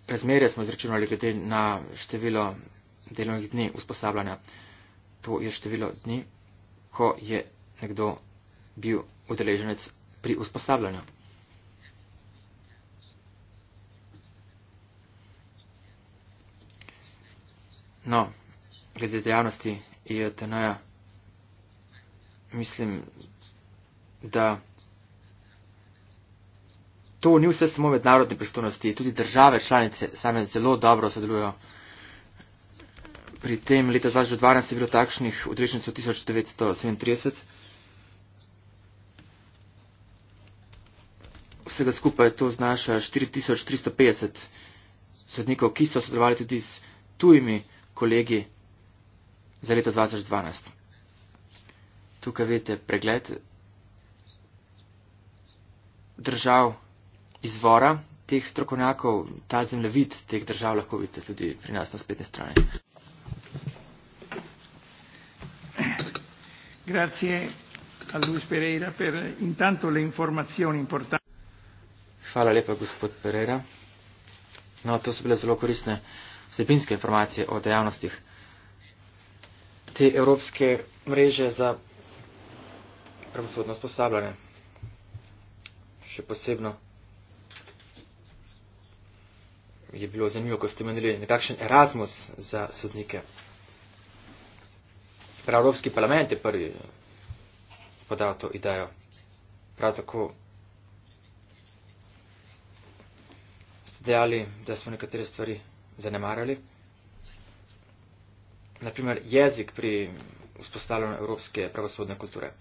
Razmerje smo izračunali glede na število delovnih dni usposabljanja. To je število dni, ko je nekdo bil udeleženec pri usposabljanju. No, glede dejavnosti IETN-ja, mislim, da to ni vse samo mednarodne pristojnosti, tudi države članice same zelo dobro sodelujo. Pri tem leta 2012 je bilo takšnih udeležencev 1937. Vsega skupaj to znaša 4350 sodnikov, ki so sodelovali tudi s tujimi kolegi za leto 2012. Tukaj vidite pregled držav izvora teh strokovnjakov, ta zemljevid teh držav lahko vidite tudi pri nas na spletni strani. Grazie a Luis Pereira per intanto le informazioni importanti. Hvala lepa, gospod Pereira. No, to so bile zelo koristne vsebinske informacije o dejavnostih te evropske mreže za pravosodno usposabljanje še posebno je bilo zanimivo, ko ste menili nekakšen Erasmus za sodnike. Prav Evropski parlament je prvi podal to idejo. Prav tako ste dejali, da smo nekatere stvari zanemarali. Naprimer, jezik pri vzpostavljanju evropske pravosodne kulture.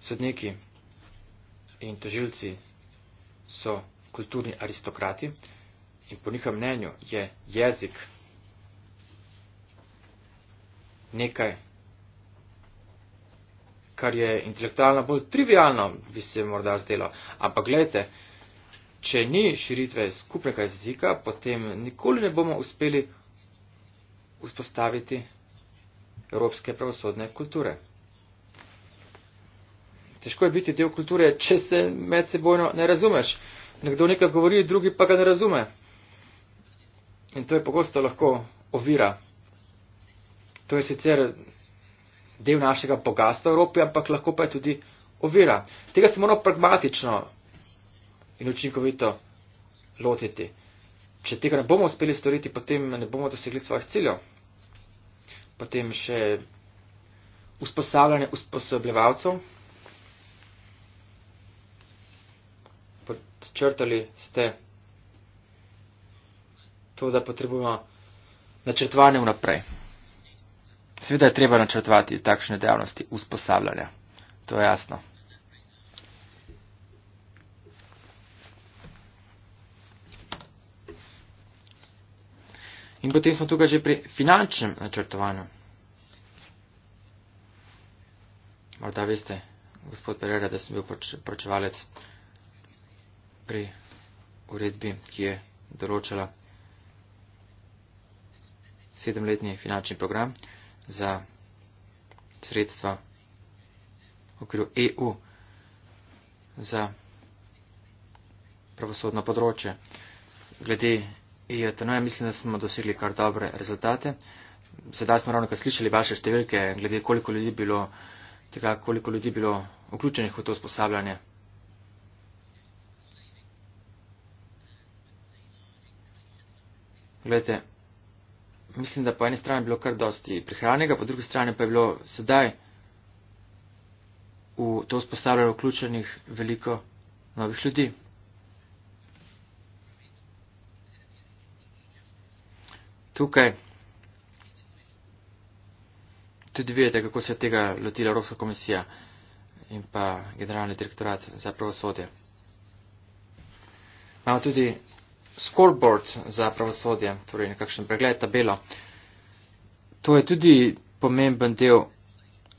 Sodniki, in tožilci so kulturni aristokrati in po njihovem mnenju je jezik nekaj, kar je intelektualno bolj trivialno, bi se morda zdelo. Ampak gledajte, če ni širitve skupnega jezika, potem nikoli ne bomo uspeli vzpostaviti evropske pravosodne kulture. Težko je biti del kulture, če se med sebojno ne razumeš. Nekdo nekaj govori, drugi pa ga ne razume. In to je pogosto lahko ovira. To je sicer del našega bogatstva v Evropi, ampak lahko pa je tudi ovira. Tega se moramo pragmatično in učinkovito lotiti. Če tega ne bomo uspeli storiti, potem ne bomo dosegli svojih ciljev. Potem še usposabljanje usposobljavcev, črtali ste. To, da potrebujemo načrtovanje vnaprej. Sveda je treba načrtovati takšne dejavnosti usposabljanja. To je jasno. In potem smo tukaj že pri finančnem načrtovanju. Morda veste, gospod Pereira, da sem bil poč, počevalec pri uredbi, ki je določala sedemletni finančni program za sredstva v okviru EU za pravosodno področje. Glede IATN, e ja, mislim, da smo dosegli kar dobre rezultate. Sedaj smo ravno kar slišali vaše številke, glede koliko ljudi bilo, tega, koliko ljudi bilo vključenih v to usposabljanje. Glede, mislim, da po eni strani je bilo kar dosti prihranega, po drugi strani pa je bilo sedaj v to vzpostavljanje vključenih veliko novih ljudi. Tukaj tudi vidite, kako se je tega lotila Evropska komisija in pa generalni direktorat za pravosodje. Imamo tudi scoreboard za pravosodje, torej nekakšen pregled, tabelo. To je tudi pomemben del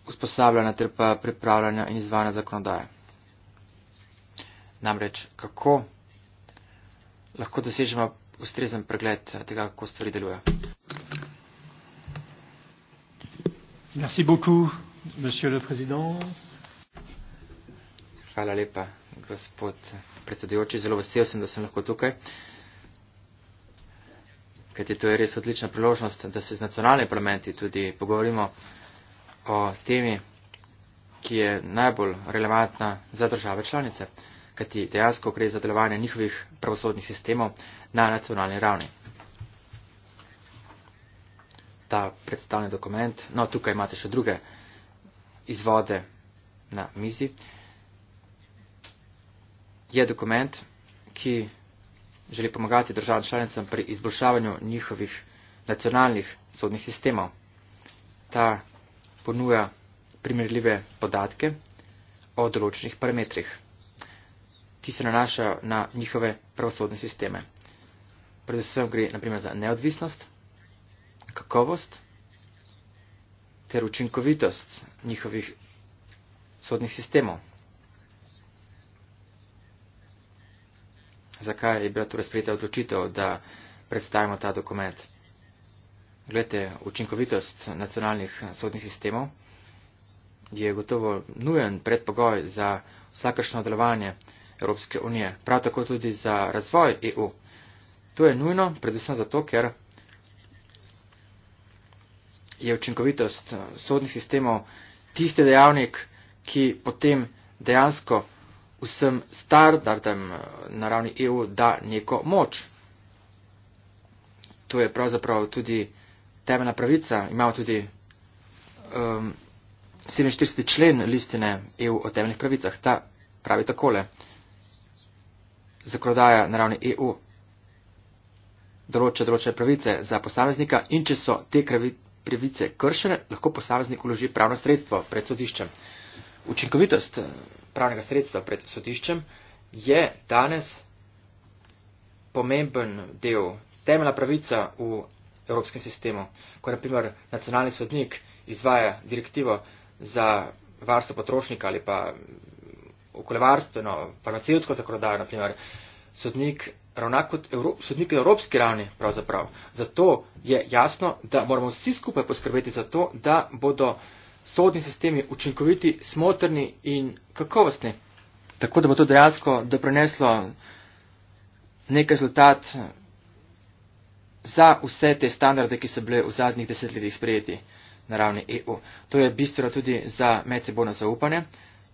usposabljanja ter pa pripravljanja in izvajanja zakonodaje. Namreč, kako lahko dosežemo ustrezen pregled tega, kako stvari delujejo. Merci beaucoup, monsieur le président. Hvala lepa, gospod predsedujoči. Zelo vesel sem, da sem lahko tukaj. Uh, kajti to je res odlična priložnost, da se z nacionalnimi parlamenti tudi pogovorimo o temi, ki je najbolj relevantna za države članice, kajti dejansko gre za delovanje njihovih pravosodnih sistemov na nacionalni ravni. Ta predstavni dokument, no tukaj imate še druge izvode na mizi, je dokument, ki želi pomagati državam članicam pri izboljšavanju njihovih nacionalnih sodnih sistemov. Ta ponuja primerljive podatke o določenih parametrih. Ti se nanašajo na njihove pravosodne sisteme. Predvsem gre naprimer za neodvisnost, kakovost ter učinkovitost njihovih sodnih sistemov. zakaj je bila torej sprejeta odločitev, da predstavimo ta dokument. Glede, učinkovitost nacionalnih sodnih sistemov je gotovo nujen predpogoj za vsakršno delovanje Evropske unije, prav tako tudi za razvoj EU. To je nujno, predvsem zato, ker je učinkovitost sodnih sistemov tisti dejavnik, ki potem dejansko vsem standardem eh, na ravni EU da neko moč. To je pravzaprav tudi temeljna pravica. Imamo tudi um, ehm, 47. člen listine EU o temeljnih pravicah. Ta pravi takole. Zakonodaja na ravni EU določa določene pravice za posameznika in če so te pravice kršene, lahko posameznik uloži pravno sredstvo pred sodiščem učinkovitost eh, pravnega sredstva pred sodiščem je danes pomemben del, temeljna pravica v evropskem sistemu, ko naprimer nacionalni sodnik izvaja direktivo za varstvo potrošnika ali pa okoljevarstveno, farmacijsko zakonodajo, naprimer sodnik ravnako kot Evrop, sodnik na evropski ravni pravzaprav. Zato je jasno, da moramo vsi skupaj poskrbeti za to, da bodo sodni sistemi učinkoviti, smotrni in kakovostni. Tako da bo to dejansko doprineslo nek rezultat za vse te standarde, ki so bile v zadnjih desetletjih sprejeti na ravni EU. To je bistvo tudi za medsebojno zaupanje,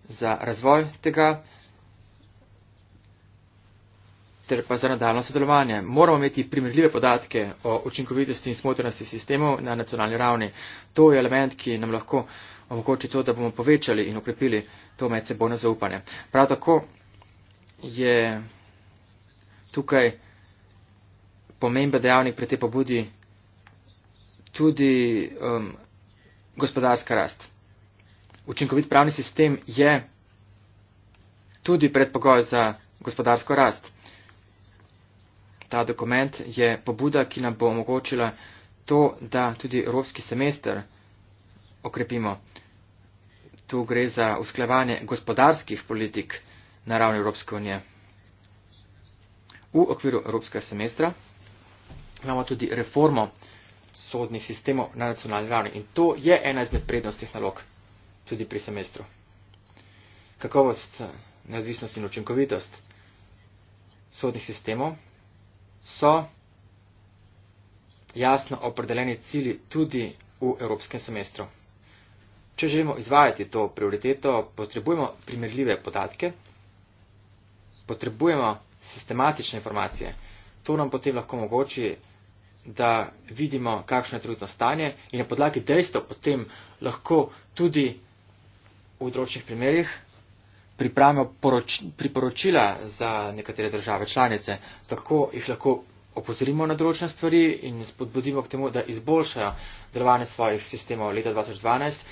za razvoj tega ter pa za nadaljno sodelovanje. Moramo imeti primerljive podatke o učinkovitosti in smotrnosti sistemov na nacionalni ravni. To je element, ki nam lahko omogoči to, da bomo povečali in ukrepili to medsebojno zaupanje. Prav tako je tukaj pomemben dejavnik pri tej pobudi tudi um, gospodarska rast. Učinkovit pravni sistem je tudi predpogoj za gospodarsko rast ta dokument je pobuda, ki nam bo omogočila to, da tudi evropski semester okrepimo. Tu gre za usklevanje gospodarskih politik na ravni Evropske unije. V okviru Evropskega semestra imamo tudi reformo sodnih sistemov na nacionalni ravni in to je ena izmed prednostih nalog tudi pri semestru. Kakovost, neodvisnost in učinkovitost sodnih sistemov so jasno opredeljeni cili tudi v evropskem semestru. Če želimo izvajati to prioriteto, potrebujemo primerljive podatke, potrebujemo sistematične informacije. To nam potem lahko omogoči, da vidimo, kakšno je trenutno stanje in na podlagi dejstev potem lahko tudi v odročnih primerjih pripravimo poroč, priporočila za nekatere države članice, tako jih lahko opozorimo na določene stvari in spodbudimo k temu, da izboljšajo delovanje svojih sistemov. Leta 2012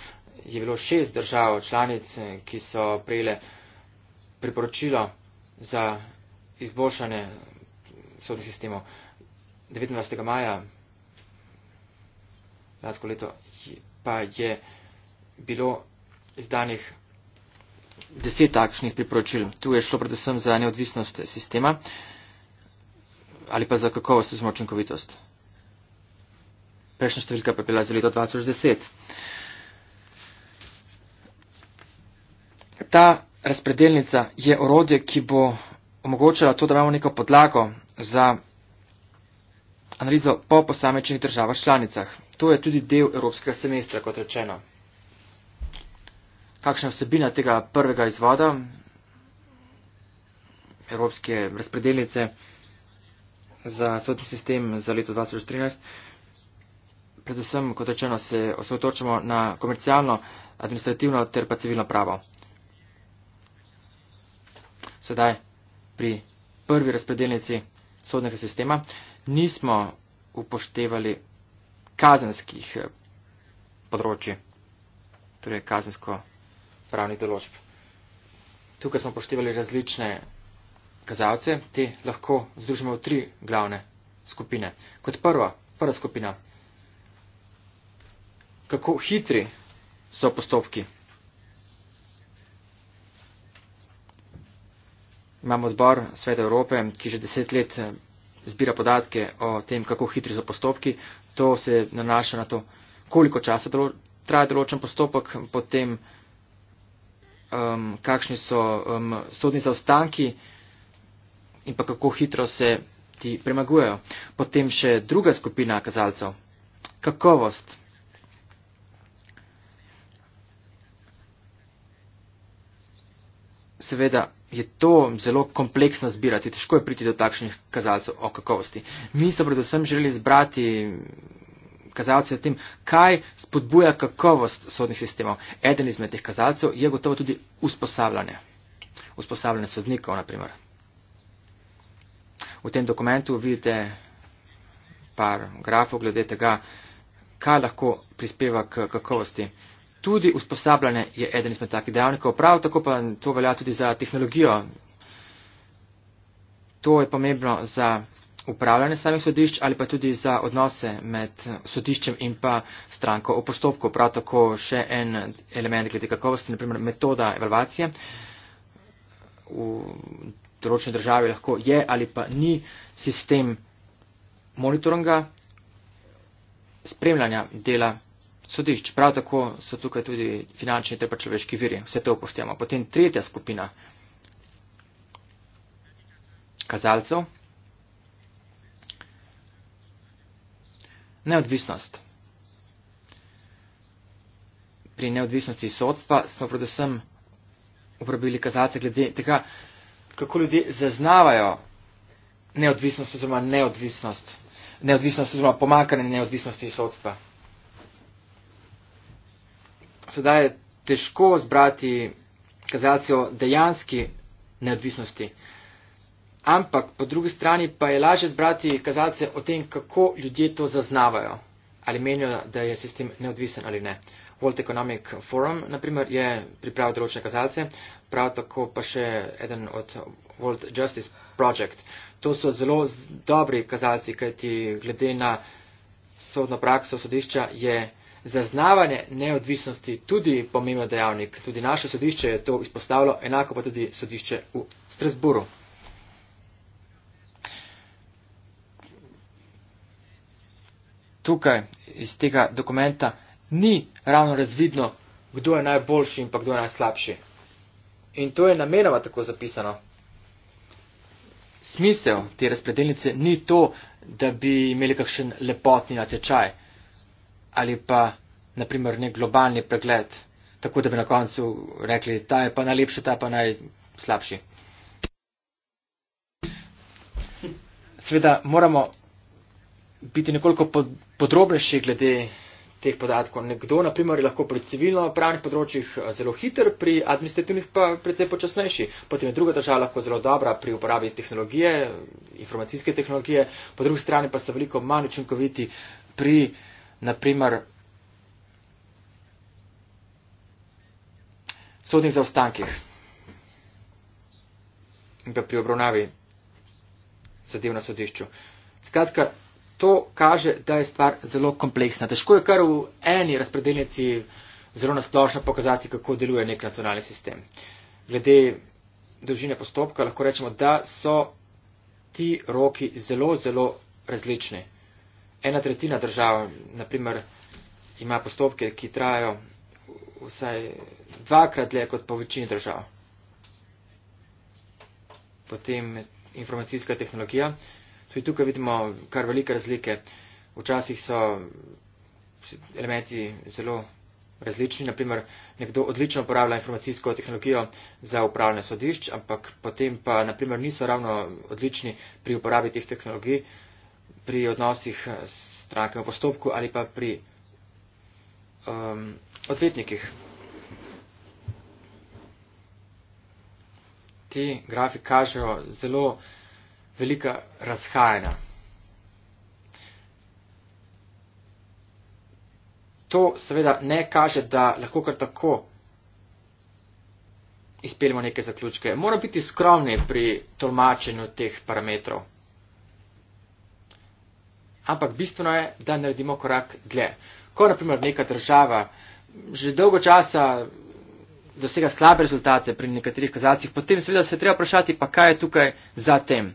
je bilo šest držav članic, ki so prejele priporočilo za izboljšanje sodnih sistemov. 29. maja lansko leto pa je bilo izdanih deset takšnih priporočil. Tu je šlo predvsem za neodvisnost sistema ali pa za kakovost in učinkovitost. Prejšnja številka pa je bila za leto 2010. Ta razpredelnica je orodje, ki bo omogočala to, da imamo neko podlago za analizo po posamečnih državah članicah. To je tudi del evropskega semestra, kot rečeno kakšna vsebina tega prvega izvoda Evropske razpredelnice za svetni sistem za leto 2013. Predvsem, kot rečeno, se osvetočamo na komercialno, administrativno ter pa civilno pravo. Sedaj pri prvi razpredelnici sodnega sistema nismo upoštevali kazenskih področji, torej kazensko področje pravnih določb. Tukaj smo poštevali različne kazalce, te lahko združimo v tri glavne skupine. Kot prva, prva skupina, kako hitri so postopki. Imamo odbor Sveta Evrope, ki že deset let eh, zbira podatke o tem, kako hitri so postopki. To se nanaša na to, koliko časa dolo traja določen postopek, potem um, kakšni so um, sodni zaostanki in pa kako hitro se ti premagujejo. Potem še druga skupina kazalcev. Kakovost. Seveda je to zelo kompleksno zbirati, težko je priti do takšnih kazalcev o kakovosti. Mi so predvsem želeli zbrati kazalce na tem, kaj spodbuja kakovost sodnih sistemov. Eden izmed teh kazalcev je gotovo tudi usposabljanje. Usposabljanje sodnikov, naprimer. V tem dokumentu vidite par grafov glede tega, kaj lahko prispeva k kakovosti. Tudi usposabljanje je eden izmed takih dejavnikov. Prav tako pa to velja tudi za tehnologijo. To je pomembno za upravljanje samih sodišč ali pa tudi za odnose med sodiščem in pa stranko o postopku. Prav tako še en element glede kakovosti, naprimer metoda evalvacije v določeni državi lahko je ali pa ni sistem monitoringa spremljanja dela sodišč. Prav tako so tukaj tudi finančni ter pa človeški viri. Vse to upoštevamo. Potem tretja skupina kazalcev. Neodvisnost. Pri neodvisnosti sodstva smo predvsem uporabili kazalce glede tega, kako ljudje zaznavajo neodvisnost oziroma neodvisnost, neodvisnost oziroma pomakanje neodvisnosti sodstva. Sedaj je težko zbrati kazalce o dejanski neodvisnosti. Ampak po drugi strani pa je lažje zbrati kazalce o tem, kako ljudje to zaznavajo. Ali menijo, da je sistem neodvisen ali ne. World Economic Forum, naprimer, je pripravil določene kazalce, prav tako pa še eden od World Justice Project. To so zelo dobri kazalci, kajti glede na sodno prakso sodišča je zaznavanje neodvisnosti tudi pomemben dejavnik. Tudi naše sodišče je to izpostavilo, enako pa tudi sodišče v Strasburu. tukaj iz tega dokumenta ni ravno razvidno, kdo je najboljši in pa kdo je najslabši. In to je namenoma tako zapisano. Smisel te razpredelnice ni to, da bi imeli kakšen lepotni natečaj ali pa, naprimer, nek globalni pregled, tako da bi na koncu rekli, ta je pa najlepši, ta pa najslabši. Sveda moramo biti nekoliko podrobnejši glede teh podatkov. Nekdo, naprimer, je lahko pri civilno-pravnih področjih eh, zelo hiter, pri administrativnih pa predvsej počasnejši. Potem je druga država lahko zelo dobra pri uporabi tehnologije, informacijske tehnologije, po drugi strani pa so veliko manj učinkoviti pri, naprimer, sodnih zaostankih in pa pri obravnavi zadev na sodišču. Skratka, to kaže, da je stvar zelo kompleksna. Težko je kar v eni razpredeljnici zelo nasplošno pokazati, kako deluje nek nacionalni sistem. Glede dolžine postopka lahko rečemo, da so ti roki zelo, zelo različni. Ena tretjina držav, naprimer, ima postopke, ki trajajo vsaj dvakrat dlje kot po večini držav. Potem informacijska tehnologija. Tudi tukaj vidimo kar velike razlike. Včasih so elementi zelo različni. Naprimer, nekdo odlično uporablja informacijsko tehnologijo za upravljanje sodišč, ampak potem pa naprimer, niso ravno odlični pri uporabi teh tehnologij, pri odnosih s strankami v postopku ali pa pri um, odvetnikih. Ti grafi kažejo zelo velika razhajanja. To seveda ne kaže, da lahko kar tako izpeljemo neke zaključke. Moramo biti skromni pri tolmačenju teh parametrov. Ampak bistveno je, da naredimo korak dlje. Ko naprimer neka država že dolgo časa dosega slabe rezultate pri nekaterih kazalcih, potem seveda se treba vprašati, pa kaj je tukaj za tem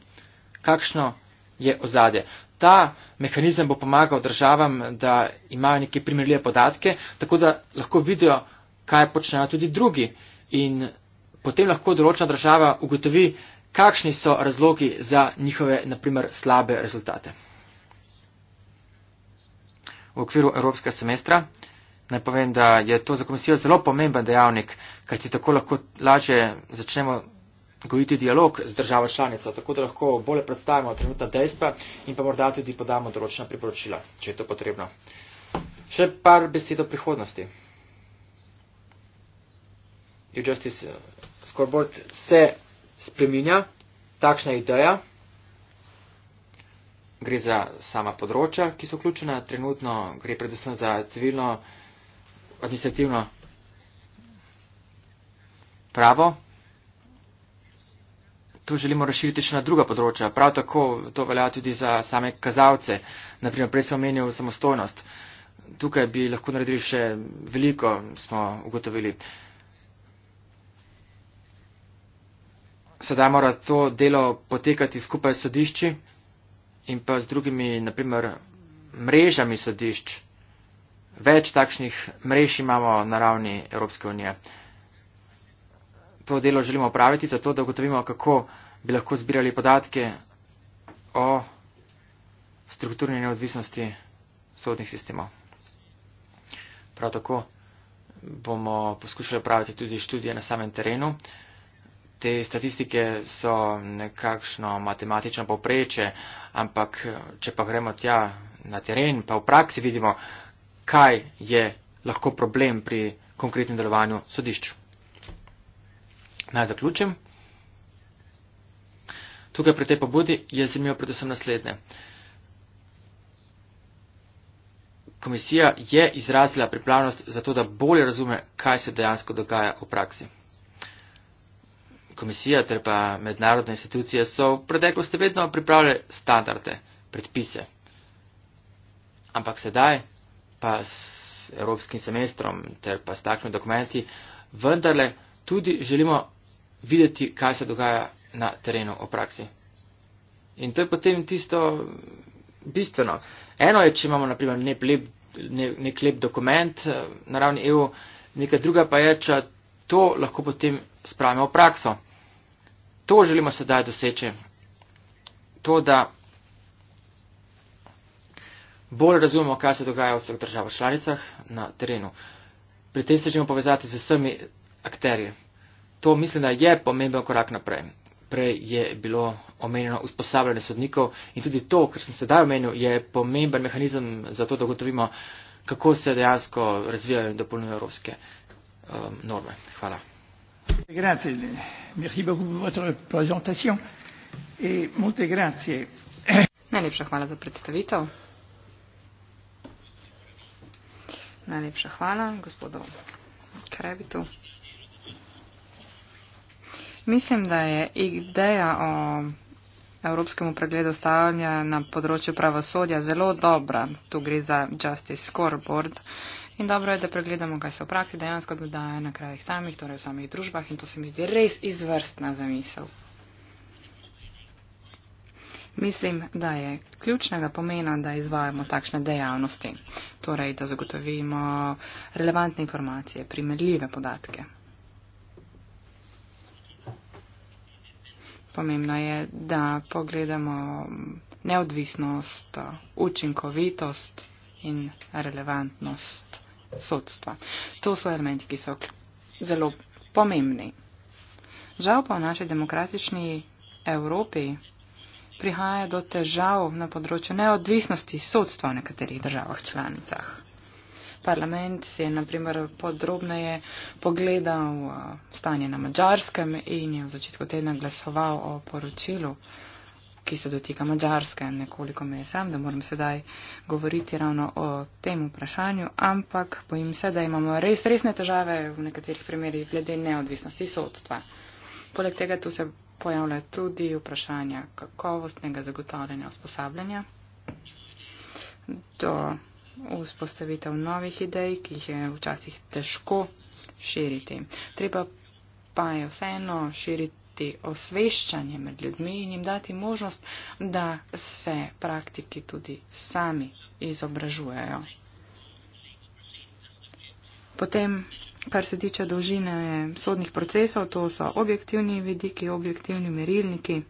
kakšno je ozadje. Ta mehanizem bo pomagal državam, da imajo neke primerljive podatke, tako da lahko vidijo, kaj počnejo tudi drugi. In potem lahko določena država ugotovi, kakšni so razlogi za njihove, naprimer, slabe rezultate. V okviru Evropskega semestra naj povem, da je to za komisijo zelo pomemben dejavnik, kajti tako lahko lažje začnemo gojiti dialog z državo članico, tako da lahko bolje predstavimo trenutna dejstva in pa morda tudi podamo določena priporočila, če je to potrebno. Še par besed o prihodnosti. EU Justice uh, Scoreboard se spreminja, takšna ideja. Gre za sama področja, ki so vključena. Trenutno gre predvsem za civilno, administrativno pravo, to želimo razširiti še na druga področja. Prav tako to velja tudi za same kazalce. Naprimer, prej sem omenil samostojnost. Tukaj bi lahko naredili še veliko, smo ugotovili. Sedaj mora to delo potekati skupaj s sodišči in pa z drugimi, naprimer, mrežami sodišč. Več takšnih mrež imamo na ravni Evropske unije to delo želimo opraviti, zato da ugotovimo, kako bi lahko zbirali podatke o strukturni neodvisnosti sodnih sistemov. Prav tako bomo poskušali opraviti tudi študije na samem terenu. Te statistike so nekakšno matematično poprečje, ampak če pa gremo tja na teren, pa v praksi vidimo, kaj je lahko problem pri konkretnem delovanju sodišču. Naj zaključim. Tukaj pri tej pobudi je zanimivo predvsem naslednje. Komisija je izrazila pripravnost za to, da bolje razume, kaj se dejansko dogaja v praksi. Komisija ter pa mednarodne institucije so v preteklosti vedno pripravljali standarde, predpise. Ampak sedaj pa s evropskim semestrom ter pa s takšnimi dokumenti vendarle tudi želimo videti, kaj se dogaja na terenu v praksi. In to je potem tisto bistveno. Eno je, če imamo naprimer nek lep, nek lep dokument eh, na ravni EU, neka druga pa je, če to lahko potem spravimo v prakso. To želimo sedaj doseči. To, da bolj razumemo, kaj se dogaja v vseh državah članicah na terenu. Pri tem se želimo povezati z vsemi akterji, to mislim, da je pomemben korak naprej. Prej je bilo omenjeno usposabljanje sodnikov in tudi to, kar sem sedaj omenil, je pomemben mehanizem za to, da gotovimo, kako se dejansko razvijajo in dopolnjujejo evropske um, norme. Hvala. Najlepša hvala za predstavitev. Najlepša hvala gospodu Krebitu. Mislim, da je ideja o evropskemu pregledu stavanja na področju pravosodja zelo dobra. Tu gre za Justice Scoreboard. In dobro je, da pregledamo, kaj se v praksi dejansko dogaja na krajih samih, torej v samih družbah. In to se mi zdi res izvrstna zamisel. Mislim, da je ključnega pomena, da izvajamo takšne dejavnosti, torej da zagotovimo relevantne informacije, primerljive podatke. pomembno je, da pogledamo neodvisnost, učinkovitost in relevantnost sodstva. To so elementi, ki so zelo pomembni. Žal pa v naši demokratični Evropi prihaja do težav na področju neodvisnosti sodstva v nekaterih državah članicah parlament si je naprimer podrobneje pogledal uh, stanje na Mačarskem in je v začetku tedna glasoval o poročilu, ki se dotika Mačarske. Nekoliko me je sram, da moram sedaj govoriti ravno o tem vprašanju, ampak bojim se, da imamo res resne težave v nekaterih primerjih glede neodvisnosti sodstva. Poleg tega tu se pojavljajo tudi vprašanja kakovostnega zagotavljanja usposabljanja vzpostavitev novih idej, ki jih je včasih težko širiti. Treba pa je vseeno širiti osveščanje med ljudmi in jim dati možnost, da se praktiki tudi sami izobražujejo. Potem, kar se tiče dolžine sodnih procesov, to so objektivni vidiki, objektivni merilniki,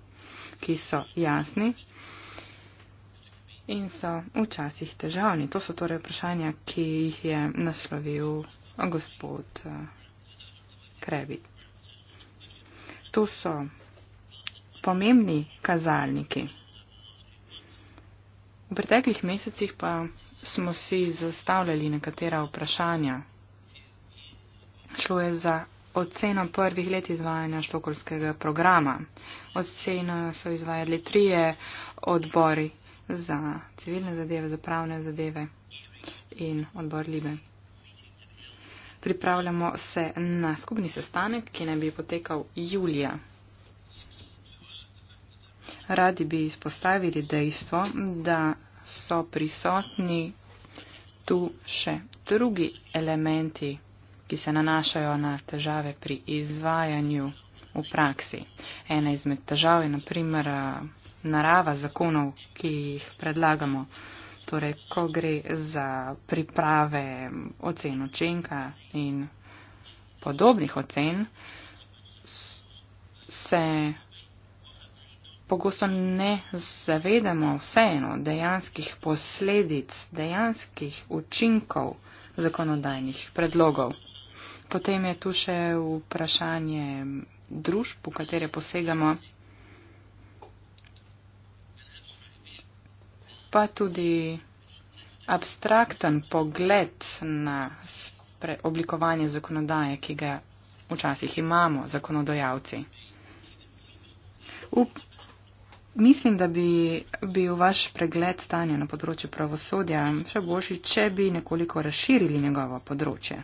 ki so jasni in so včasih težavni. To so torej vprašanja, ki jih je naslovil gospod eh, Krebit. To so pomembni kazalniki. V preteklih mesecih pa smo si zastavljali nekatera vprašanja. Šlo je za oceno prvih let izvajanja štokolskega programa. Oceno so izvajali trije odbori za civilne zadeve, za pravne zadeve in odbor Libe. Pripravljamo se na skupni sestanek, ki naj bi potekal julija. Radi bi izpostavili dejstvo, da so prisotni tu še drugi elementi, ki se nanašajo na težave pri izvajanju v praksi. Ena izmed težav je naprimer narava zakonov, ki jih predlagamo. Torej, ko gre za priprave ocen učinka in podobnih ocen, se pogosto ne zavedamo vseeno dejanskih posledic, dejanskih učinkov zakonodajnih predlogov. Potem je tu še vprašanje družb, v katere posegamo. pa tudi abstrakten pogled na oblikovanje zakonodaje, ki ga včasih imamo, zakonodajalci. Up, mislim, da bi bil vaš pregled stanja na področju pravosodja še boljši, če bi nekoliko razširili njegovo področje.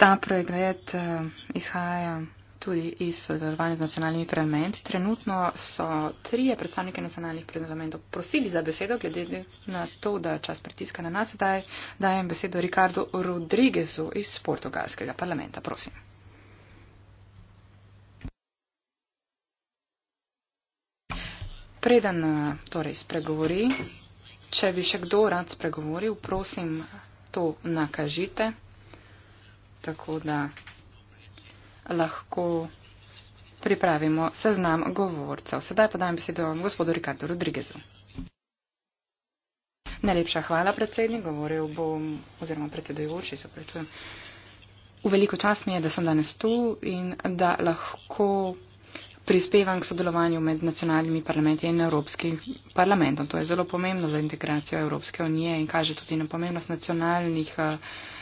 Ta pregled uh, izhaja tudi iz sodelovanja z nacionalnimi parlamenti. Trenutno so trije predstavnike nacionalnih parlamentov prosili za besedo, glede na to, da čas pritiska na nas sedaj. Dajem besedo Ricardo Rodriguezu iz portugalskega parlamenta. Prosim. Preden eh, torej spregovori, če bi še kdo rad spregovoril, prosim, to nakažite. Tako da lahko pripravimo seznam govorcev. Sedaj podam besedo gospodu Rikardo Rodriguezu. Najlepša hvala, predsednik. Govoril bom, oziroma predsedujoči, se prečujem. V veliko čas mi je, da sem danes tu in da lahko prispevam k sodelovanju med nacionalnimi parlamenti in Evropskim parlamentom. To je zelo pomembno za integracijo Evropske unije in kaže tudi na pomembnost nacionalnih uh,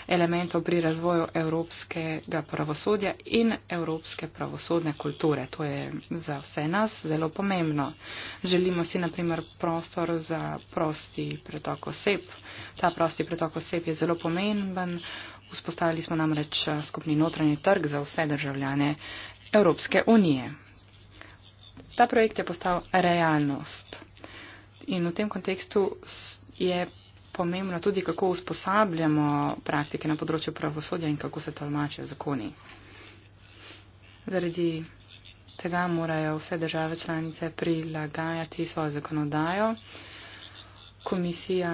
elementov pri razvoju evropskega pravosodja in evropske pravosodne kulture. To je za vse nas zelo pomembno. Želimo si naprimer prostor za prosti pretok oseb. Ta prosti pretok oseb je zelo pomemben. Vzpostavili smo namreč skupni notranji trg za vse državljane Evropske unije. Ta projekt je postal realnost. In v tem kontekstu je pomembno tudi, kako usposabljamo praktike na področju pravosodja in kako se tolmačijo zakoni. Zaradi tega morajo vse države članice prilagajati svojo zakonodajo. Komisija,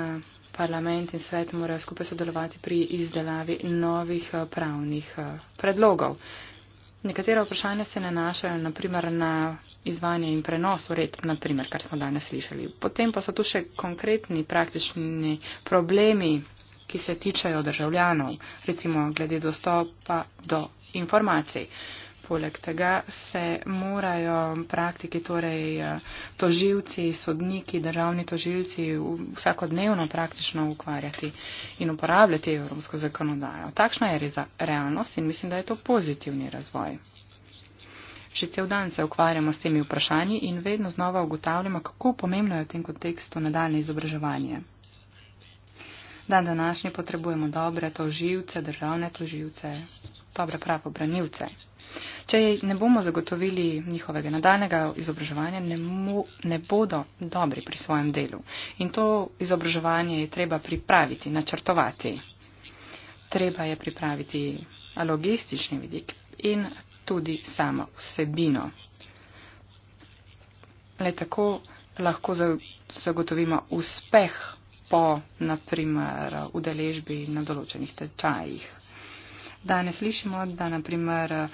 parlament in svet morajo skupaj sodelovati pri izdelavi novih pravnih eh, predlogov. Nekatera vprašanja se nanašajo naprimer na izvanje in prenos uredb, naprimer, kar smo danes slišali. Potem pa so tu še konkretni praktični problemi, ki se tičajo državljanov, recimo glede dostopa do informacij. Uh, Poleg tega se morajo praktiki, torej eh, toživci, sodniki, državni toživci vsakodnevno praktično ukvarjati in uporabljati evropsko zakonodajo. Takšna je realnost in mislim, da je to pozitivni razvoj. Že cel dan se ukvarjamo s temi vprašanji in vedno znova ugotavljamo, kako pomembno je v tem kontekstu nadaljne izobraževanje. Dan današnji potrebujemo dobre toživce, državne toživce, dobre pravobranilce. Če ne bomo zagotovili njihovega nadaljnega izobraževanja, ne, mo, ne bodo dobri pri svojem delu. In to izobraževanje je treba pripraviti, načrtovati. Treba je pripraviti logistični vidik in tudi samo vsebino. Le tako lahko zagotovimo uspeh po, naprimer, udeležbi na določenih tečajih danes slišimo, da naprimer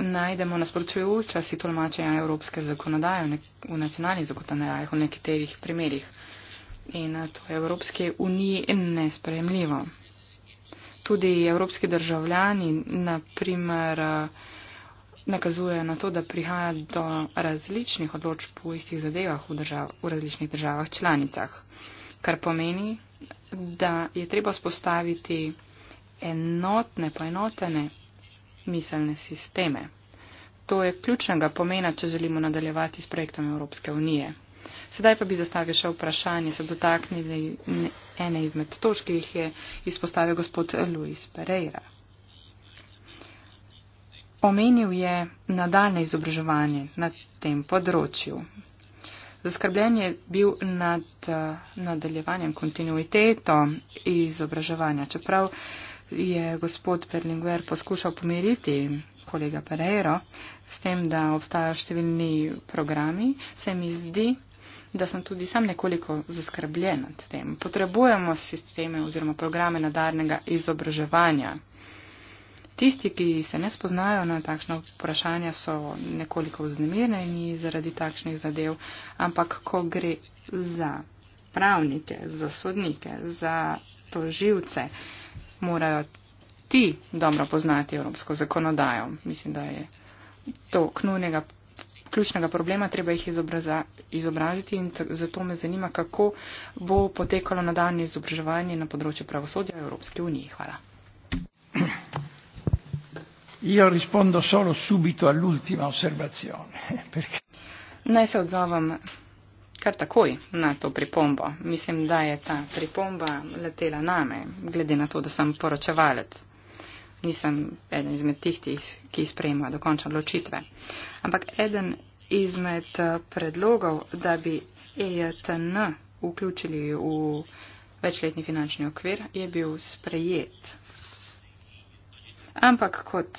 najdemo nasprotujoča si tolmačenja evropske zakonodaje v nacionalnih zakonodajah v nekaterih primerjih. In to je Evropske unije nesprejemljivo. Tudi evropski državljani naprimer nakazujejo na to, da prihaja do različnih odločb v istih zadevah v, držav, v različnih državah članicah, kar pomeni, da je treba spostaviti enotne, poenotene miselne sisteme. To je ključnega pomena, če želimo nadaljevati s projektom Evropske unije. Sedaj pa bi zastavil še vprašanje, se dotaknili ene izmed točk, ki jih je izpostavil gospod Luis Pereira. Omenil je nadaljne izobraževanje na tem področju. Zaskrbljen je bil nad eh, nadaljevanjem kontinuiteto izobraževanja, čeprav je gospod Perlinguer poskušal pomiriti kolega Pereiro s tem, da obstajajo številni programi, se mi zdi, da sem tudi sam nekoliko zaskrbljen nad tem. Potrebujemo sisteme oziroma programe nadarnega izobraževanja. Tisti, ki se ne spoznajo na takšno vprašanje, so nekoliko vznemirjeni zaradi takšnih zadev, ampak ko gre za pravnike, za sodnike, za toživce, morajo ti dobro poznati evropsko zakonodajo. Mislim, da je to knujnega, ključnega problema, treba jih izobraziti in zato me zanima, kako bo potekalo nadaljne izobraževanje na področju pravosodja Evropske unije. Hvala. Io rispondo solo subito all'ultima osservazione. Perché... Naj se odzovem kar takoj na to pripombo. Mislim, da je ta pripomba letela name, glede na to, da sem poročevalec. Nisem eden izmed tihtih, ki sprejema dokončne ločitve. Ampak eden izmed eh, predlogov, da bi EJTN vključili v večletni finančni okvir, je bil sprejet. Ampak kot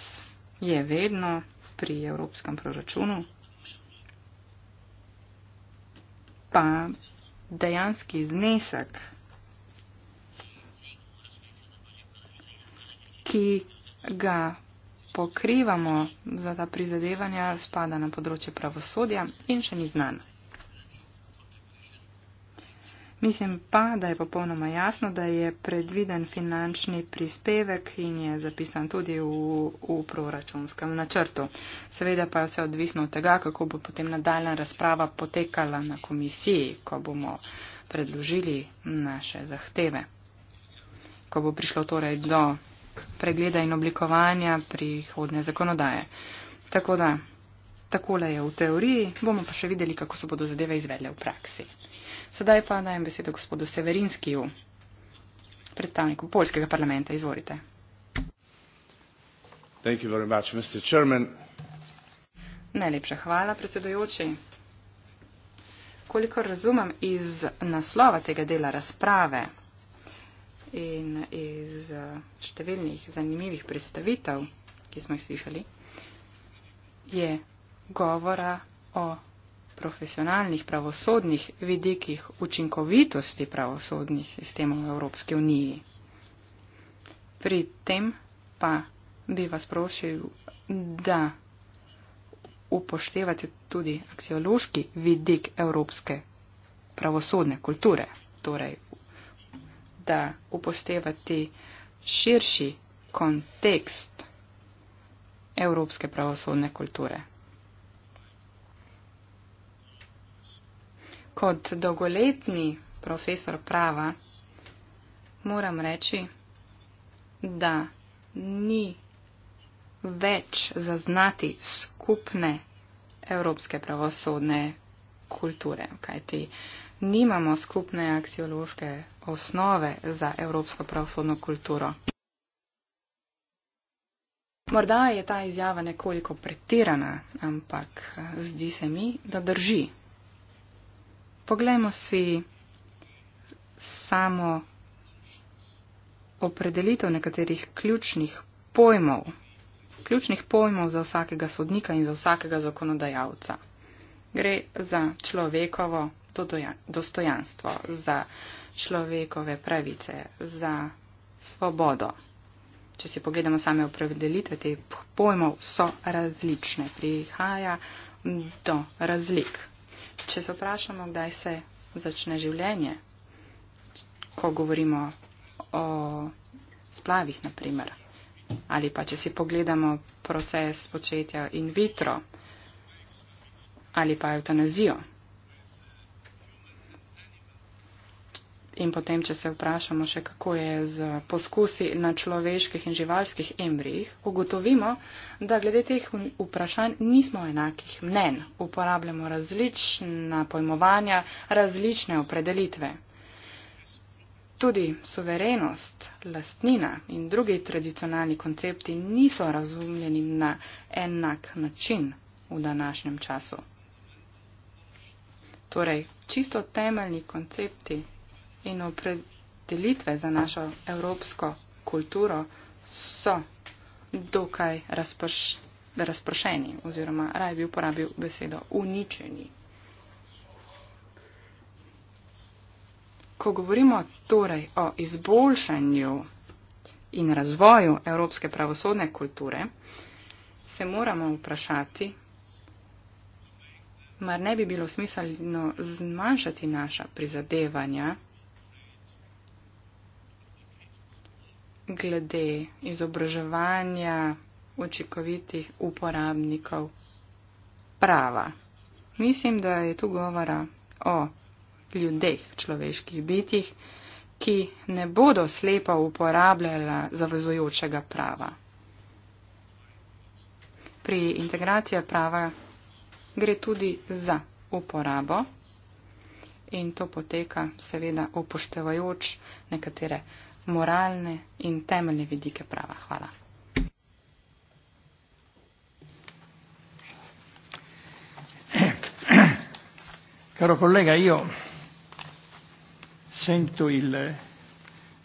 je vedno pri evropskem proračunu, pa dejanski znesek, ki ga pokrivamo za ta prizadevanja, spada na področje pravosodja in še ni znano. Mislim pa, da je popolnoma jasno, da je predviden finančni prispevek in je zapisan tudi v, v proračunskem načrtu. Seveda pa je vse odvisno od tega, kako bo potem nadaljna razprava potekala na komisiji, ko bomo predložili naše zahteve. Ko bo prišlo torej do pregleda in oblikovanja prihodne zakonodaje. Tako da, takole je v teoriji, bomo pa še videli, kako se bodo zadeve izvedle v praksi. Sedaj pa dajem besedo gospodu Severinskiju, predstavniku polskega parlamenta. Izvolite. Thank you very much, Mr. Chairman. Najlepša hvala, predsedujoči. Kolikor razumem iz naslova tega dela razprave in iz eh, številnih zanimivih predstavitev, ki smo jih slišali, je govora o profesionalnih pravosodnih vidikih učinkovitosti pravosodnih sistemov v Evropski uniji. Pri tem pa bi vas prosil, da upoštevate tudi aksiološki vidik evropske pravosodne kulture, torej da upoštevate širši kontekst evropske pravosodne kulture. Kot dolgoletni profesor prava moram reči, da ni več zaznati skupne evropske pravosodne kulture, kajti nimamo skupne aksiološke osnove za evropsko pravosodno kulturo. Morda je ta izjava nekoliko pretirana, ampak zdi se mi, da drži. Poglejmo si samo opredelitev nekaterih ključnih pojmov, ključnih pojmov za vsakega sodnika in za vsakega zakonodajalca. Gre za človekovo dostojanstvo, za človekove pravice, za svobodo. Če si pogledamo same opredelitve, te pojmov so različne, prihaja do razlik če se vprašamo, kdaj se začne življenje, ko govorimo o splavih, naprimer, ali pa če si pogledamo proces početja in vitro ali pa eutanazijo. in potem, če se vprašamo še, kako je z poskusi na človeških in živalskih embrijih, ugotovimo, da glede teh vprašanj nismo enakih mnen. Uporabljamo različna pojmovanja, različne opredelitve. Tudi suverenost, lastnina in drugi tradicionalni koncepti niso razumljeni na enak način v današnjem času. Torej, čisto temeljni koncepti in opredelitve za našo evropsko kulturo so dokaj razprš, razpršeni oziroma raj bi uporabil besedo uničeni. Ko govorimo torej o izboljšanju in razvoju evropske pravosodne kulture, se moramo vprašati, mar ne bi bilo smiselno zmanjšati naša prizadevanja glede izobraževanja učinkovitih uporabnikov prava. Mislim, da je tu govora o ljudeh, človeških bitjih, ki ne bodo slepo uporabljala zavezujočega prava. Pri integraciji prava gre tudi za uporabo in to poteka seveda upoštevajoč nekatere moralne in temeljne vidike prava. Hvala. Caro collega, io sento il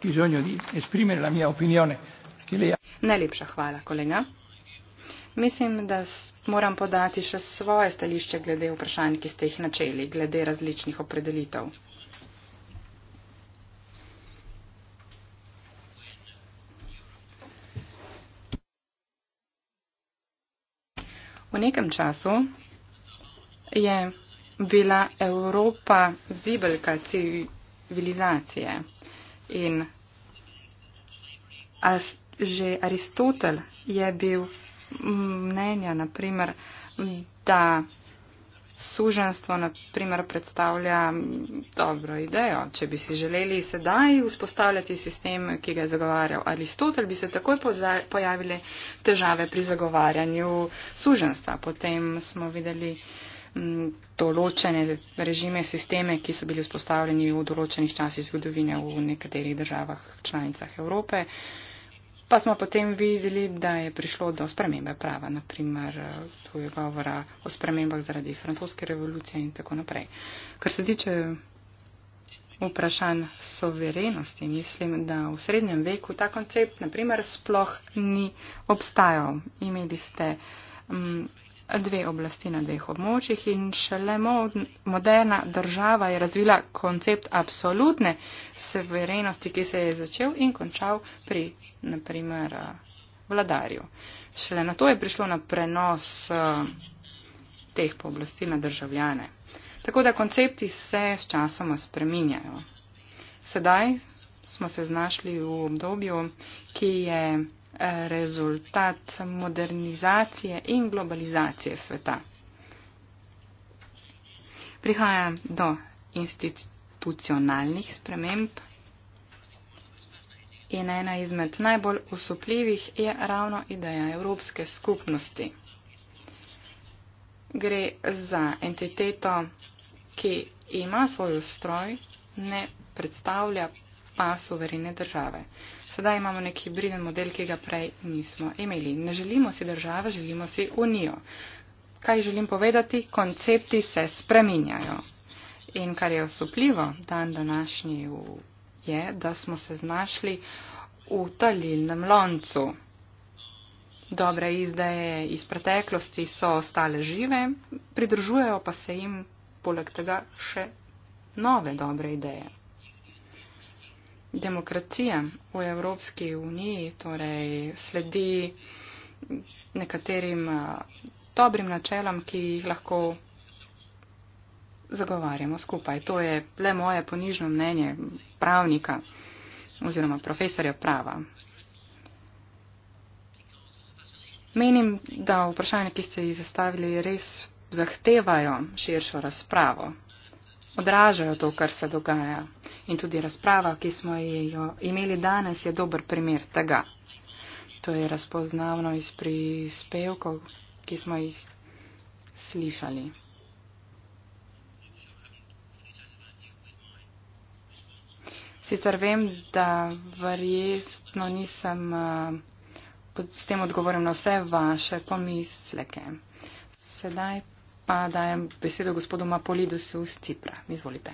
bisogno di esprimere la mia opinione che lei ha... Najlepša hvala, kolega. Mislim, da moram podati še svoje stališče glede vprašanj, ki ste jih načeli, glede različnih opredelitev. V nekem času je bila Evropa zibelka civilizacije in as, že Aristotel je bil mnenja, naprimer, da suženstvo naprimer predstavlja dobro idejo. Če bi si želeli sedaj vzpostavljati sistem, ki ga je zagovarjal Aristotel, bi se takoj pojavile težave pri zagovarjanju suženstva. Potem smo videli določene režime, sisteme, ki so bili vzpostavljeni v določenih časih zgodovine v nekaterih državah članicah Evrope. Pa smo potem videli, da je prišlo do spremembe prava, naprimer eh, tu je govora o spremembah zaradi francoske revolucije in tako naprej. Kar se tiče vprašanj soverenosti, mislim, da v srednjem veku ta koncept naprimer sploh ni obstajal. Imeli ste. Um, dve oblasti na dveh območjih in šele moderna država je razvila koncept absolutne severenosti, ki se je začel in končal pri, naprimer, eh, vladarju. Šele na to je prišlo na prenos eh, teh pooblastil na državljane. Tako da koncepti se s časoma spreminjajo. Sedaj smo se znašli v obdobju, ki je rezultat modernizacije in globalizacije sveta. Prihaja do institucionalnih sprememb in ena izmed najbolj usupljivih je ravno ideja Evropske skupnosti. Gre za entiteto, ki ima svoj ustroj, ne predstavlja pa suverene države. Sedaj imamo nek hibriden model, ki ga prej nismo imeli. Ne želimo si države, želimo si unijo. Kaj želim povedati? Koncepti se spreminjajo. In kar je osupljivo dan današnji je, da smo se znašli v talilnem loncu. Dobre izdeje iz preteklosti so ostale žive, pridružujejo pa se jim poleg tega še nove dobre ideje demokracijam v Evropski uniji, torej sledi nekaterim eh, dobrim načelom, ki jih lahko zagovarjamo skupaj. To je le moje ponižno mnenje pravnika oziroma profesorja prava. Menim, da vprašanje, ki ste jih zastavili, res zahtevajo širšo razpravo odražajo to, kar se dogaja. In tudi razprava, ki smo jo imeli danes, je dober primer tega. To je razpoznavno iz prispevkov, ki smo jih slišali. Sicer vem, da verjetno nisem uh, s tem odgovoril na vse vaše pomisleke. Sedaj pa dajem besedo gospodu Mapolidusu z Cipra. Izvolite.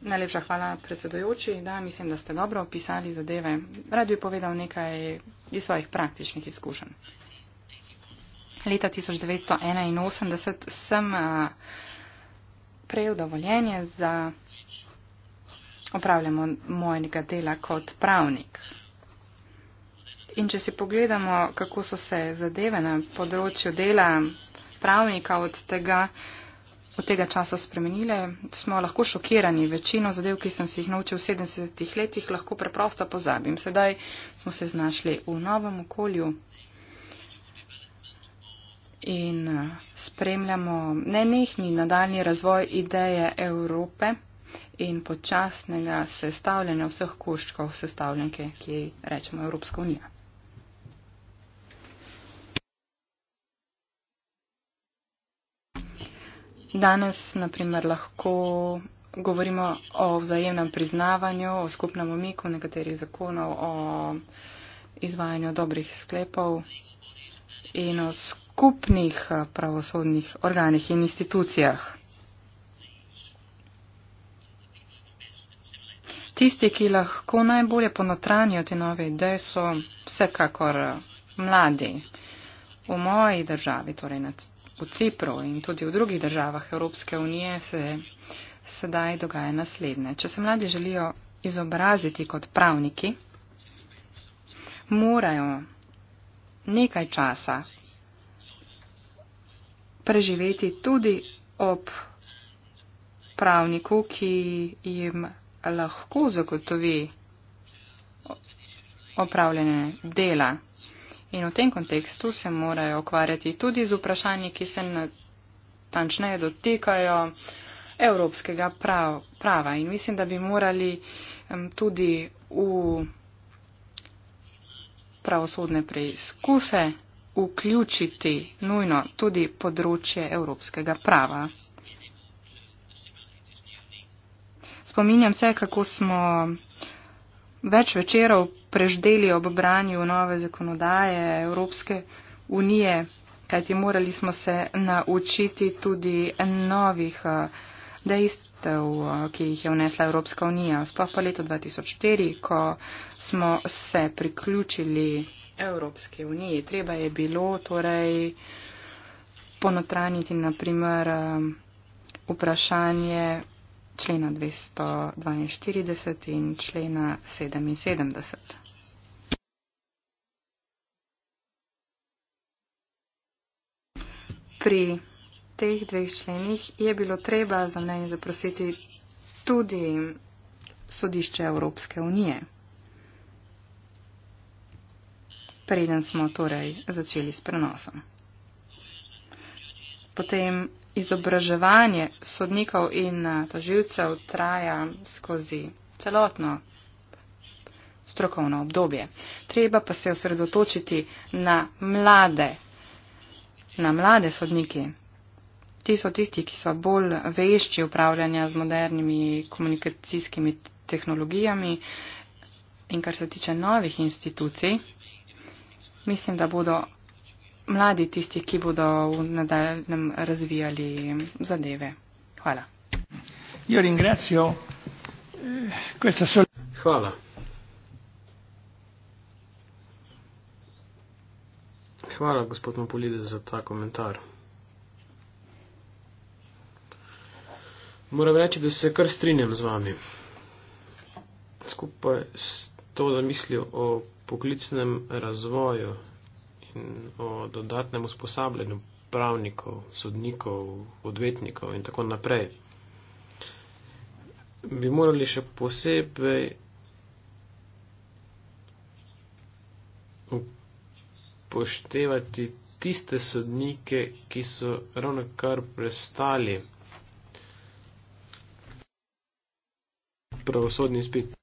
Najlepša hvala, predsedojoči. Da, mislim, da ste dobro opisali zadeve. Rad bi povedal nekaj iz svojih praktičnih izkušenj. Leta 1981 sem prejel dovoljenje za opravljanje mojega dela kot pravnik. In če si pogledamo, kako so se zadeve na področju dela pravnika od tega, od tega časa spremenile, smo lahko šokirani. Večino zadev, ki sem si jih naučil v 70 letih, lahko preprosto pozabim. Sedaj smo se znašli v novem okolju in eh, spremljamo nenehni nadaljni razvoj ideje Evrope in počasnega sestavljanja vseh koščkov sestavljanke, ki rečemo Evropska unija. Danes, naprimer, lahko govorimo o vzajemnem priznavanju, o skupnem omiku nekaterih zakonov, o izvajanju dobrih sklepov in o skupnih eh, pravosodnih organih in institucijah. Tisti, ki lahko najbolje ponotranijo te nove ideje, so vsekakor eh, mladi. V moji državi, torej na v Cipru in tudi v drugih državah Evropske unije se sedaj dogaja naslednje. Če se mladi želijo izobraziti kot pravniki, morajo nekaj časa preživeti tudi ob pravniku, ki jim lahko zagotovi opravljanje dela In v tem kontekstu se morajo ukvarjati tudi z vprašanji, ki se natančneje dotikajo evropskega prav, prava. In mislim, da bi morali um, tudi v pravosodne preizkuse vključiti nujno tudi področje evropskega prava. Spominjam se, kako smo več večerov preždeli ob branju nove zakonodaje Evropske unije, kajti morali smo se naučiti tudi novih eh, dejstev, eh, ki jih je vnesla Evropska unija, sploh pa leto 2004, ko smo se priključili Evropske unije. Treba je bilo torej ponotraniti naprimer eh, vprašanje člena 242 in člena 77. pri teh dveh členih je bilo treba za mnenje zaprositi tudi sodišče Evropske unije. Preden smo torej začeli s prenosom. Potem izobraževanje sodnikov in toživcev traja skozi celotno strokovno obdobje. Treba pa se osredotočiti na mlade na mlade sodniki. Ti so tisti, ki so bolj vešči upravljanja z modernimi komunikacijskimi tehnologijami in kar se tiče novih institucij, mislim, da bodo mladi tisti, ki bodo v nadaljem razvijali zadeve. Hvala. Eh, Hvala. hvala, gospod Mopolides, za ta komentar. Moram reči, da se kar strinjam z vami. Skupaj s to zamislijo o poklicnem razvoju in o dodatnem usposabljanju pravnikov, sodnikov, odvetnikov in tako naprej, bi morali še posebej upoštevati tiste sodnike, ki so ravno kar prestali pravosodni spit.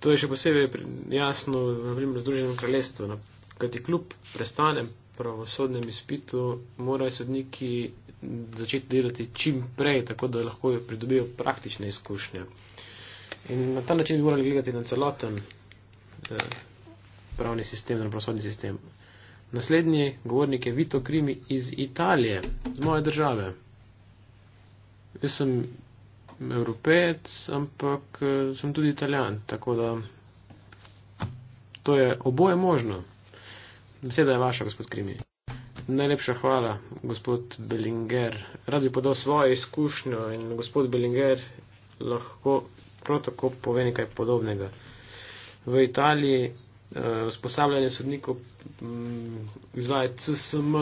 To je še posebej jasno na primer v Združenem kraljestvu, kajti kljub prestanem pravosodnem izpitu morajo sodniki začeti delati čim prej, tako da lahko pridobijo praktične izkušnje. In na ta način bi morali gledati na celoten eh, pravni sistem, na pravosodni sistem. Naslednji govornik je Vito Krimi iz Italije, iz moje države. Jaz sem evropejec, ampak eh, sem tudi italijan, tako da to je oboje možno. Beseda je vaša, gospod Krimi. Najlepša hvala, gospod Belinger. Rad bi podal svojo izkušnjo in gospod Belinger lahko prav tako pove nekaj podobnega. V Italiji eh, usposabljanje uh, sodnikov mm, izvaja CSM,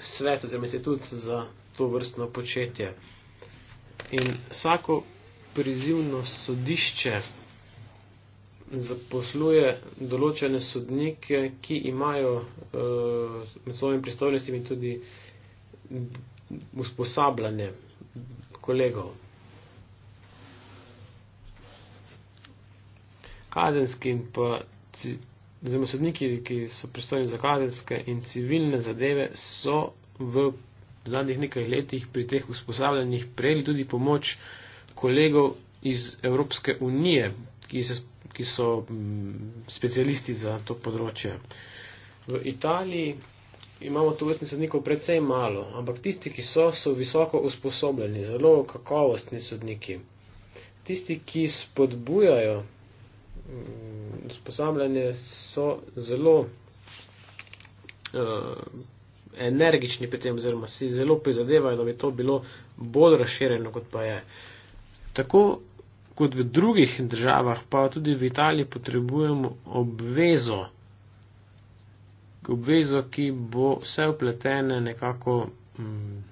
svet oziroma institut za to vrstno početje. In vsako prizivno sodišče zaposluje določene sodnike, ki imajo uh, med svojimi pristojnostmi tudi usposabljanje kolegov. kazenski in pa oziroma sodniki, ki so pristojni za kazenske in civilne zadeve, so v zadnjih nekaj letih pri teh usposabljanjih prejeli tudi pomoč kolegov iz Evropske unije, ki, se, ki so specialisti za to področje. V Italiji imamo to vrstni sodnikov precej malo, ampak tisti, ki so, so visoko usposobljeni, zelo kakovostni sodniki. Tisti, ki spodbujajo Mm, usposabljanje so zelo uh, energični pri tem oziroma si zelo prizadevajo, da bi to bilo bolj razširjeno, kot pa je. Tako kot v drugih državah, pa tudi v Italiji potrebujemo obvezo, obvezo, ki bo vse upletene nekako. Um,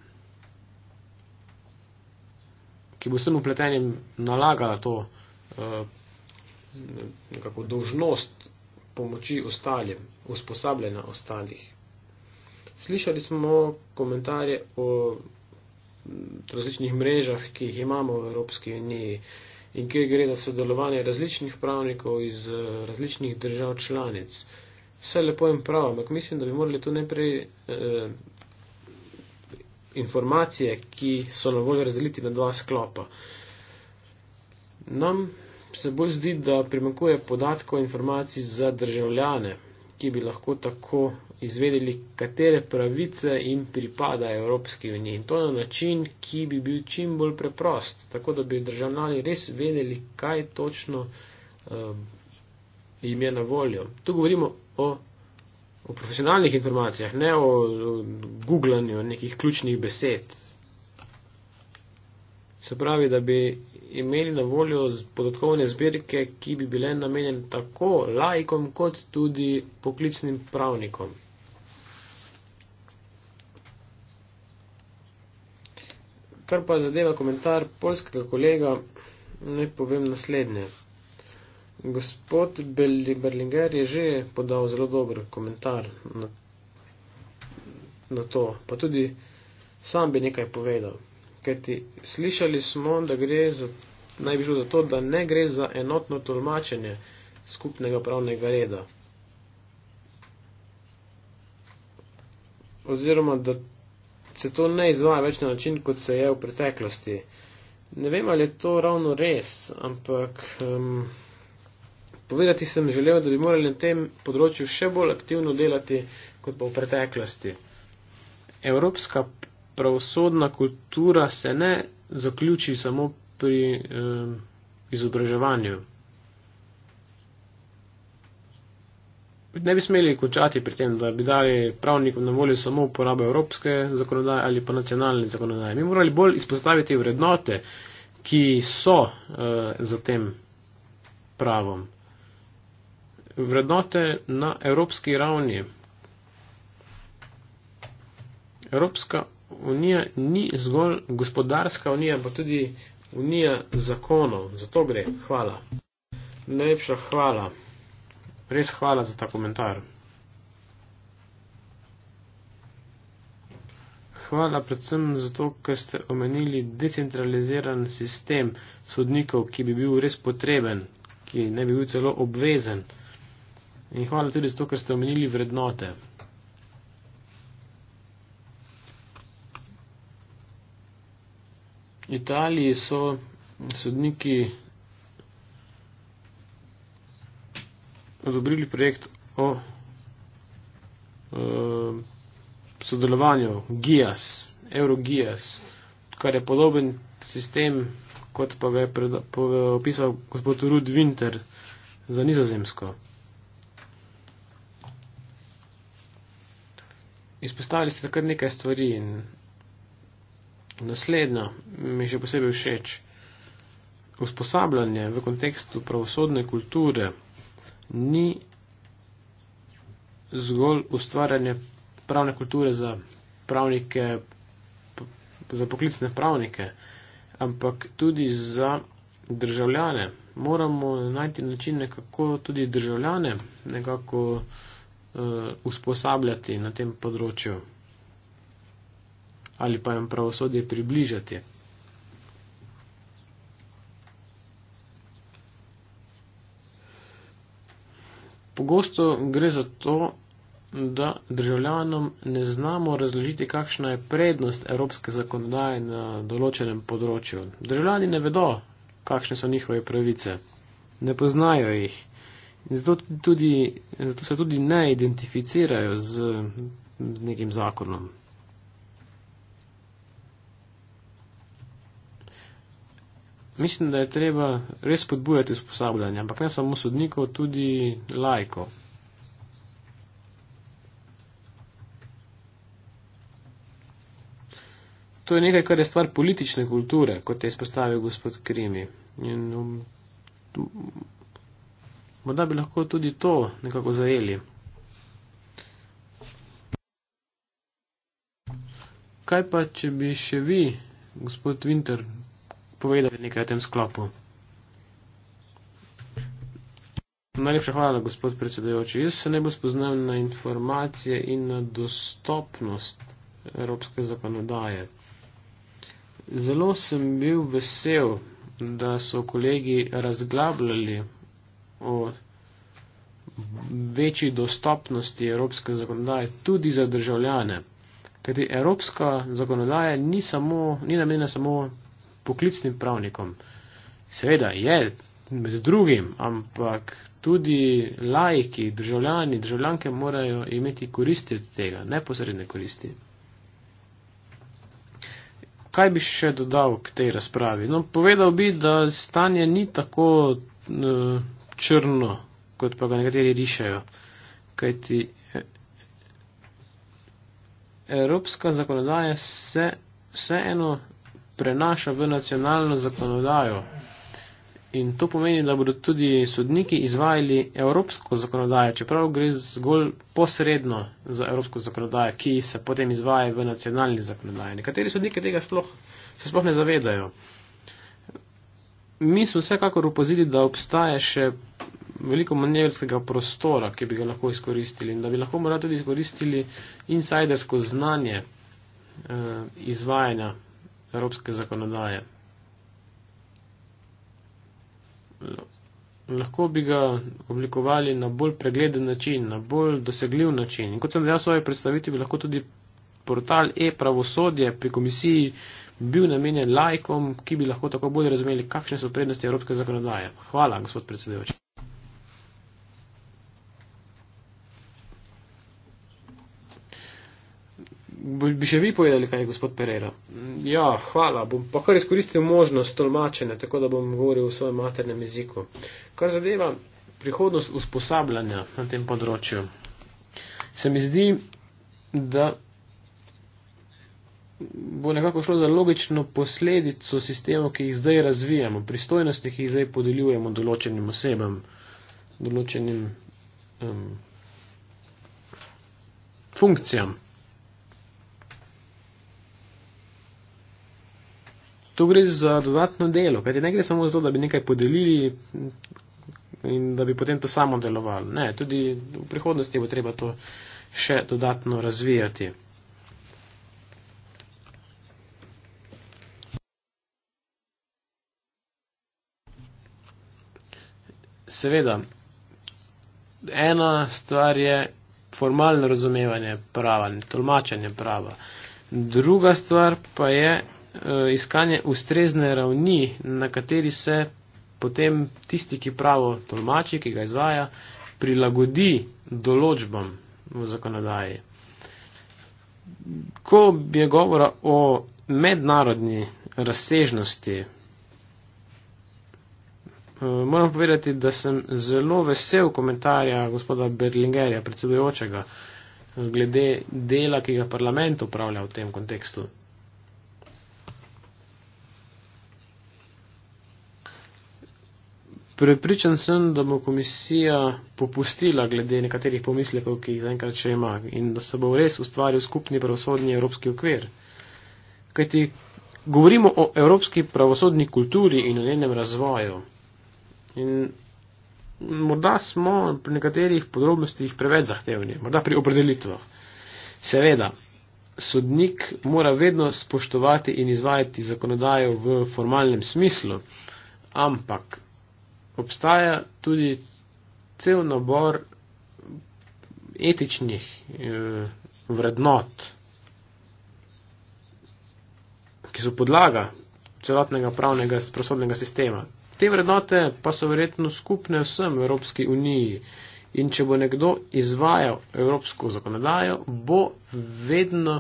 ki bo vsem upletenim nalagala to uh, nekako dožnost pomoči ostalim, usposabljanja ostalih. Slišali smo komentarje o različnih mrežah, ki jih imamo v Evropski uniji in kjer gre za sodelovanje različnih pravnikov iz eh, različnih držav članic. Vse lepo in prav, ampak mislim, da bi morali tu najprej eh, informacije, ki so na voljo, razdeliti na dva sklopa. Nam se bolj zdi, da primakuje podatkov informacij za državljane, ki bi lahko tako izvedeli, katere pravice jim pripada Evropski uniji. In to na način, ki bi bil čim bolj preprost, tako da bi državljani res vedeli, kaj točno uh, jim je na voljo. Tu govorimo o, o profesionalnih informacijah, ne o, o googlanju nekih ključnih besed. Se pravi, da bi imeli na voljo podatkovne zbirke, ki bi bile namenjene tako laikom kot tudi poklicnim pravnikom. Kar pa zadeva komentar polskega kolega, naj povem naslednje. Gospod Berlinger je že podal zelo dober komentar na, na to, pa tudi sam bi nekaj povedal. Ker ti slišali smo, da gre za, naj bi šlo za to, da ne gre za enotno tolmačenje skupnega pravnega reda. Oziroma, da se to ne izvaja več na način, kot se je v preteklosti. Ne vem, ali je to ravno res, ampak um, povedati sem želel, da bi morali na tem področju še bolj aktivno delati, kot pa v preteklosti. Evropska pravosodna kultura se ne zaključi samo pri eh, izobraževanju. Ne bi smeli končati pri tem, da bi dali pravnikom na voljo samo uporabo evropske zakonodaje ali pa nacionalne zakonodaje. Mi morali bolj izpostaviti vrednote, ki so eh, za tem pravom. Vrednote na evropski ravni. Evropska unija ni zgolj gospodarska unija, pa tudi unija zakonov. Za to gre. Hvala. Najlepša hvala. Res hvala za ta komentar. Hvala predvsem zato, ker ste omenili decentraliziran sistem sodnikov, ki bi bil res potreben, ki ne bi bil celo obvezen. In hvala tudi zato, ker ste omenili vrednote. Italiji so sodniki odobrili projekt o e, sodelovanju GIAS, EuroGIAS, kar je podoben sistem, kot pa ga je opisal gospod Rud Winter za nizozemsko. Izpostavili ste kar nekaj stvari in Naslednja mi je še posebej všeč. Usposabljanje v kontekstu pravosodne kulture ni zgolj ustvarjanje pravne kulture za pravnike, za poklicne pravnike, ampak tudi za državljane. Moramo najti načine, kako tudi državljane nekako, eh, usposabljati na tem področju ali pa jim pravosodje približati. Pogosto gre za to, da državljanom ne znamo razložiti, kakšna je prednost evropske zakonodaje na določenem področju. Državljani ne vedo, kakšne so njihove pravice, ne poznajo jih in zato, tudi, zato se tudi ne identificirajo z, z nekim zakonom. mislim, da je treba res podbujati usposabljanje, ampak ne samo sodnikov, tudi lajko. To je nekaj, kar je stvar politične kulture, kot je izpostavil gospod Krimi. In, um, tu, morda bi lahko tudi to nekako zajeli. Kaj pa, če bi še vi, gospod Winter, povedal nekaj o tem sklopu. Najlepša hvala, gospod predsedajoči. Jaz se ne bo spoznal na informacije in na dostopnost evropske zakonodaje. Zelo sem bil vesel, da so kolegi razglabljali o večji dostopnosti evropske zakonodaje tudi za državljane. Kajti evropska zakonodaja ni, samo, ni namenjena samo poklicnim pravnikom. Seveda je med drugim, ampak tudi lajki, državljani, državljanke morajo imeti koristi od tega, neposredne koristi. Kaj bi še dodal k tej razpravi? No, povedal bi, da stanje ni tako eh, črno, kot pa ga nekateri rišajo. Kajti eh, evropska zakonodaja se vseeno prenaša v nacionalno zakonodajo. In to pomeni, da bodo tudi sodniki izvajali evropsko zakonodajo, čeprav gre zgolj posredno za evropsko zakonodajo, ki se potem izvaja v nacionalni zakonodaji. Nekateri sodniki tega sploh, se sploh ne zavedajo. Mi smo vsekakor upozili, da obstaja še veliko manevrskega prostora, ki bi ga lahko izkoristili in da bi lahko morda tudi izkoristili insajdersko znanje eh, izvajanja evropske zakonodaje. Lahko bi ga oblikovali na bolj pregleden način, na bolj dosegljiv način. In kot sem dejal svoje predstaviti, bi lahko tudi portal e-pravosodje pri komisiji bil namenjen lajkom, ki bi lahko tako bolje razumeli, kakšne so prednosti evropske zakonodaje. Hvala, gospod predsedujoči. bi še vi povedali, kaj je gospod Pereira? Ja, hvala. Bom pa kar izkoristil možnost tolmačenja, tako da bom govoril v svojem maternem jeziku. Kar zadeva prihodnost usposabljanja na tem področju, se mi zdi, da bo nekako šlo za logično posledico sistemov, ki jih zdaj razvijamo, pristojnosti, ki jih zdaj podeljujemo določenim osebam, določenim um, funkcijam. tu gre za dodatno delo, kajti ne gre samo za to, da bi nekaj podelili in da bi potem to samo delovalo. Ne, tudi v prihodnosti bo treba to še dodatno razvijati. Seveda, ena stvar je formalno razumevanje prava, tolmačenje prava. Druga stvar pa je Eh, iskanje ustrezne ravni, na kateri se potem tisti, ki pravo tolmači, ki ga izvaja, prilagodi določbam v zakonodaji. Ko je govora o mednarodni razsežnosti, eh, moram povedati, da sem zelo vesel komentarja gospoda Berlingerja, predsedujočega, eh, glede dela, ki ga parlament upravlja v tem kontekstu. Prepričan sem, da bo komisija popustila glede nekaterih pomislekov, ki jih zaenkrat še ima in da se bo res ustvaril skupni pravosodni evropski okvir. Kajti govorimo o evropski pravosodni kulturi in o njenem razvoju. In morda smo pri nekaterih podrobnostih preveč zahtevni, morda pri opredelitvah. Seveda, sodnik mora vedno spoštovati in izvajati zakonodajo v formalnem smislu, ampak obstaja tudi cel nabor etičnih eh, vrednot, ki so podlaga celotnega pravnega sprosobnega sistema. Te vrednote pa so verjetno skupne vsem Evropski uniji in če bo nekdo izvajal evropsko zakonodajo, bo vedno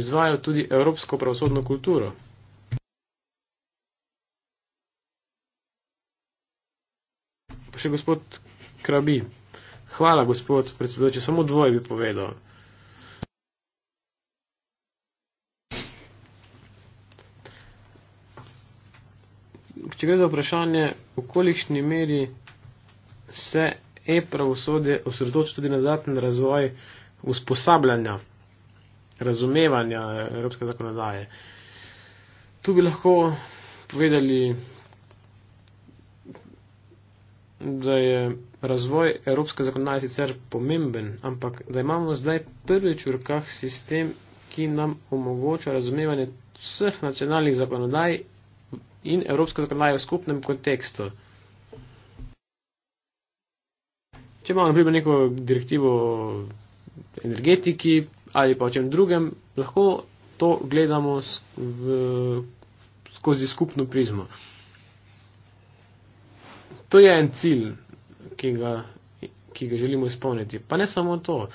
izvajal tudi evropsko pravosodno kulturo. pa še gospod Krabi. Hvala, gospod predsedujoči, samo dvoje bi povedal. Če gre za vprašanje, v kolikšni meri se e-pravosodje osredotoča tudi na dodaten razvoj usposabljanja, razumevanja evropske zakonodaje. Tu bi lahko povedali da je razvoj evropske zakonodaje sicer pomemben, ampak da imamo zdaj prvič v rokah sistem, ki nam omogoča razumevanje vseh nacionalnih zakonodaj in evropske zakonodaje v skupnem kontekstu. Če imamo naprimer neko direktivo o energetiki ali pa o čem drugem, lahko to gledamo v, skozi skupno prizmo to je en cilj, ki ga, ki ga želimo izpolniti. Pa ne samo to.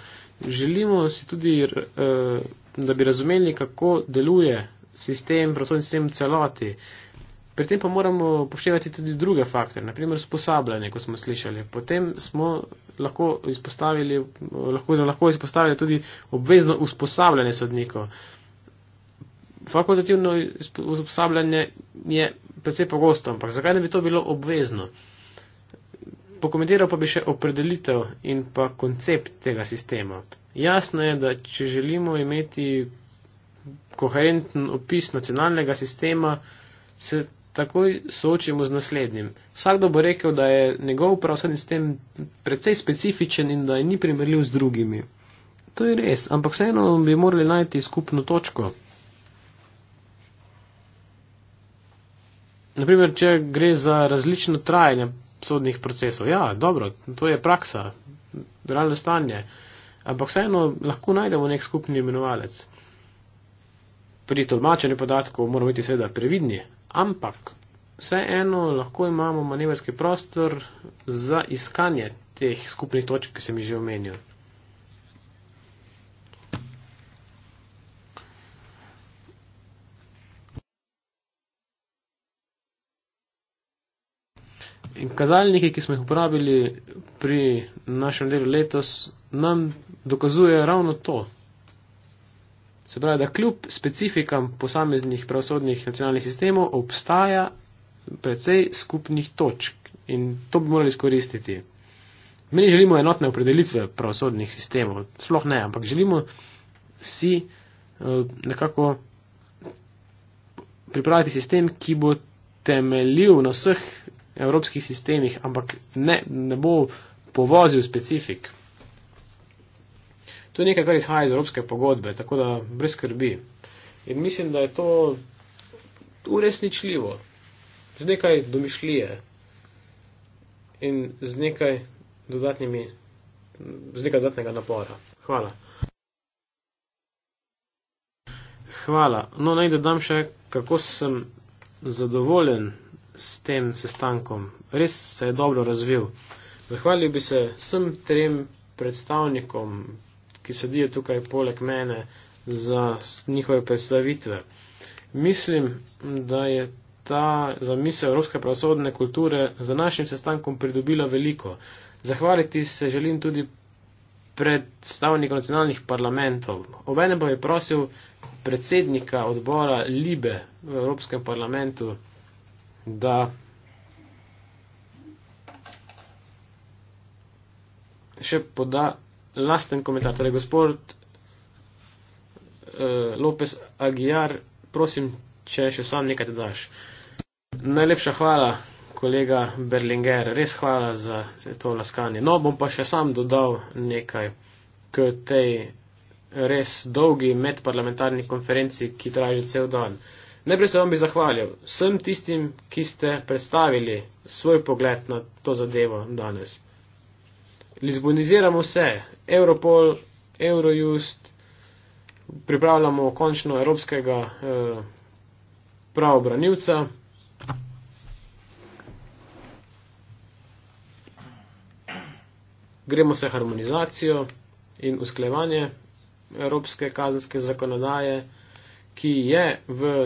Želimo si tudi, eh, da bi razumeli, kako deluje sistem, prostorni sistem v celoti. Pri tem pa moramo poštevati tudi druge faktore, naprimer usposabljanje, kot smo slišali. Potem smo lahko izpostavili, lahko, lahko izpostavili tudi obvezno usposabljanje sodnikov. Fakultativno usposabljanje je precej pogosto, ampak zakaj ne bi to bilo obvezno? pokomentiral pa bi še opredelitev in pa koncept tega sistema. Jasno je, da če želimo imeti koherenten opis nacionalnega sistema, se takoj soočimo z naslednjim. Vsakdo bo rekel, da je njegov pravosodni sistem precej specifičen in da je ni primerljiv z drugimi. To je res, ampak vseeno bi morali najti skupno točko. Naprimer, če gre za različno trajanje sodnih procesov. Ja, dobro, to je praksa, realno stanje, ampak vseeno lahko najdemo nek skupni imenovalec. Pri tolmačenju podatkov moramo biti seveda previdni, ampak vseeno lahko imamo manevrski prostor za iskanje teh skupnih točk, ki sem jih že omenil. In kazalniki, ki smo jih uporabili pri našem delu letos, nam dokazuje ravno to. Se pravi, da kljub specifikam posameznih pravosodnih nacionalnih sistemov obstaja precej skupnih točk in to bi morali izkoristiti. Mi ne želimo enotne opredelitve pravosodnih sistemov, sploh ne, ampak želimo si eh, nekako pripraviti sistem, ki bo temeljil na vseh evropskih sistemih, ampak ne, ne bo povozil specifik. To je nekaj, kar izhaja iz evropske pogodbe, tako da brez skrbi. In mislim, da je to uresničljivo, z nekaj domišljije in z nekaj dodatnimi, z nekaj dodatnega napora. Hvala. Hvala. No, naj dodam še, kako sem zadovoljen s tem sestankom. Res se je dobro razvil. Zahvalil bi se vsem trem predstavnikom, ki sedijo tukaj poleg mene, za njihove predstavitve. Mislim, da je ta zamisel evropske pravosodne kulture za našim sestankom pridobila veliko. Zahvaliti se želim tudi predstavnikom nacionalnih parlamentov. Obenem pa je prosil predsednika odbora Libe v Evropskem parlamentu da še poda lasten komentar. Torej, gospod eh, Lopes Agijar, prosim, če še sam nekaj daš. Najlepša hvala, kolega Berlinger, res hvala za to laskanje. No, bom pa še sam dodal nekaj k tej res dolgi medparlamentarni konferenci, ki traja že cel dan. Uh, Najprej se vam bi zahvalil vsem tistim, ki ste predstavili svoj pogled na to zadevo danes. Lizboniziramo vse, Europol, Eurojust, pripravljamo končno evropskega eh, pravobranilca. Gremo se harmonizacijo in usklevanje evropske kazenske zakonodaje, ki je v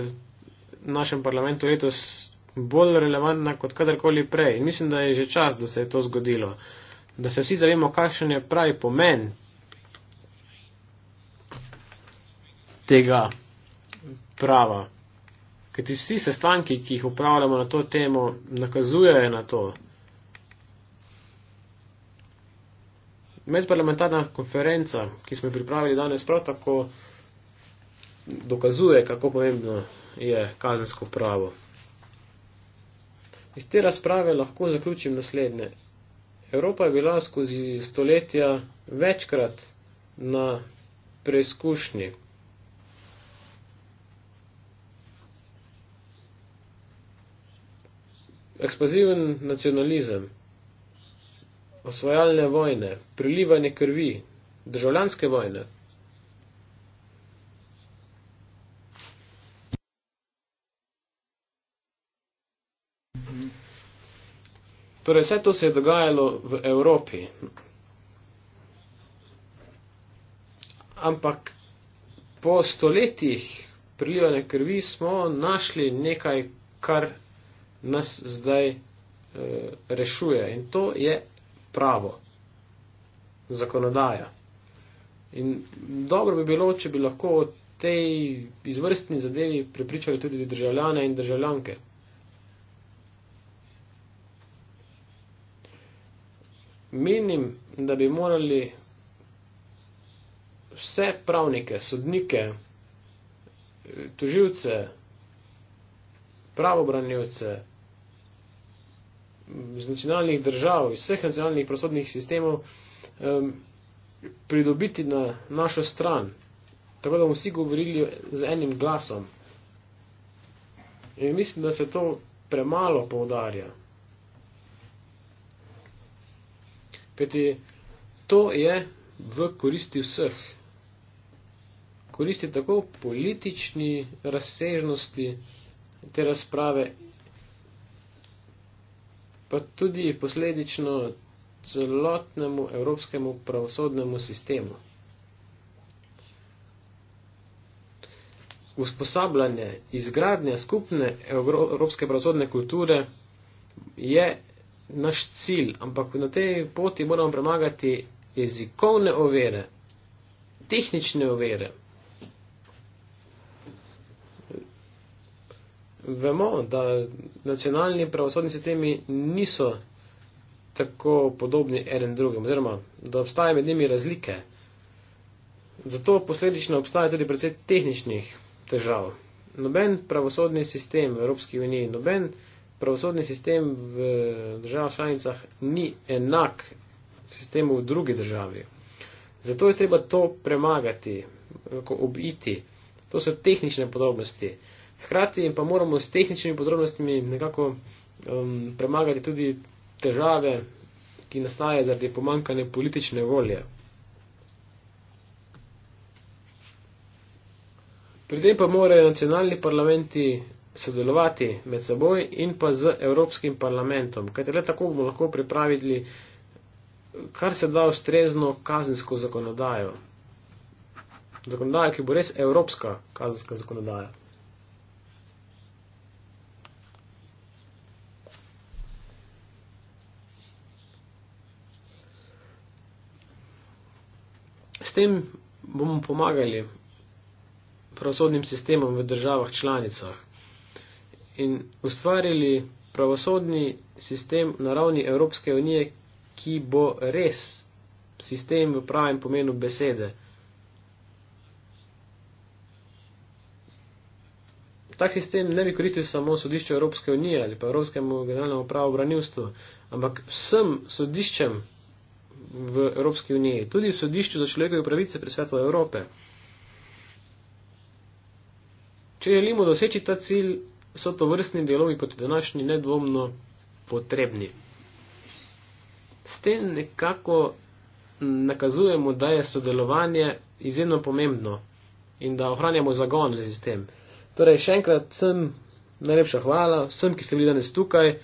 našem parlamentu letos bolj relevantna kot kadarkoli prej. In mislim, da je že čas, da se je to zgodilo, da se vsi zavemo, kakšen je pravi pomen tega prava. Kajti vsi sestanki, ki jih upravljamo na to temo, nakazujejo na to. Medparlamentarna konferenca, ki smo jo pripravili danes, prav tako dokazuje, kako pomembno je kazensko pravo. Iz te razprave lahko zaključim naslednje. Evropa je bila skozi stoletja večkrat na preizkušnji. Eksploziven nacionalizem, osvajalne vojne, prilivanje krvi, državljanske vojne, Torej, vse to se je dogajalo v Evropi. Ampak po stoletjih prilivanja krvi smo našli nekaj, kar nas zdaj e, rešuje in to je pravo, zakonodaja. In dobro bi bilo, če bi lahko o tej izvrstni zadevi prepričali tudi državljane in državljanke. menim, da bi morali vse pravnike, sodnike, tuživce, pravobranjevce iz nacionalnih držav, iz vseh nacionalnih prosodnih sistemov um, pridobiti na našo stran, tako da bomo vsi govorili z enim glasom. In mislim, da se to premalo poudarja. Kajti to je v koristi vseh. Koristi tako politični razsežnosti te razprave, pa tudi posledično celotnemu evropskemu pravosodnemu sistemu. Usposabljanje, izgradnja skupne evropske pravosodne kulture je naš cilj, ampak na tej poti moramo premagati jezikovne ovire, tehnične ovire. Vemo, da nacionalni pravosodni sistemi niso tako podobni eden drugemu, oziroma da obstaja med njimi razlike. Zato posledično obstaja tudi predvsej tehničnih težav. Noben pravosodni sistem v Evropski uniji, noben pravosodni sistem v državah članicah ni enak sistemu v drugi državi. Zato je treba to premagati, obiti. To so tehnične podrobnosti. Hkrati pa moramo s tehničnimi podrobnostmi nekako um, premagati tudi težave, ki nastajajo zaradi pomankane politične volje. Pri tem pa morajo nacionalni parlamenti sodelovati med seboj in pa z Evropskim parlamentom, kajte le tako bomo lahko pripravili kar se da ustrezno kazensko zakonodajo. Zakonodajo, ki bo res evropska kazenska zakonodaja. S tem bomo pomagali pravosodnim sistemom v državah članicah, in ustvarili pravosodni sistem na ravni Evropske unije, ki bo res sistem v pravem pomenu besede. Tak sistem ne bi koristil samo sodišču Evropske unije ali pa Evropskemu generalnemu pravu branilstvu, ampak vsem sodiščem v Evropski uniji, tudi sodišču za človekove pravice pri svetu Evrope. Če želimo doseči ta cilj, so to vrstni dialogi kot današnji nedvomno potrebni. S tem nekako nakazujemo, da je sodelovanje izjemno pomembno in da ohranjamo zagon za sistem. Torej, še enkrat sem najlepša hvala vsem, ki ste bili danes tukaj,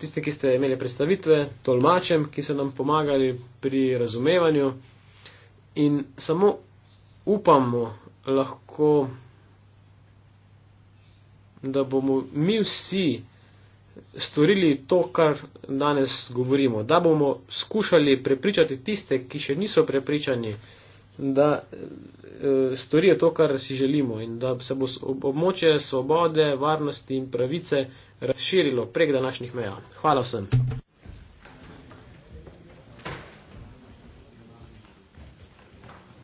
tiste, ki ste imeli predstavitve, tolmačem, ki so nam pomagali pri razumevanju in samo upamo lahko da bomo mi vsi storili to, kar danes govorimo, da bomo skušali prepričati tiste, ki še niso prepričani, da eh, storijo to, kar si želimo in da se bo območje svobode, varnosti in pravice razširilo prek današnjih meja. Hvala vsem.